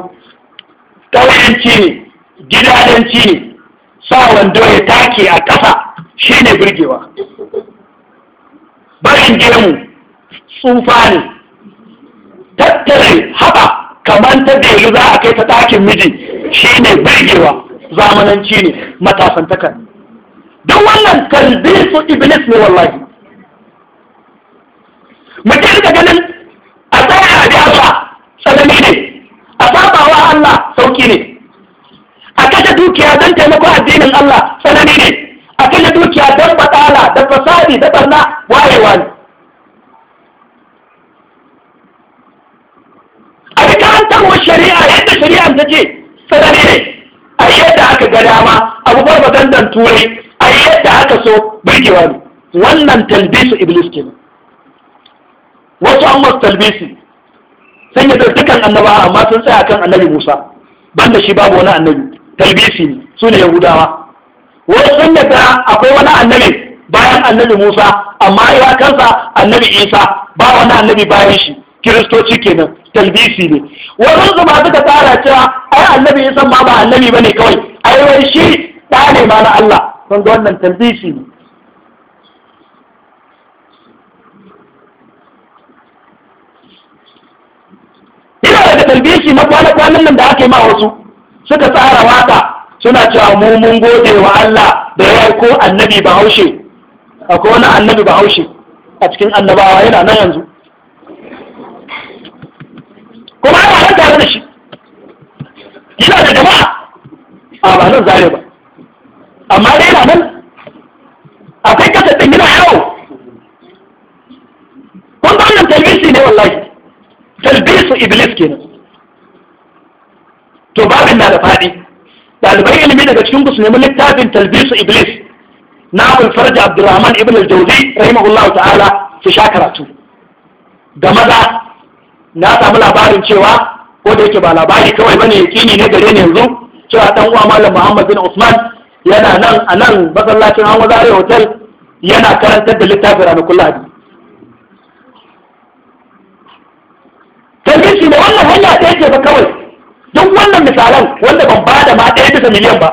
Speaker 1: ƙauyanci ne gidajenci ne sa wando ya take a ƙasa shi ne birgewa barin gemu tsufa ne tattare haɓa kamar ta delu za a kai ta takin miji shi ne birgewa zamananci ne matasan don wannan kalbi su iblis ne wallahi mutum da ganin a tsaya a gaba tsanani ne a sabawa Allah sauki ne dukiya don taimako addinin Allah tsanani ne a kashe dukiya don batala da fasadi da barna wayewa ne a rika hantarwa shari'a yadda shari'a ta ce tsanani ne a yi yadda aka ga dama abu dandan turai a yadda aka so birgewa ne wannan talbisu iblis ke nan, wasu an wasu Talbisu. sun yi dukkan annaba amma sun tsaya kan annabi musa ban da shi babu wani annabi talbisi ne su ne yahudawa wani sun yadda akwai wani annabi bayan annabi musa amma ya kansa annabi isa ba wani annabi bayan shi kiristoci kenan talbisi ne wani su ma suka tsara cewa ai annabi isa ma ba annabi ba ne kawai ai wai shi ɗa ne ma na allah kun ga wannan talbisi ne ina daga talbisi na kwana-kwanan nan da ake ma wasu suka tsara waka suna cewa mu mun gode wa Allah da ya ko annabi bahaushe akwai wani annabi bahaushe a cikin annabawa yana nan yanzu kuma ana nan tare da shi yana da jama'a a ba nan zare ba amma dai yana nan akwai kasar ɗin yana yawo kun ba nan talbisi ne wallahi talbisu iblis kenan to babin na da faɗi ɗalibai ilimi daga cikin ku su nemi littafin talbisu iblis na ulfarj abdurrahman ibn al-jawzi rahimahullah ta'ala su sha karatu ga maza na samu labarin cewa ko da yake ba labari kawai bane yakini ne gare ni yanzu cewa dan uwa malam muhammad bin usman yana nan a nan masallacin an zare hotel yana karantar da littafin ranakun lahadi Talbisu da wannan hanya ta yake ba kawai duk wannan misalan wanda ban ba da ma ɗaya bisa miliyan ba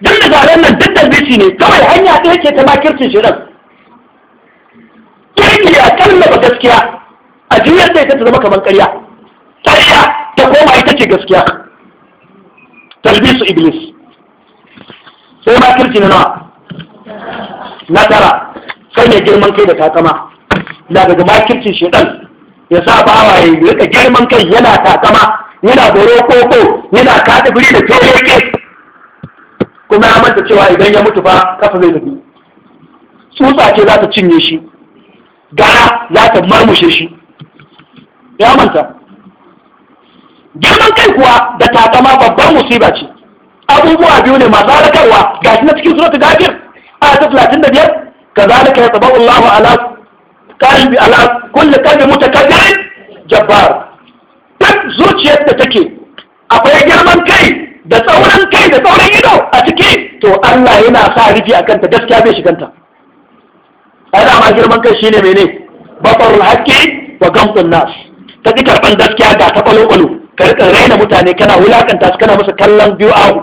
Speaker 1: duk misalan nan duk tarbici ne kawai hanya ɗaya ce ta makircin shirin kirki ya kallaba gaskiya a juyar da ita ta zama kamar ƙarya ƙarya ta koma ita ce gaskiya talbisu iblis sai makirci na nawa na tara sai mai girman kai da takama na daga makircin ɗan. ya sa bawa ya rika girman kai yana takama yana boro koko yana kaɗa biri da fere kuma ya manta cewa idan ya mutu fa kafa zai tafi tsutsa ce za ta cinye shi gara za ta marmushe shi ya manta girman kai kuwa da takama babban musiba ce abubuwa biyu ne masu halakarwa ga shi na cikin suratu gafir a ta talatin da biyar ka ka yi tsabar Allah ala bi, ala kulle, kulli kalbi mutakabbir jabbar zuciyar da take akwai girman kai da tsauran kai da tsauran ido a ciki to Allah yana sa rufi a kanta gaskiya bai shiganta ai da ma girman kai shine mene batarul haƙƙi wa gamtun nas ta ji karɓar gaskiya ga ta kwalo kwalo ka rika raina mutane kana wulakanta su kana musu kallon biyu awu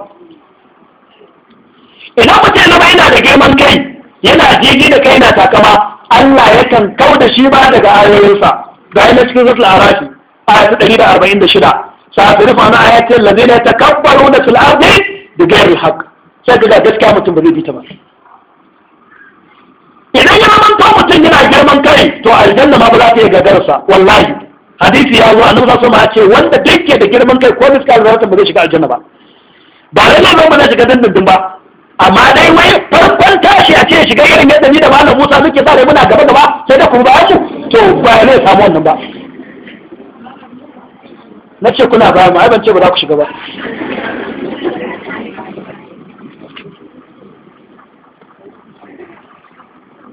Speaker 1: Ina mutum na yana da girman kai yana jiji da kai na takama Allah yakan kau da shi ba daga ayoyinsa ga yana cikin zuwa arafi ayatu 146 sa'asrifu an ta allazina da fil da bighairi haqq sai ga gaskiya mutum ba zai bi ta ba idan ya manta mutum yana girman kai to aljanna ma ba za ta yi gagarsa wallahi hadisi ya zo annabi sallallahu alaihi ce wanda duk da girman kai ko miskal zarata ba zai shiga aljanna ba ba lalle ba zai shiga dindindin ba amma dai wai farkon tashi a ce shiga irin yadda ni da malam Musa muke sa muna gaba gaba sai da kuma ba su to ba ne samu wannan ba na ce kuna baya mu ai ban ce ba za ku shiga ba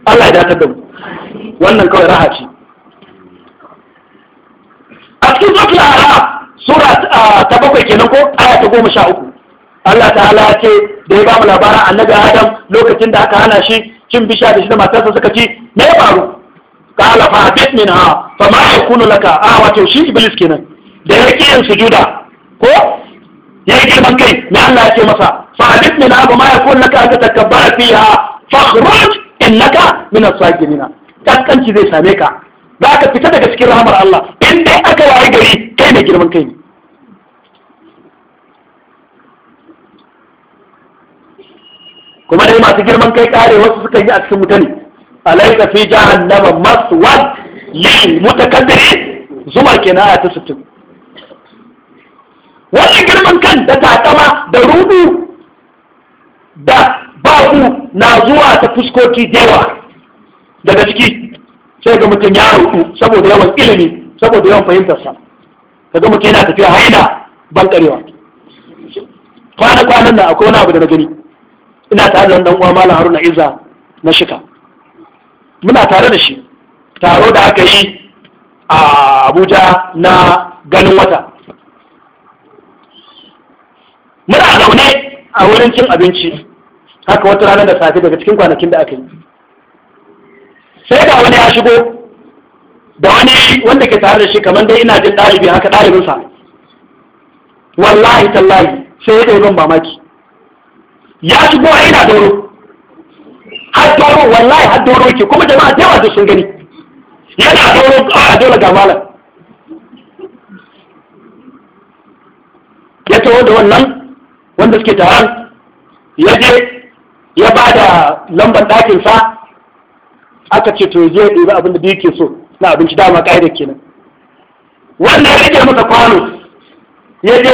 Speaker 1: Allah ya dace da mu wannan kawai raha ce a cikin sauki a sura ta bakwai kenan ko aya ta goma sha uku Allah ta'ala ya ce da ya ba mu labarin annabi Adam lokacin da aka hana shi cin bisha da shi da matarsa suka ci me ya faru qala fa bit fa ma yakunu laka a ah, wato shi iblis kenan da ya ƙi yin sujuda ko ya yi girman kai na Allah ya ce masa fa'alif min abu ma kun naka an takabbara fiha fakhruj innaka min as-sajidina kaskanci zai same ka za ka fita daga cikin rahmar Allah in aka waye gari kai ne girman kai kuma dai masu girman kai kare wasu suka yi a cikin mutane alaika fi jahannama maswad lil mutakabbirin zuma kenan a 60 wannan girman kan da takama da rudu da babu na zuwa ta fuskoki da yawa daga ciki sai ga mutum ya rudu saboda yawan ilimi saboda yawan fahimtarsa ka ga mutum yana tafiya haina ban karewa kwana-kwanan da akwai wani abu da na gani ina tare da ɗan uwa malam haruna iza na shika muna tare da shi taro da aka yi a abuja na ganin wata muna zaune a wurin cin abinci haka wata ranar da safe daga cikin kwanakin da aka yi sai ga wani ya shigo da wani wanda ke tare da shi kamar dai ina jin ɗalibi haka ɗalibinsa wallahi tallahi sai ya ɗaukan mamaki ya shigo a ina doro har doro wallahi har doro ke kuma jama'a da yawa sun gani yana doro a dole ga malam ya tawo da wannan wanda suke taron ya je ya ba da lambar ɗakinsa aka ce to je ya abin da biyu ke so na abinci dama ƙa'idar kenan wannan ya rage masa kwano ya je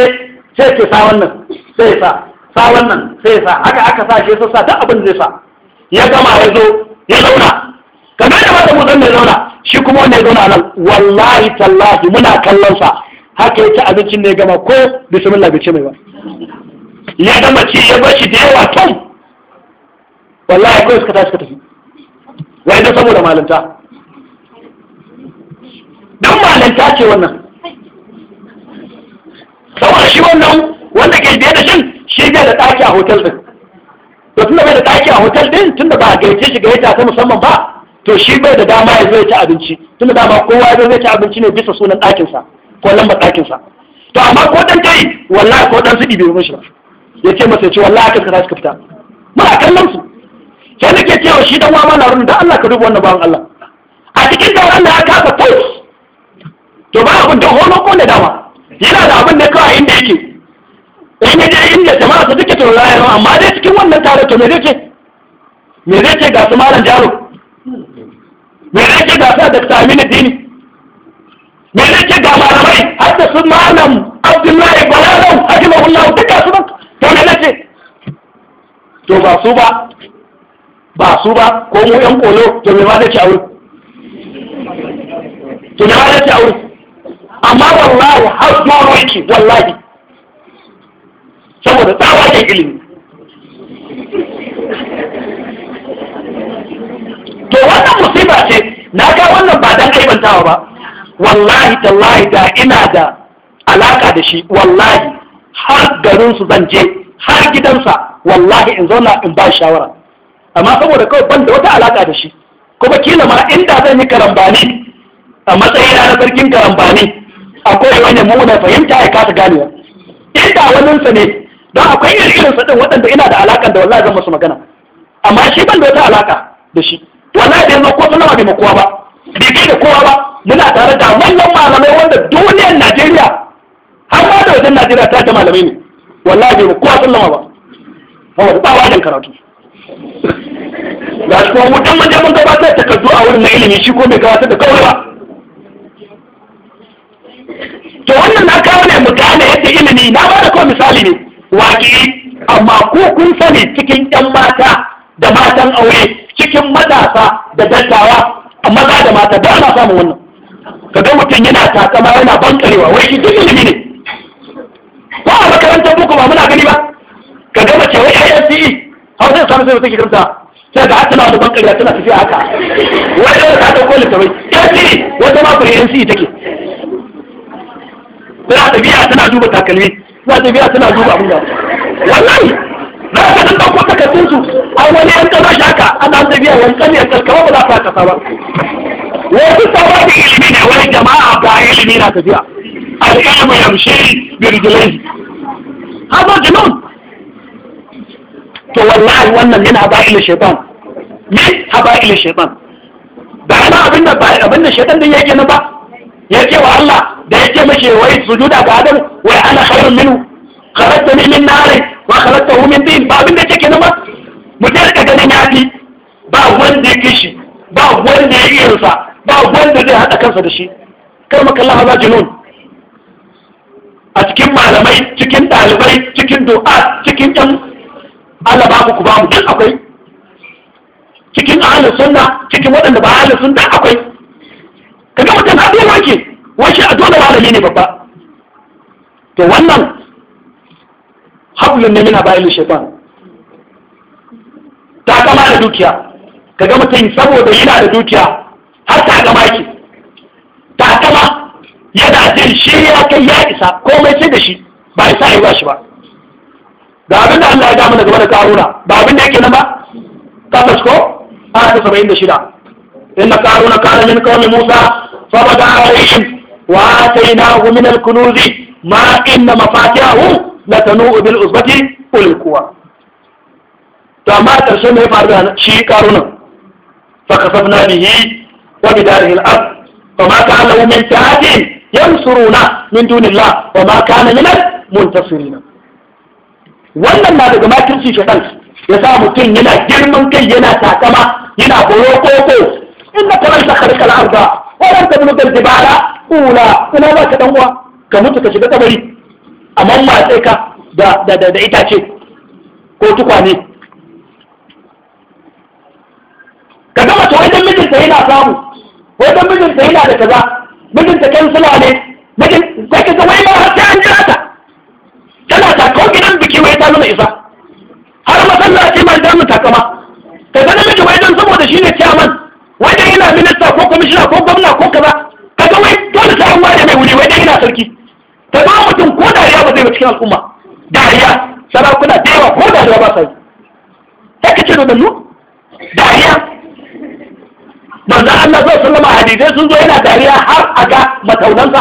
Speaker 1: sai ke sa wannan sai sa sa wannan sai sa aka aka sa shi sa duk abin zai sa ya gama ya zo ya zauna kamar da ba da mutum mai zauna shi kuma wanda ya zauna nan wallahi tallahi muna kallon sa haka ya ci abincin ne gama ko bismillah bai ce mai ba ya ga mace ya bar shi da yawa tom wallahi kawai suka tashi suka tafi wai da saboda malanta dan malanta ce wannan saboda shi wannan wanda ke biye da shi shi bai da taki a hotel din to tunda bai da taki a hotel din tunda ba a gaice shi gaita ta musamman ba to shi bai da dama ya zai ci abinci tunda dama kowa ya zai ci abinci ne bisa sunan ɗakinsa ko lambar ɗakinsa to amma ko dan tai wallahi ko dan su ɗibe mishi ba ya ce masa ya ce wallahi kan suka fita muna kallon su sai nake cewa shi dan wama na runu da Allah ka duba wannan bawan Allah a cikin da da aka haka taus to ba abin da hono ko da dama yana da abin da kawai inda yake in yaje inda jama'a su duke tsoron rayuwa amma dai cikin wannan tare to me zai ce me zai ce ga su malam jaro me zai ce ga su da tsamini dini me zai ce ga malamai har da su malam abdullahi balarau hajimahullahu duka su nan to na nace to ba su ba ba su ba ko mu yan kolo to me ma da a to na ma nace a amma wallahi har doro yake wallahi saboda tsawa ke ilimi to wannan musiba ce na ga wannan ba dan aibantawa ba wallahi tallahi da ina da alaka da shi wallahi har garin su zan je har gidansa wallahi in zauna in ba shawara amma saboda kawai ban da wata alaka da shi kuma kila ma inda zan yi karambani a matsayin na sarkin karambani akwai wani mummuna fahimta ya kasa ganewa inda sa ne don akwai irin irin sadin waɗanda ina da alaka da wallahi zan musu magana amma shi ban da wata alaka da shi wallahi bai yanzu ko sanawa mu kowa ba bai kai da kowa ba muna tare da manyan malamai wanda duniyar Najeriya har ma da wajen najeriya ta ta malamai ne wallahi bai kowa sallama ba ba ba wajen karatu ga shi kuma mutum mun mun gabatar da takardu a wurin na ilimi shi ko mai gabatar da kawai ba to wannan na kawo ne mu gane yadda ilimi na ba da kawai misali ne waƙi amma ko kun sani cikin 'yan mata da matan aure cikin matasa da dattawa maza da mata ba na samun wannan Ka ga mutum yana takama yana bankarewa wai shi duk ilimi ne ba a makarantar boko ba muna gani ba ka gama ce wai ISCE har sai samu sai take karanta sai ga hatta da ban kariya tana tafiya haka wai da ta dauko littafai ISCE wata ma kuri ISCE take tana tafiya tana duba takalmi tana tafiya tana duba abin da wallahi na ka dan dauko takardun su wani an kaza shi haka an tafiya wani kan ya karkawa ba za ka kasa ba wasu sabon ilimi ne wani jama'a ba ilimi na tafiya alƙa'amu ya mushe da rigilai haɗo jinon to wallahi wannan yana ba ilu shaitan ne ha ba ilu shaitan da ana abinda ba abinda shaitan din yake na ba yake wa Allah da yake mashi wai sujuda ga adam wai ana khairun minu kharajta ni min nari wa kharajta hu min din ba abinda yake na ba mu je ka ganin yafi ba wanda yake shi ba wanda yake yinsa ba wanda zai hada kansa da shi kar mu kalla ha ba jinon a cikin malamai cikin ɗalibai cikin du'a, cikin ɗan Allah babu ku mu duk akwai cikin ahalin sunna cikin waɗanda ba ahalin sunna akwai kaga mutum har dai wake wace a dole malami ne babba to wannan hablun ne mina bayan shaitan ta kama da dukiya kaga mutum saboda yana da dukiya har ta kama ki ta kama yana jin shi ya kai ya isa komai sai da shi ba isa yi ba shi ba ga abin da Allah ya da gaba da karuna ba abin da yake nan ba tabbas ko ana ta saba'in da shida inna karuna kana min kawai musa fabada alaihim wa atainahu min al-kunuzi ma inna mafatihahu latanu bil uzbati ulil quwa to amma karshe mai faru da shi karunan fa kasabna bihi wa bidarihi al-ard fa ma kana min ta'atin yansuruna min dunillah wa ma kana minal muntasirina wannan na daga makirci shaitan ya sa mutum yana girman kai yana takama yana boro koko inda kwanan ta karkar arba wannan ta bulu galjibala kula kuna ba ka dan uwa ka mutu ka shiga kabari amma ma sai ka da da da itace ko tukwane ka ga mace wajen mijinta yana samu wajen mijinta yana da kaza mijinta ta ne mijin sai ka zama yana har sai an jira ta tana ta ko gidan biki wai ta nuna isa har masallaci ma idan mu takama ka ga namiji wai dan saboda shine chairman wai wajen yana minista ko commissioner ko gwamna ko kaza ka ga wai dole sai an ware mai wuri wai dan yana sarki ka ga mutum ko dariya ba zai ba cikin al'umma dariya sarakuna da yawa ko ya ba sai sai ka ce da dannu Sallama hadisai sun zo yana dariya har a ga mataunansa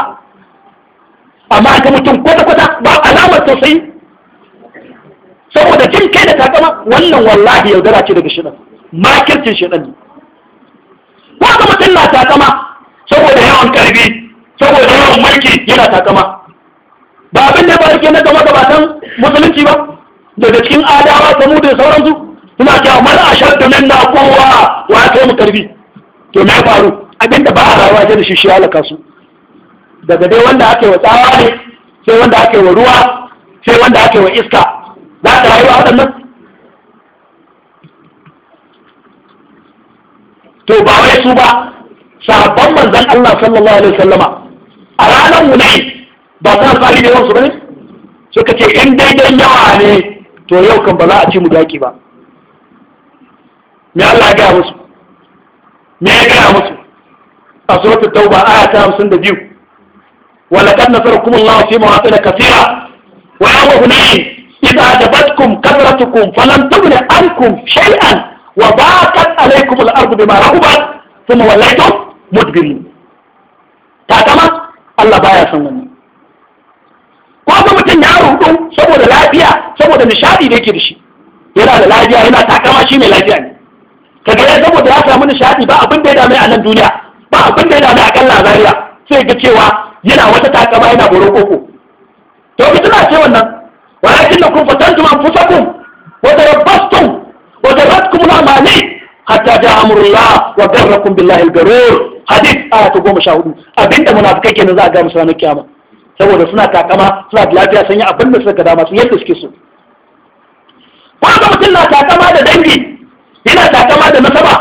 Speaker 1: amma aka mutum kwata-kwata ba alamar sosai, saboda jin kai da takama wannan wallahi yaudara ce daga shidan makircin shidan ne wanda mutum na takama saboda yawan karbi saboda yawan mulki yana takama ba abin da ba ke na gaba gabatan musulunci ba daga cikin adawa samu da sauransu suna cewa mala ashar da nan na kowa wa kai mu karbi to na faru abinda ba a rawa sai da shi shi halaka su daga dai wanda ake wa tsawa ne sai wanda ake wa ruwa sai wanda ake wa iska za ta rayuwa waɗannan to ba wai su ba sabon manzan Allah sallallahu alaihi wasallama a ranar munai ba ta tsari ne wasu ne suka ce in daidai yawa ne to yau kan ba za a ci mu daki ba me Allah ya ga musu me ya gaya musu a suratul tauba aya ta 52 ولقد نصركم الله في مواطن كثيرة ويوم هنين إذا أعجبتكم كثرتكم فلم تغن عنكم شيئا وضاقت عليكم الأرض بما رحبت ثم وليتم مدبرين takama Allah baya son wannan ko ga mutum ya rudu saboda lafiya saboda nishadi da yake da shi yana da lafiya yana takama shi mai lafiya ne daga ya saboda ya samu nishadi ba abin da ya dame a nan duniya ba abin da ya dame a kan zariya sai ga cewa yana wata takama yana boron koko to tuna ce wannan ولكن لكم فتنتم أنفسكم وتربصتم وزرتكم الأماني حتى جاء أمر الله وغركم بالله hadith a ta goma sha hudu abinda munafikai kenan za a ga musu ranar kiyama saboda suna takama suna da lafiya sun yi abin da suka dama su yadda suke so ko ga mutum na takama da dangi yana kama da nasaba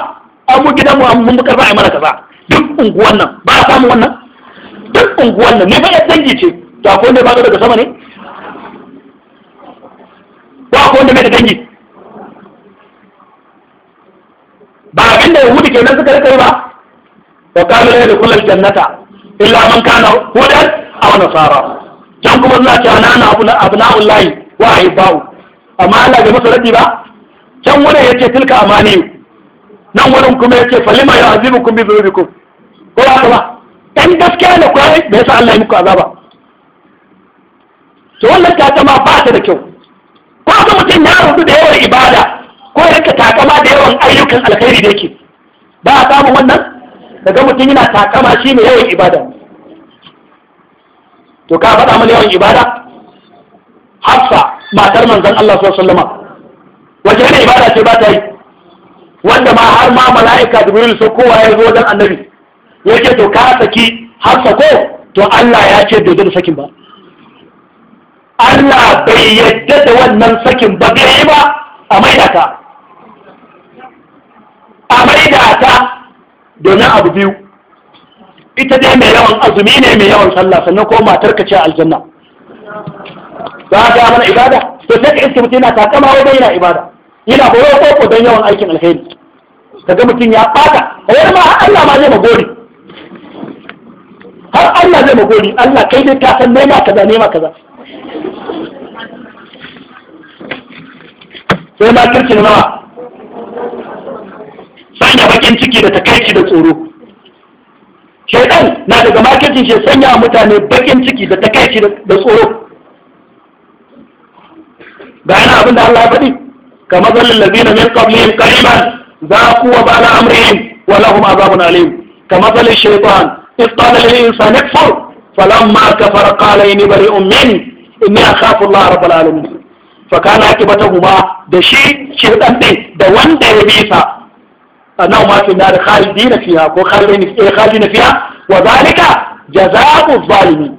Speaker 1: an mu mu an mun karba a mana kaza duk unguwan nan ba a samu wannan duk unguwan nan ne ba ya dangi ce to akwai wanda ba ka daga sama ne ba akwai wanda bai da dangi ba abin da yahudu kenan suka rika ba wa kamar yadda kullum jannata illa man kana hudan aw nasara can kuma suna cewa na abna'ullahi wa ahibba'u amma Allah bai masa rabi ba can wani yake tilka amani nan wani kuma yake falima ya azibu kun bi zunubikum ko ba ta ba dan gaskiya ne kwaye bai sa Allah ya muku azaba to wannan zama ba ta da kyau ko ga mutum ya rubu da yawan ibada ko ya rika takama da yawan ayyukan alkhairi da yake ba a samu wannan daga mutum yana takama ne yawan ibada to ka faɗa mana yawan ibada hafsa matar manzon Allah sallallahu alaihi wasallam wace ne ibada ce ba ta yi wanda ma har ma mala'ika da jibril sun kowa ya zo dan annabi yake to ka saki har sako to Allah ya ce dole da sakin ba Allah bai yadda da wannan sakin ba bai yi ba a maida ta a maida ta domin abu biyu ita dai mai yawan azumi ne mai yawan sallah sannan ko matar ka ce aljanna ba ga mana ibada to sai ka iske mutum yana takama wajen yana ibada yana horo koko don yawan aikin alheri ga mutum ya bata wani ma har Allah ma zai magori har Allah zai magori Allah kai dai ka san nema kaza nema kaza sai ma kirki na nawa sanya bakin ciki da takaici da tsoro shaidan na daga marketing shi sanya mutane bakin ciki da takaici da tsoro ga yana abin da Allah ya faɗi كمثل الذين من قبلهم قريبا ذاقوا وبال أمرهم ولهم عذاب أليم كمثل الشيطان إذ قال للإنسان اكفر فلما كفر قال إني بريء من إني أخاف الله رب العالمين فكان عاقبتهما ده شيء شيطان ده ده وان ده يبيسا أنهما في النار خالدين فيها إيه خالدين فيها وذلك جزاء الظالمين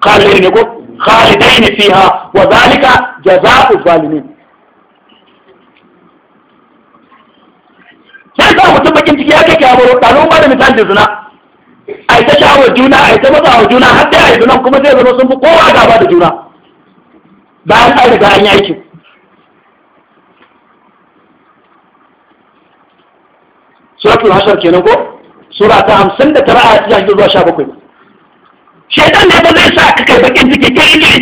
Speaker 1: خالدين خالدين فيها وذلك جزاء الظالمين sa mutum bakin ciki ya kai kyamuro ɗazu ba da misali da zina a ita shawar juna a ita matsa wa juna har sai a yi zunan kuma sai zama sun fi kowa gaba da juna bayan an riga an yi aikin suratul hashar kenan ko sura ta hamsin da tara a cikin zuwa sha bakwai shaitan ne ba zai sa ka kai bakin ciki kirki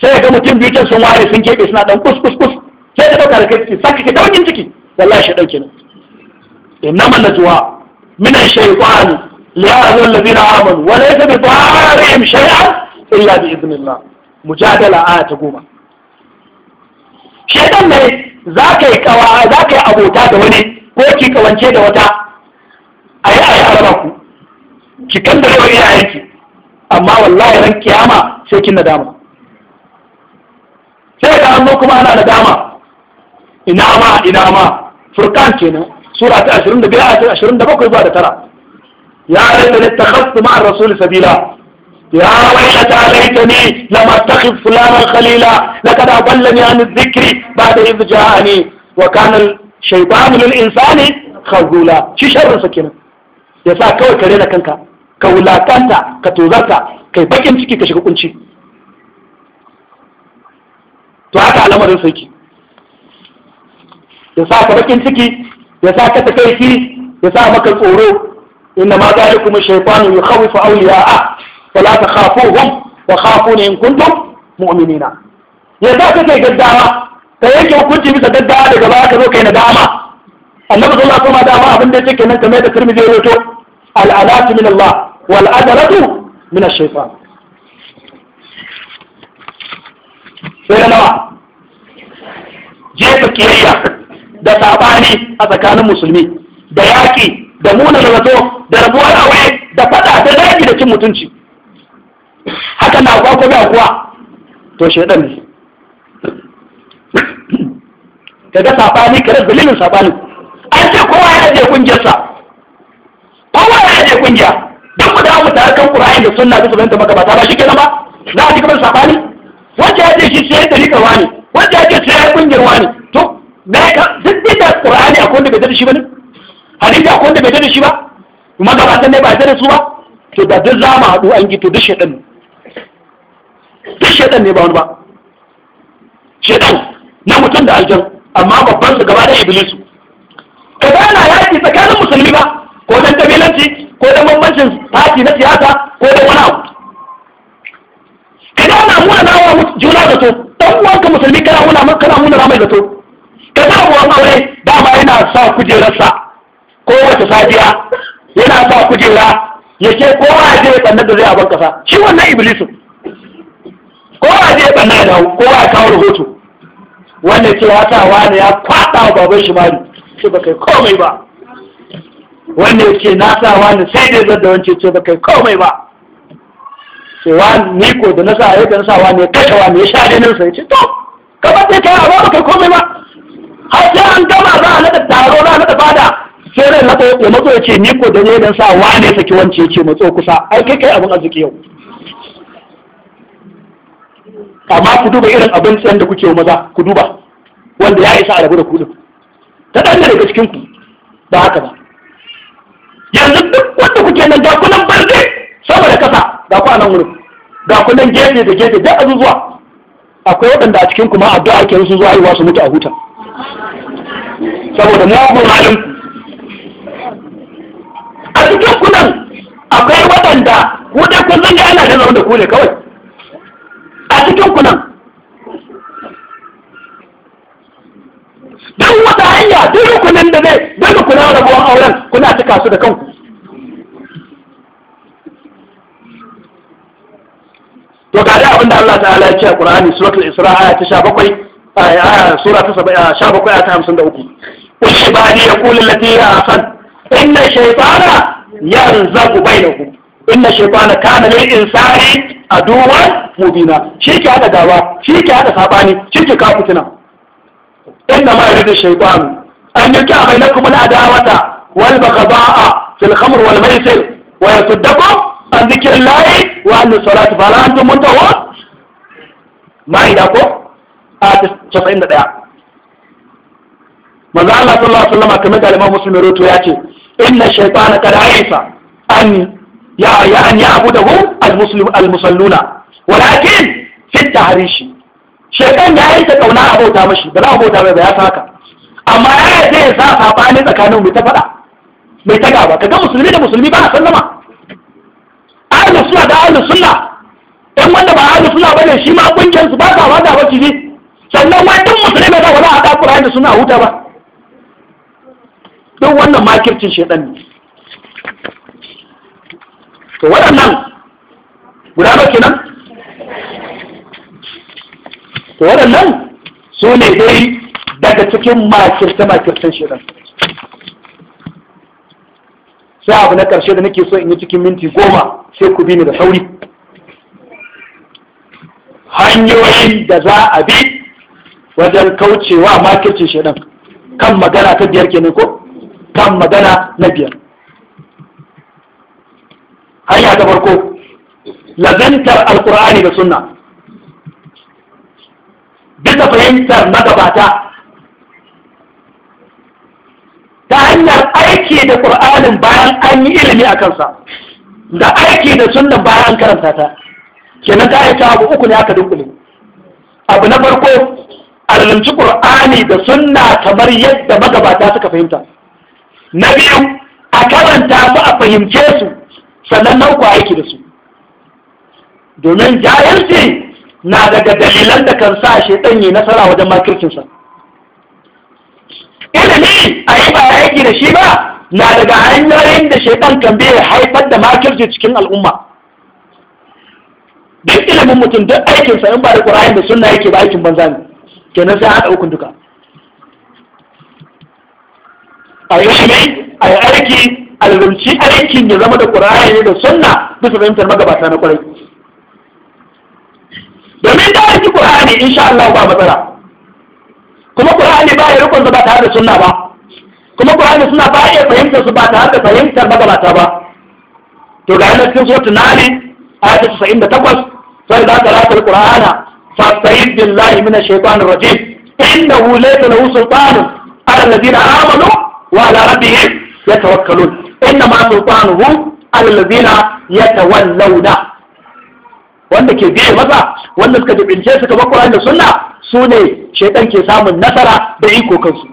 Speaker 1: sai ga mutum biyu can sun ware sun keɓe suna dan kus kus kus sai ka dauka da kai ciki sa ka kai bakin ciki wallahi shaitan kenan إنما النجوى من الشيطان لهذا الذين آمنوا وليس بضارهم شيئا إلا بإذن الله مجادلة آية تقوم shaitan ne za ka yi kawa za ka yi abota da wani ko ki kawance da wata a yi a yi araba ku ki kan da yau ina yanki amma wallahi ran kiyama sai kin nadama sai da an kuma ana nadama ina ma ina ma furkan kenan سورة عشرون دبيعة آية عشرون دبقل بعد ترى يا ليتني اتخذت مع الرسول سبيلا يا ويحت ليتني لما اتخذ فلانا خليلا لقد أضلني عن الذكر بعد إذ جاءني وكان الشيطان للإنسان خذولا شي شر سكينة يسا كوي كرينا كنكا كولا كنكا كتوذاتا كي بكين سكي كشكو كنشي تو هكا على مرين سيكي يسا كبكين سكي ya sa ka takaici ya sa maka tsoro inna ma zalikum shaytanu yukhawifu awliya'a fala takhafuhum wa khafuni in kuntum mu'minina ya sa ka kai gaddawa ka yanke hukunci bisa gaddawa daga baya ka zo kai nadama annabi sallallahu alaihi wasallam dama abin da yake nan kamar da tirmidhi ya rawaito al'adatu min Allah wal adalatu min ash-shaytan sai nawa jefa kiyayya da sabani a tsakanin musulmi da yaƙi, da muna zato da rabuwar aure da fada da zagi da cin mutunci haka na kuwa ko kuwa to shaidan ne kaga sabani kare dalilin sabani an ce kowa ya je sa kowa ya je kungiya duk mu da ta kan Qur'ani da Sunna bisa banta maka ba ta ba shi kenan ba za a ji kamar sabani wanda ya ce shi sai da rika wani wanda ya ce sai kungiyar wani bai ka duk da qur'ani akwai wanda bai da shi ba bane hadisi akwai wanda bai da shi ba kuma gabatan ne ba da su ba to da duk za mu haɗu an gito duk shaɗan duk shaɗan ne ba wani ba shaɗan na mutum da aljan amma babban su gaba da iblisu ka gana yaƙi tsakanin musulmi ba ko dan kabilanci ko dan bambancin fati na siyasa ko dan wani abu ka gana muna nawa juna da to dan uwanka musulmi kana muna kana muna ramai da da sabuwar aure dama yana sa kujerarsa kowace safiya yana sa kujera ya ce kowa ya je ɓannar da zai abin kasa shi wannan iblisu kowa ya je ɓannar da kowa ya kawo rahoto wanda ce wata wani ya kwaɗa wa baban shi mari ce ba kai komai ba wanda ya ce na sa wani sai dai da wance ce ba kai komai ba wa ni ko da na sa ya kan sa wani ya kashe wani ya sha ne sa ya ce to kamar sai kai a ba kai komai ba har sai an gama za a nada taro za a nada fada sai rai na ya matso ya ce ni ko da ne dan sa wane saki wance ya ce matso kusa ai kai kai abin arziki yau amma ku duba irin abin tsayin da kuke maza ku duba wanda ya isa a rabu da kudin ta ɗan daga cikin ku ba haka ba yanzu duk wanda kuke nan ga kunan barde saboda kasa ga ku a nan wurin ga kunan gefe da gefe duk azuzuwa akwai waɗanda a cikin kuma addu'a ke su zuwa yi wasu mutu a huta saboda mugun halin a cikin kunan akwai waɗanda ko dai kun zanga ana da zaune da ku kawai a cikin kunan duk wata hanya duk rukunin da zai duk rukunin rabuwar auren kuna cika su da kanku to ga abin da Allah ta'ala ya ce a Qur'ani suratul Isra aya ta 17 sura ta saba sha bakwai ta hamsin da uku kushi ba ni ya kulin lati ya hasan inna shaitana yanzaku bainakum inna shaitana kana lil insani aduwan mubina shi ke hada gaba shi ke hada sabani shi ke kawo fitina inna ma yuridu shaytanu an yuqa bainakum al adawata wal wal an dhikrillahi wa ko 91 manzo Allah sallallahu alaihi wasallam kamar da Imam Muslim rawaito ya ce inna shaytana kad aifa an ya ya an ya'budahu al-muslim al-musalluna walakin fi tahrish shaytan ya yi ta kauna abota mashi ba za a bauta mai ba ya saka amma ya yi zai sa sabani tsakanin mai ta faɗa? mai ta gaba ga musulmi da musulmi ba a sallama ahlus sunna da ahlus sunna dan wanda ba ahlus sunna bane shi ma kungiyar su ba ta wada ba kiji sannan ma duk musulmi ba za a takura da suna huta ba duk wannan makircin shaidan ne to waɗannan guda ba kenan to waɗannan su ne dai daga cikin makirce makircin shaidan, sai abu na ƙarshe da nake so in yi cikin minti goma sai ku bi ni da sauri hanyoyin da za a bi wajen kaucewa makircin shaidan kan magana ta biyar kenan ko kan magana na biyar hanya ta farko lazantar alkur'ani da sunna bisa fahimtar magabata ta hanyar aiki da ƙur'anin bayan an yi ilimi a kansa da aiki da sunnan bayan an karanta ta kenan ta aika abu uku ne aka dunkule abu na farko a zalunci ƙur'ani da sunna kamar yadda magabata suka fahimta na biyu a karanta su a fahimce su sannan na aiki da su domin jayarci na daga dalilan da kan sa ɗan yi nasara wajen makircinsa ilimi a yi ba aiki da shi ba na daga hanyoyin da shaidan kan biya haifar da makirci cikin al'umma duk ilimin mutum duk aikinsa in ba da ƙura'in da sunna yake ba aikin banza ne kenan sai haɗa hukun duka a yi shi a yi aiki a lalunci aikin ya zama da ƙura'a ne da sunna bisa fahimtar magabata na ƙwarai domin da aiki ƙura'ani insha Allah ba matsala kuma ne ba ya rikon ba tare da sunna ba kuma ne suna ba ya fahimtar su ba tare da fahimtar magabata ba to ga yana cikin sotu nani da 98 sai za ta rasa ƙura'ana فاستعيذ بالله من الشيطان الرجيم إنه ليس له سلطان على الذين آمنوا وعلى ربهم يتوكلون إنما سلطانه على الذين يتولون wanda ke biye masa wanda suka dubince suka ba Qur'ani da Sunna su ne shaitan ke samun nasara da iko kansu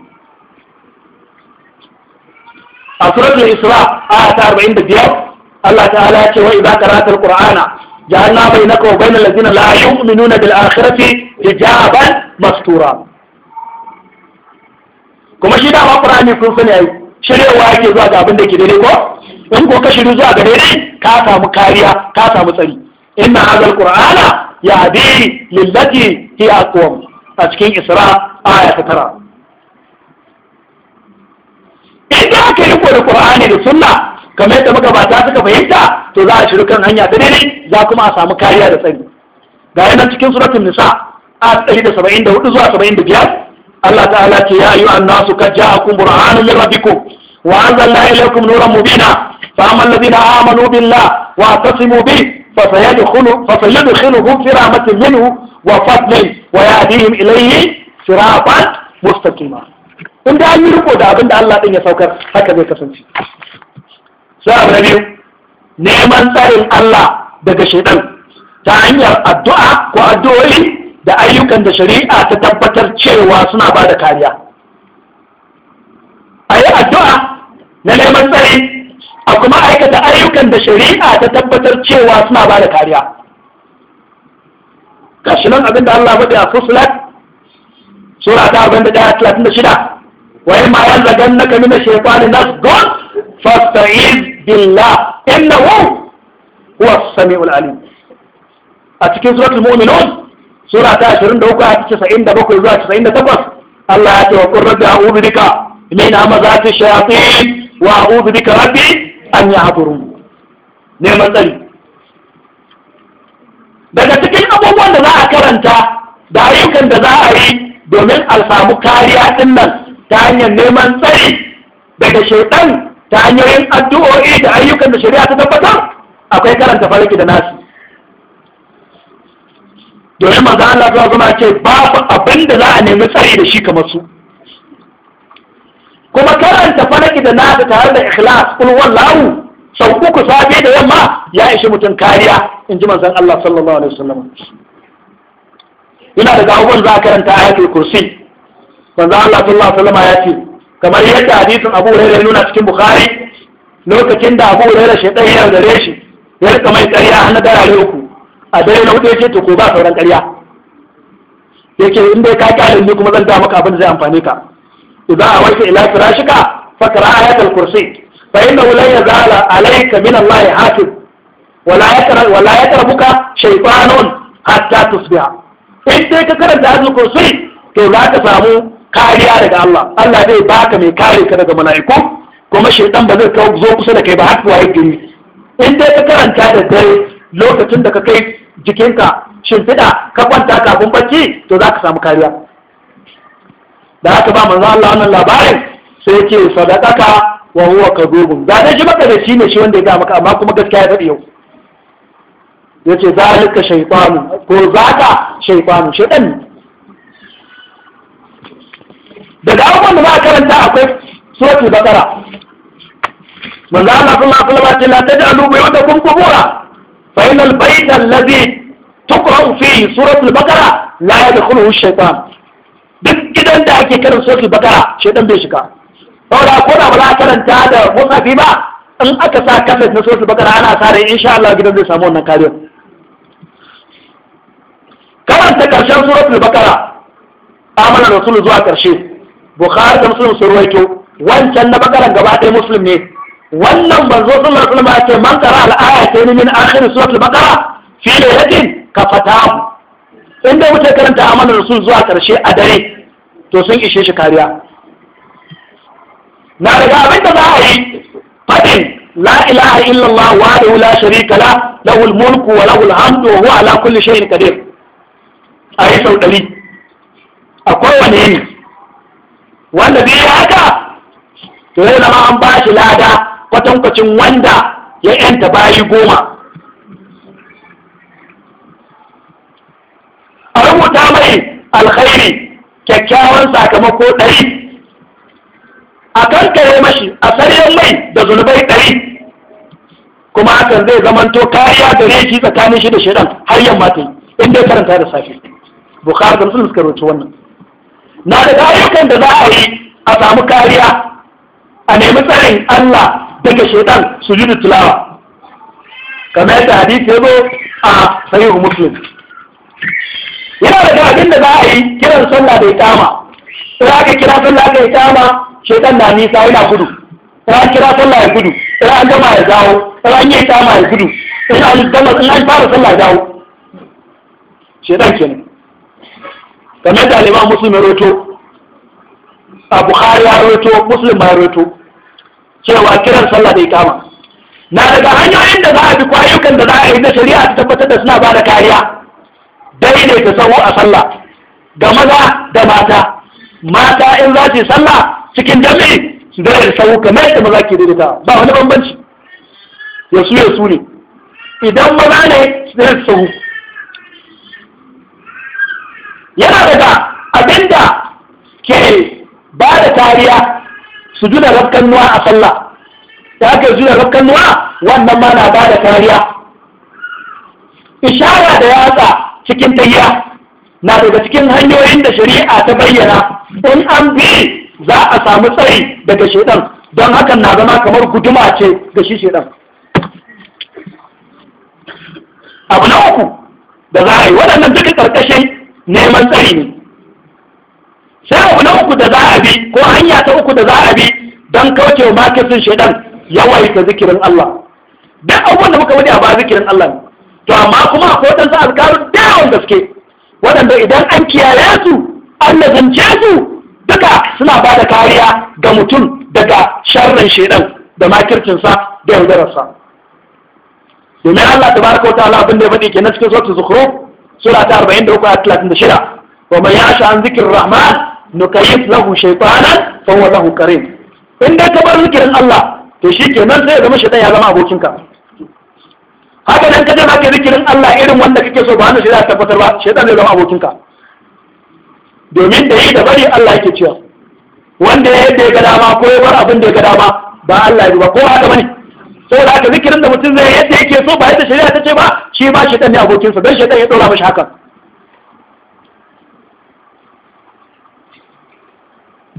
Speaker 1: a suratul Isra aya ta 45 Allah ta'ala ya ce wa idza qara'atal Qur'ana جعلنا بينك وبين الذين لا يؤمنون بالآخرة masu tura. kuma shi da makurani kun sani ai shirewa yake zuwa ga abin da ke daidai ko in ko ka shiru zuwa ga daidai ka samu kariya ka samu tsari inna hadha alqur'ana yahdi lillati hiya aqwam a cikin isra aya ta tara idan ka yi ko da qur'ani da sunna kamar yadda magabata suka fahimta to za a shiru kan hanya ta daidai za kuma a samu kariya da tsari ga yanar cikin suratun nisa a 174 zuwa 75 Allah ta'ala ce ya yi an nasu ka ja akun burhanun yin rabiku wa an zalla ilaikum nuran mubina fa amma allazi na amanu billah wa tasimu bi fa sayadkhulu fa firamatin minhu wa fadlin wa yadihim ilayhi siratan mustaqima inda an yi riko da abinda Allah din ya saukar haka zai kasance sai abu na biyu neman tsarin Allah daga shaidan ta hanyar addu'a ko addu'o'i da ayyukan da shari'a ta tabbatar cewa suna ba da kariya a yi addu'a na neman tsari a kuma aikata ayyukan da shari'a ta tabbatar cewa suna ba da kariya kashinan abin da Allah bude a fusulat sura ta abin da ɗaya talatin da shida wai ma yanzu gan na kamina shekwani nas god fasta'id illa innahu huwa samiul alim a cikin suratul mu'minun sura ta 23 a cikin 97 zuwa 98 Allah ya ce wa qur rabbi a'udhu bika min hamazati shayatin wa a'udhu bika rabbi an yahdurun neman tsari daga cikin abubuwan da za a karanta da ayyukan da za a yi domin alfamu kariya din nan ta hanyar neman tsari daga shaitan ta hanyoyin addu'o'i da ayyukan da shari'a ta tabbatar akwai karanta farki da nasu domin maza Allah ya zama ce babu abin da za a nemi tsari da shi kamar su kuma karanta farki da nasu tare da ikhlas kul wallahu sau uku safe da yamma ya ishi mutum kariya in ji manzon Allah sallallahu alaihi wasallam Ina daga abubuwan za a karanta ayatul kursi Allah sallallahu alaihi wasallam ya ce kamar yadda hadisin abu hurairah ya nuna cikin bukhari lokacin da abu hurairah shaitan ya gare shi ya rika mai ƙarya har na dara uku a dare na hudu yake to ko ba sauran ƙarya yake in dai ka kyale ni kuma zan da maka abin da zai amfane ka idza awaita ila firashika fakra ayatul kursi fa innahu lan yazala alayka min Allah hakim wala yakra wala yakrabuka shaytanun hatta tusbiha in dai ka karanta ayatul kursi to za ka samu kariya daga Allah Allah zai baka mai kare ka daga mala'iku kuma shaitan ba zai kawo zo kusa da kai ba har kuwa yake ni? in dai ka karanta da dare lokacin da ka kai jikinka shimfiɗa ka kwanta kafin bacci to za ka samu kariya da haka ba manzo Allah wannan labarin sai yake sadaqaka wa huwa kadubun da dai shi maka da shi ne shi wanda ya ga maka amma kuma gaskiya ya faɗi yau yace zalika shaytanu ko zaka shaytanu shaytan daga abubuwan da za a karanta akwai suratul bakara manzo Allah sallallahu alaihi wasallam ce la taj'alu buyutakum qubura fa innal bayta alladhi tuqra'u fihi suratul bakara la yadkhuluhu shaytan duk gidan da ake karanta suratul bakara shaytan bai shiga saboda da ba za a karanta da musafi ba in aka sa kafet na suratul bakara ana sa rai insha Allah gidan zai samu wannan kariyar karanta karshen suratul bakara amana rasul zuwa ƙarshe. bukhari da muslim sun ruwaito wancan na bakaran gaba ɗaya muslim ne wannan manzo sallallahu alaihi wasallam ce man qara al-aya ta min akhir surat al-baqara fi lailatin ka fatahu in dai wuce karanta amanar rasul zuwa karshe a dare to sun ishe shi kariya na daga abin da za a yi fadin la ilaha illallah wa la sharika la lahul mulku wa lahul hamdu wa huwa ala kulli shay'in qadir ayi sau dari akwai wani yini wanda bai haka to zai zama an ba shi lada kwatankwacin wanda ya yanta bayi goma a rubuta mai alkhairi kyakkyawan sakamako ɗari a kankare mashi a sarriyar mai da zunubai ɗari kuma hakan zai zamanto kariya da reki tsakanin shi da shidan har yamma ta yi inda ya karanta da safe bukhari da musulun suka roci wannan na da ayyukan da za a yi a samu kariya a nemi tsarin Allah daga shaitan yi tulawa, kamar yadda hadisi ya zo a sahih muslim yana da abin da za a yi kiran sallah da ikama ina aka kira sallah da ikama shaitan na nisa yana gudu in an kira sallah ya gudu in an gama ya zawo in an yi ikama ya gudu in an fara sallah ya zawo shaitan kenan kamar da aliman musulmi roto a bukhari ya roto musulmi ya roto cewa kiran sallah da ikama na daga hanyoyin da za a bi kwayukan da za a yi na shari'a ta tabbatar da suna ba da kariya daidaita sahu a sallah ga maza da mata mata in za su yi sallah cikin jami'i su daidaita sahu kamar yadda maza ke daidaita ba wani bambanci ya su ya su ne idan maza ne su daidaita sahu yana daga abinda ke ba da tariya su juna rafkan nuwa a sallah ta ke juna rafkan nuwa wannan ma na ba da tariya ishara da yatsa cikin tayya na daga cikin hanyoyin da shari'a ta bayyana in an bi za a samu tsari daga shaidan don hakan na zama kamar guduma ce ga shi shaidan abu na uku da za a yi waɗannan duka ƙarƙashin neman tsari ne sai abu na uku da za a bi ko hanya ta uku da za a bi don kauce wa makisin shaidan yawaita zikirin Allah duk abubuwan da muka wani ba zikirin Allah ne to amma kuma akwai waɗansu alkarun da yawan gaske waɗanda idan an kiyaye su an nazance su duka suna ba da kariya ga mutum daga sharrin shaidan da sa da yaudararsa domin Allah tabaraka wa ta'ala abin da ya faɗi kenan cikin sautin zukhruf sura ta 43 da 36 wa man yasha an zikir rahman nukayyif lahu shaytanan fa huwa lahu qarin in dai ka bar zikirin Allah to nan sai ya zama shaytan ya zama abokinka haka nan ka zama ka zikirin Allah irin wanda kake so ba hannu shi za ta tabbatar ba shaytan zai zama abokinka domin da yi da bari Allah yake cewa wanda ya yadda ya ga dama ko ya bar abin da ya ga dama ba Allah ya ba ko haka bane saboda aka zikirin da mutum zai yadda yake so ba yadda shari'a ta ce ba shi ba shi ne abokinsa don shi ya ɗora mashi hakan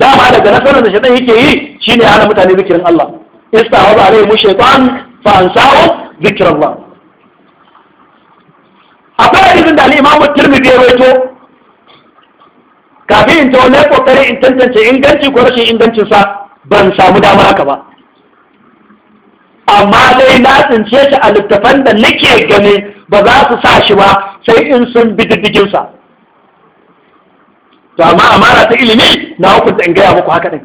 Speaker 1: dama daga nasarar da ɗan yake yi shi ne hana mutane zikirin Allah wa ba alaihi shaitan fa ba a akwai izin da al-Imam ya kafin in ta na in tantance inganci ko rashin ingancin ban samu dama haka ba amma dai na tsince shi a littafan da nake gani ba za su sa shi ba sai in sun bi diddiginsa to amma mara ta ilimi na hukunta in gaya muku haka ɗin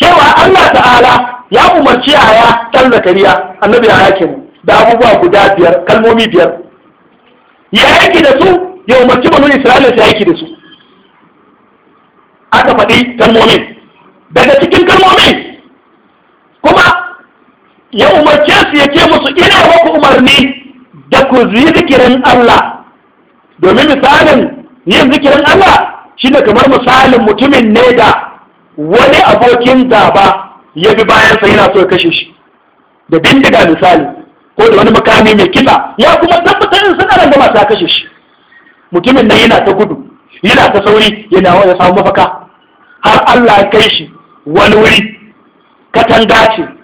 Speaker 1: cewa Allah ta'ala ya umarci yaya ɗan zakariya annabi yaya kenan da abubuwa guda biyar kalmomi biyar ya yaki da su ya umarci banu isra'ila su yaki da su aka faɗi kalmomin daga cikin kalmomi kuma ya umarce su ya ce musu ina maku umarni da ku yi zikirin Allah domin misalin yin zikirin Allah shi ne kamar misalin mutumin ne da wani abokin gaba ya bi bayansa yana so ya kashe shi da bindiga misali ko da wani makami mai kisa ya kuma tabbatar in suna da masu kashe shi mutumin nan yana ta gudu yana ta sauri yana wani samun mafaka har Allah ya kai shi wani wuri katanga ce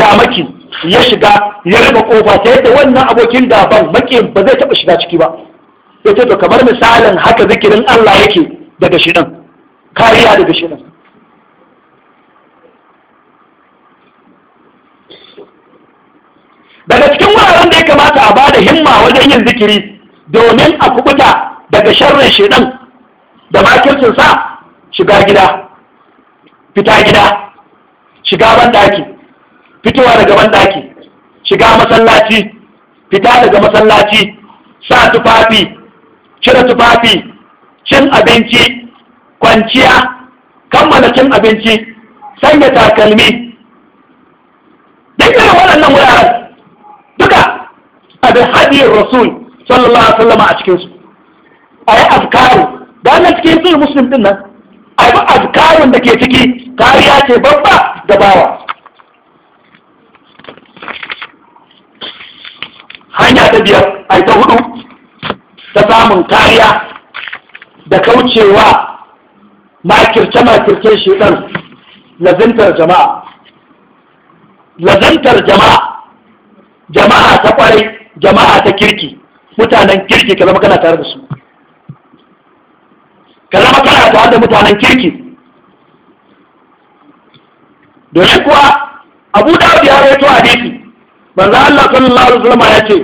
Speaker 1: shamaki ya shiga ya rufe kofa ta yadda wannan abokin gaban maki ba zai taba shiga ciki ba ya ce to kamar misalin haka zikirin Allah yake daga shirin kariya daga shirin
Speaker 2: daga cikin wuraren da ya kamata a bada himma wajen yin zikiri
Speaker 1: domin a kubuta daga sharrin shirin da makircin sa shiga gida fita gida shiga ban daki fitowa daga banɗaki shiga masallaci fita daga masallaci sa tufafi cire tufafi cin abinci kwanciya kammala cin abinci sanya takalmi duk da waɗannan wuraren duka abin hadiyar rasul sallallahu alaihi wasallam a cikinsu a yi afkaru da wannan cikin sun muslim din a yi afkarun da ke ciki kariya ce babba da bawa ta biyar ai ta hudu ta samun kariya da kaucewa makirce makirce shaidan lazantar jama'a lazantar jama'a jama'a ta kwarai jama'a ta kirki mutanen kirki ka zama kana tare da su ka zama kana tare da mutanen kirki domin kuwa abu da ya reto hadisi banza Allah sallallahu alaihi wasallam ya ce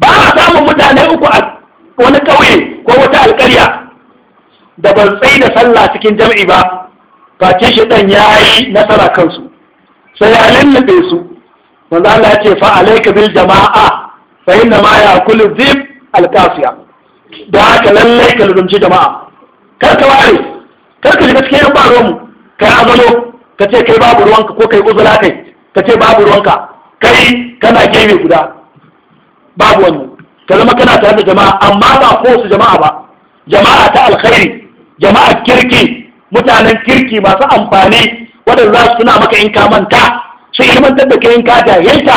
Speaker 1: ba a samun mutane uku a wani ƙauye ko wata alƙarya da ban tsaye da sallah cikin jam'i ba ce shi ɗan ya yi nasara kansu sai ya lullube su wanda Allah ya ce fa alayka bil jama'a fa inna ma yakulu dhib al kafiya da haka lallai ka lulunci jama'a kar ka ware kar ka shiga cikin ba ruwanmu kai azalo ka ce kai babu ruwanka ko kai uzula kai ka ce babu ruwanka kai kana gefe guda babu wannan ka zama kana tare da jama'a amma ba ko su jama'a ba jama'a ta alkhairi jama'a kirki mutanen kirki masu amfani waɗanda za su tuna maka in ka manta su ilmantar da kai in ka jahilta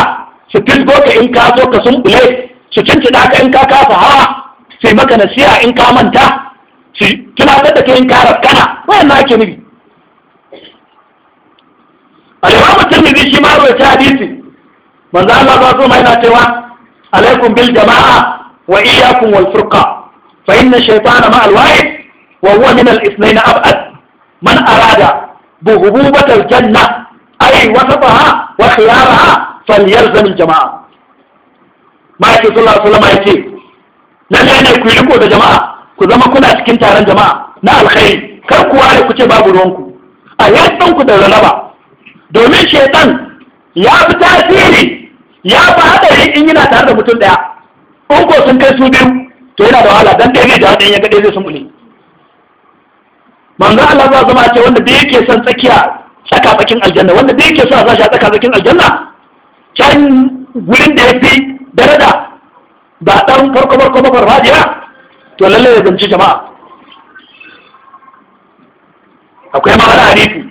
Speaker 1: su fisgo ka in ka zo ka sumbule su cincina ka in ka kasa hawa su yi maka nasiha in ka manta su tunatar da kai in ka rakkana na ake nufi al shi ma rawaita hadisi manzo Allah ba zo mai na cewa alaikum bil jama'a wa iyyakum Walfurka. furqa fa inna shaytana ma al wa huwa min al ithnayn ab'ad man arada bi hububat al janna ay wasafaha wa khiyaraha falyalzam al jama'a ma'aikin sallallahu alaihi wasallam yake ne ku riko da jama'a ku zama kuna cikin taron jama'a na alkhairi kar kuwa ware ku ce babu ruwanku a yaddan ku da ralaba domin shaitan ya fi tasiri ya fi haɗari in yana tare da mutum ɗaya in ko sun kai su biyu to yana da wahala dan ɗaya da ɗaya ya ga ɗaya zai sumbule manzo Allah za zama ce wanda da yake son tsakiya tsaka tsakin aljanna wanda da yake son a zashi a tsaka tsakin aljanna can gurin da ya fi daraja ba ɗan farko farko ba farfajiya to lallai ya zanci jama'a akwai ma wani hadisi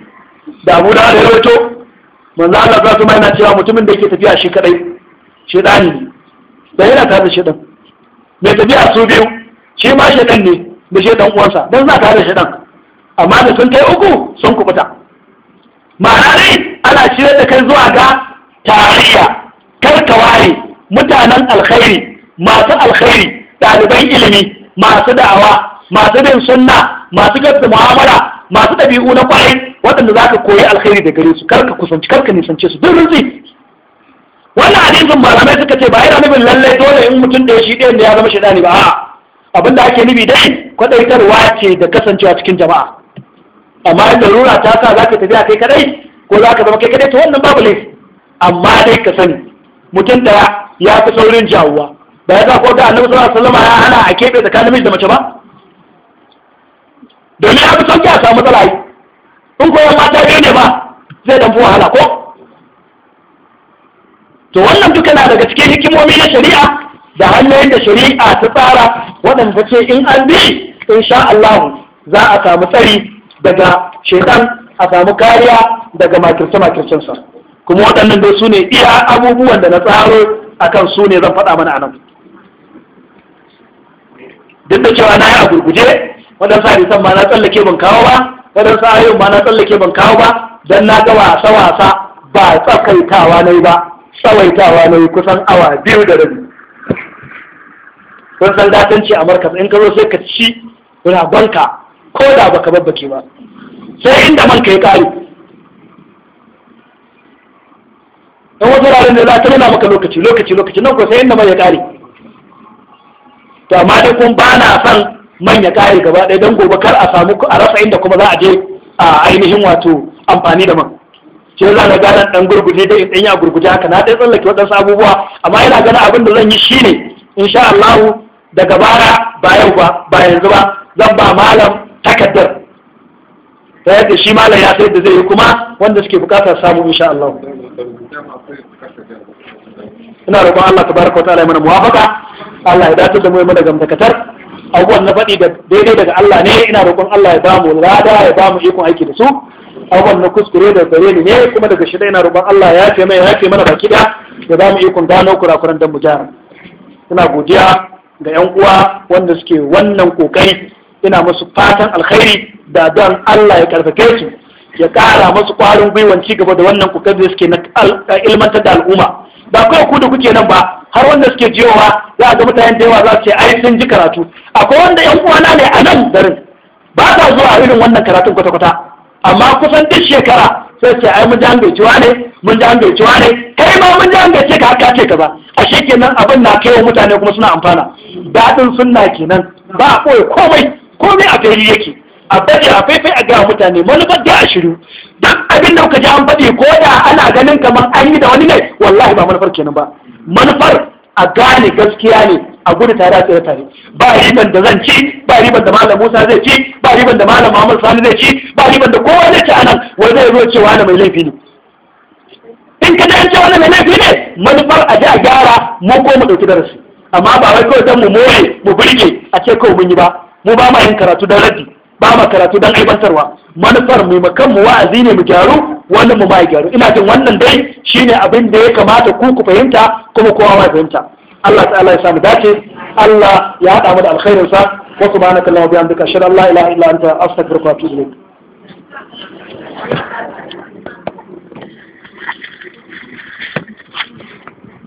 Speaker 1: da abu da ya rawaito manzo Allah za su yana cewa mutumin da yake tafiya shi kadai shedani ne da yana tare da shaɗan. mai tafiya su biyu shi ma shedan ne da shaɗan uwansa don za tare da shedan amma da sun kai uku sun kubuta ma'ana dai ana shirya da kai zuwa ga tarayya karkaware mutanen alkhairi masu alkhairi ɗaliban ilimi masu da'awa masu bin sunna masu gaske mu'amala masu ɗabi'u na kwarai waɗanda za ka koyi alkhairi da gare su karka kusanci karka nisance su duk rinzi wannan hadisin malamai suka ce ba yana nufin lallai dole in mutum da shi ɗayan da ya zama shaidani ba abin da ake nufi dai kwadaitarwa ce da kasancewa cikin jama'a amma in larura ta sa za ka tafi a kai kadai ko za ka zama kai kadai ta wannan babu laifi amma dai ka sani mutum da ya fi saurin jawuwa ba ya za ko da annabi sallallahu alaihi wasallam ya hana a keɓe tsakanin miji da mace ba domin ya fi sauki a samu matsala in ko yan mata ne ba zai dan fi wahala ko to wannan duka na daga cikin hikimomi na shari'a da hanyoyin da shari'a ta tsara waɗanda ce in an bi in sha Allah za a samu tsari daga shaitan a samu kariya daga makirce makircensa kuma waɗannan dai su ne iya abubuwan da na tsaro a kan su ne zan faɗa mana anan duk da cewa na yi a gurguje waɗansu hadisan ma na tsallake ban kawo ba waɗansu yau ma na tsallake ban kawo ba don na ga wasa-wasa ba tsakaitawa na yi ba tsawaitawa na kusan awa biyu da rabi kun san datanci a markas in ka zo sai ka ci rabanka ko da baka babbake ba sai inda man ka yi kare in wasu ranar da za ta nuna maka lokaci lokaci lokaci nan ko sai inda man ya kare to amma dai kun ba na san man ya kare gaba ɗaya don gobe kar a samu a rasa inda kuma za a je a ainihin wato amfani da man ce za na gana dan gurguje da in ya gurguje haka na dai tsallake waɗansu abubuwa amma ina ganin abin da zan yi shine insha Allah daga baya yau ba ba yanzu ba zan ba malam takardar. ta yadda shi malam ya sayar da zai yi kuma wanda suke bukatar samu insha Allah ina roƙon Allah tabaraka wa ta'ala mana muwafaqa Allah ya dace da mu mu daga mutakatar abubuwan na faɗi daidai daga Allah ne ina roƙon Allah ya bamu lada ya bamu ikon aiki da su abubuwan na kuskure da gare ni ne kuma daga shida ina roƙon Allah ya ce mai ya mana baki da ya za mu kun gano kurakuran dan mu gyara ina godiya ga yan uwa wanda suke wannan kokari ina musu fatan alkhairi da don Allah ya karfafe su ya ƙara musu ƙwarin gwiwan ci gaba da wannan kokari da suke na ilmantar da al'umma ba kawai ku da kuke nan ba har wanda suke jiyowa za a ga mutanen da yawa za su ce ai sun ji karatu akwai wanda yan uwa na ne a nan garin ba sa zuwa irin wannan karatun kwata-kwata amma kusan duk shekara sai ce ai mun ji an ne mun ji an ne kai ma mun ji an ka haka ce ka ba a kenan abin na kai wa mutane kuma suna amfana daɗin sunna kenan ba a koyi komai komai a fili yake a bade a faifai a gaya mutane manufar da a shiru duk abin da kuka ji an faɗi ko da ana ganin kamar an yi da wani ne wallahi ba manufar kenan ba manufar a gane gaskiya ne a gudu tare a tsira tare ba riban da zan ci ba riban da malam Musa zai ci ba riban da malam Muhammad Sani zai ci ba riban da kowa zai ci anan wai zai zo cewa na mai laifi ne in ka dan cewa na mai laifi ne manufar a ja a gyara mu ko mu dauki darasi amma ba wai kawai dan mu moye mu burge a ce kawai mun yi ba mu ba ma yin karatu don raddi ba ma karatu don aibantarwa manufar mu kan mu wa'azi ne mu gyaru wannan mu ma gyaru ina jin wannan dai shine abin da ya kamata ku ku fahimta kuma kowa ma fahimta Allah ta'ala ya samu dace Allah ya haɗa mu da alkhairin sa wa subhanaka allahumma bihamdika ashhadu an la ilaha illa anta astaghfiruka wa atubu ilayk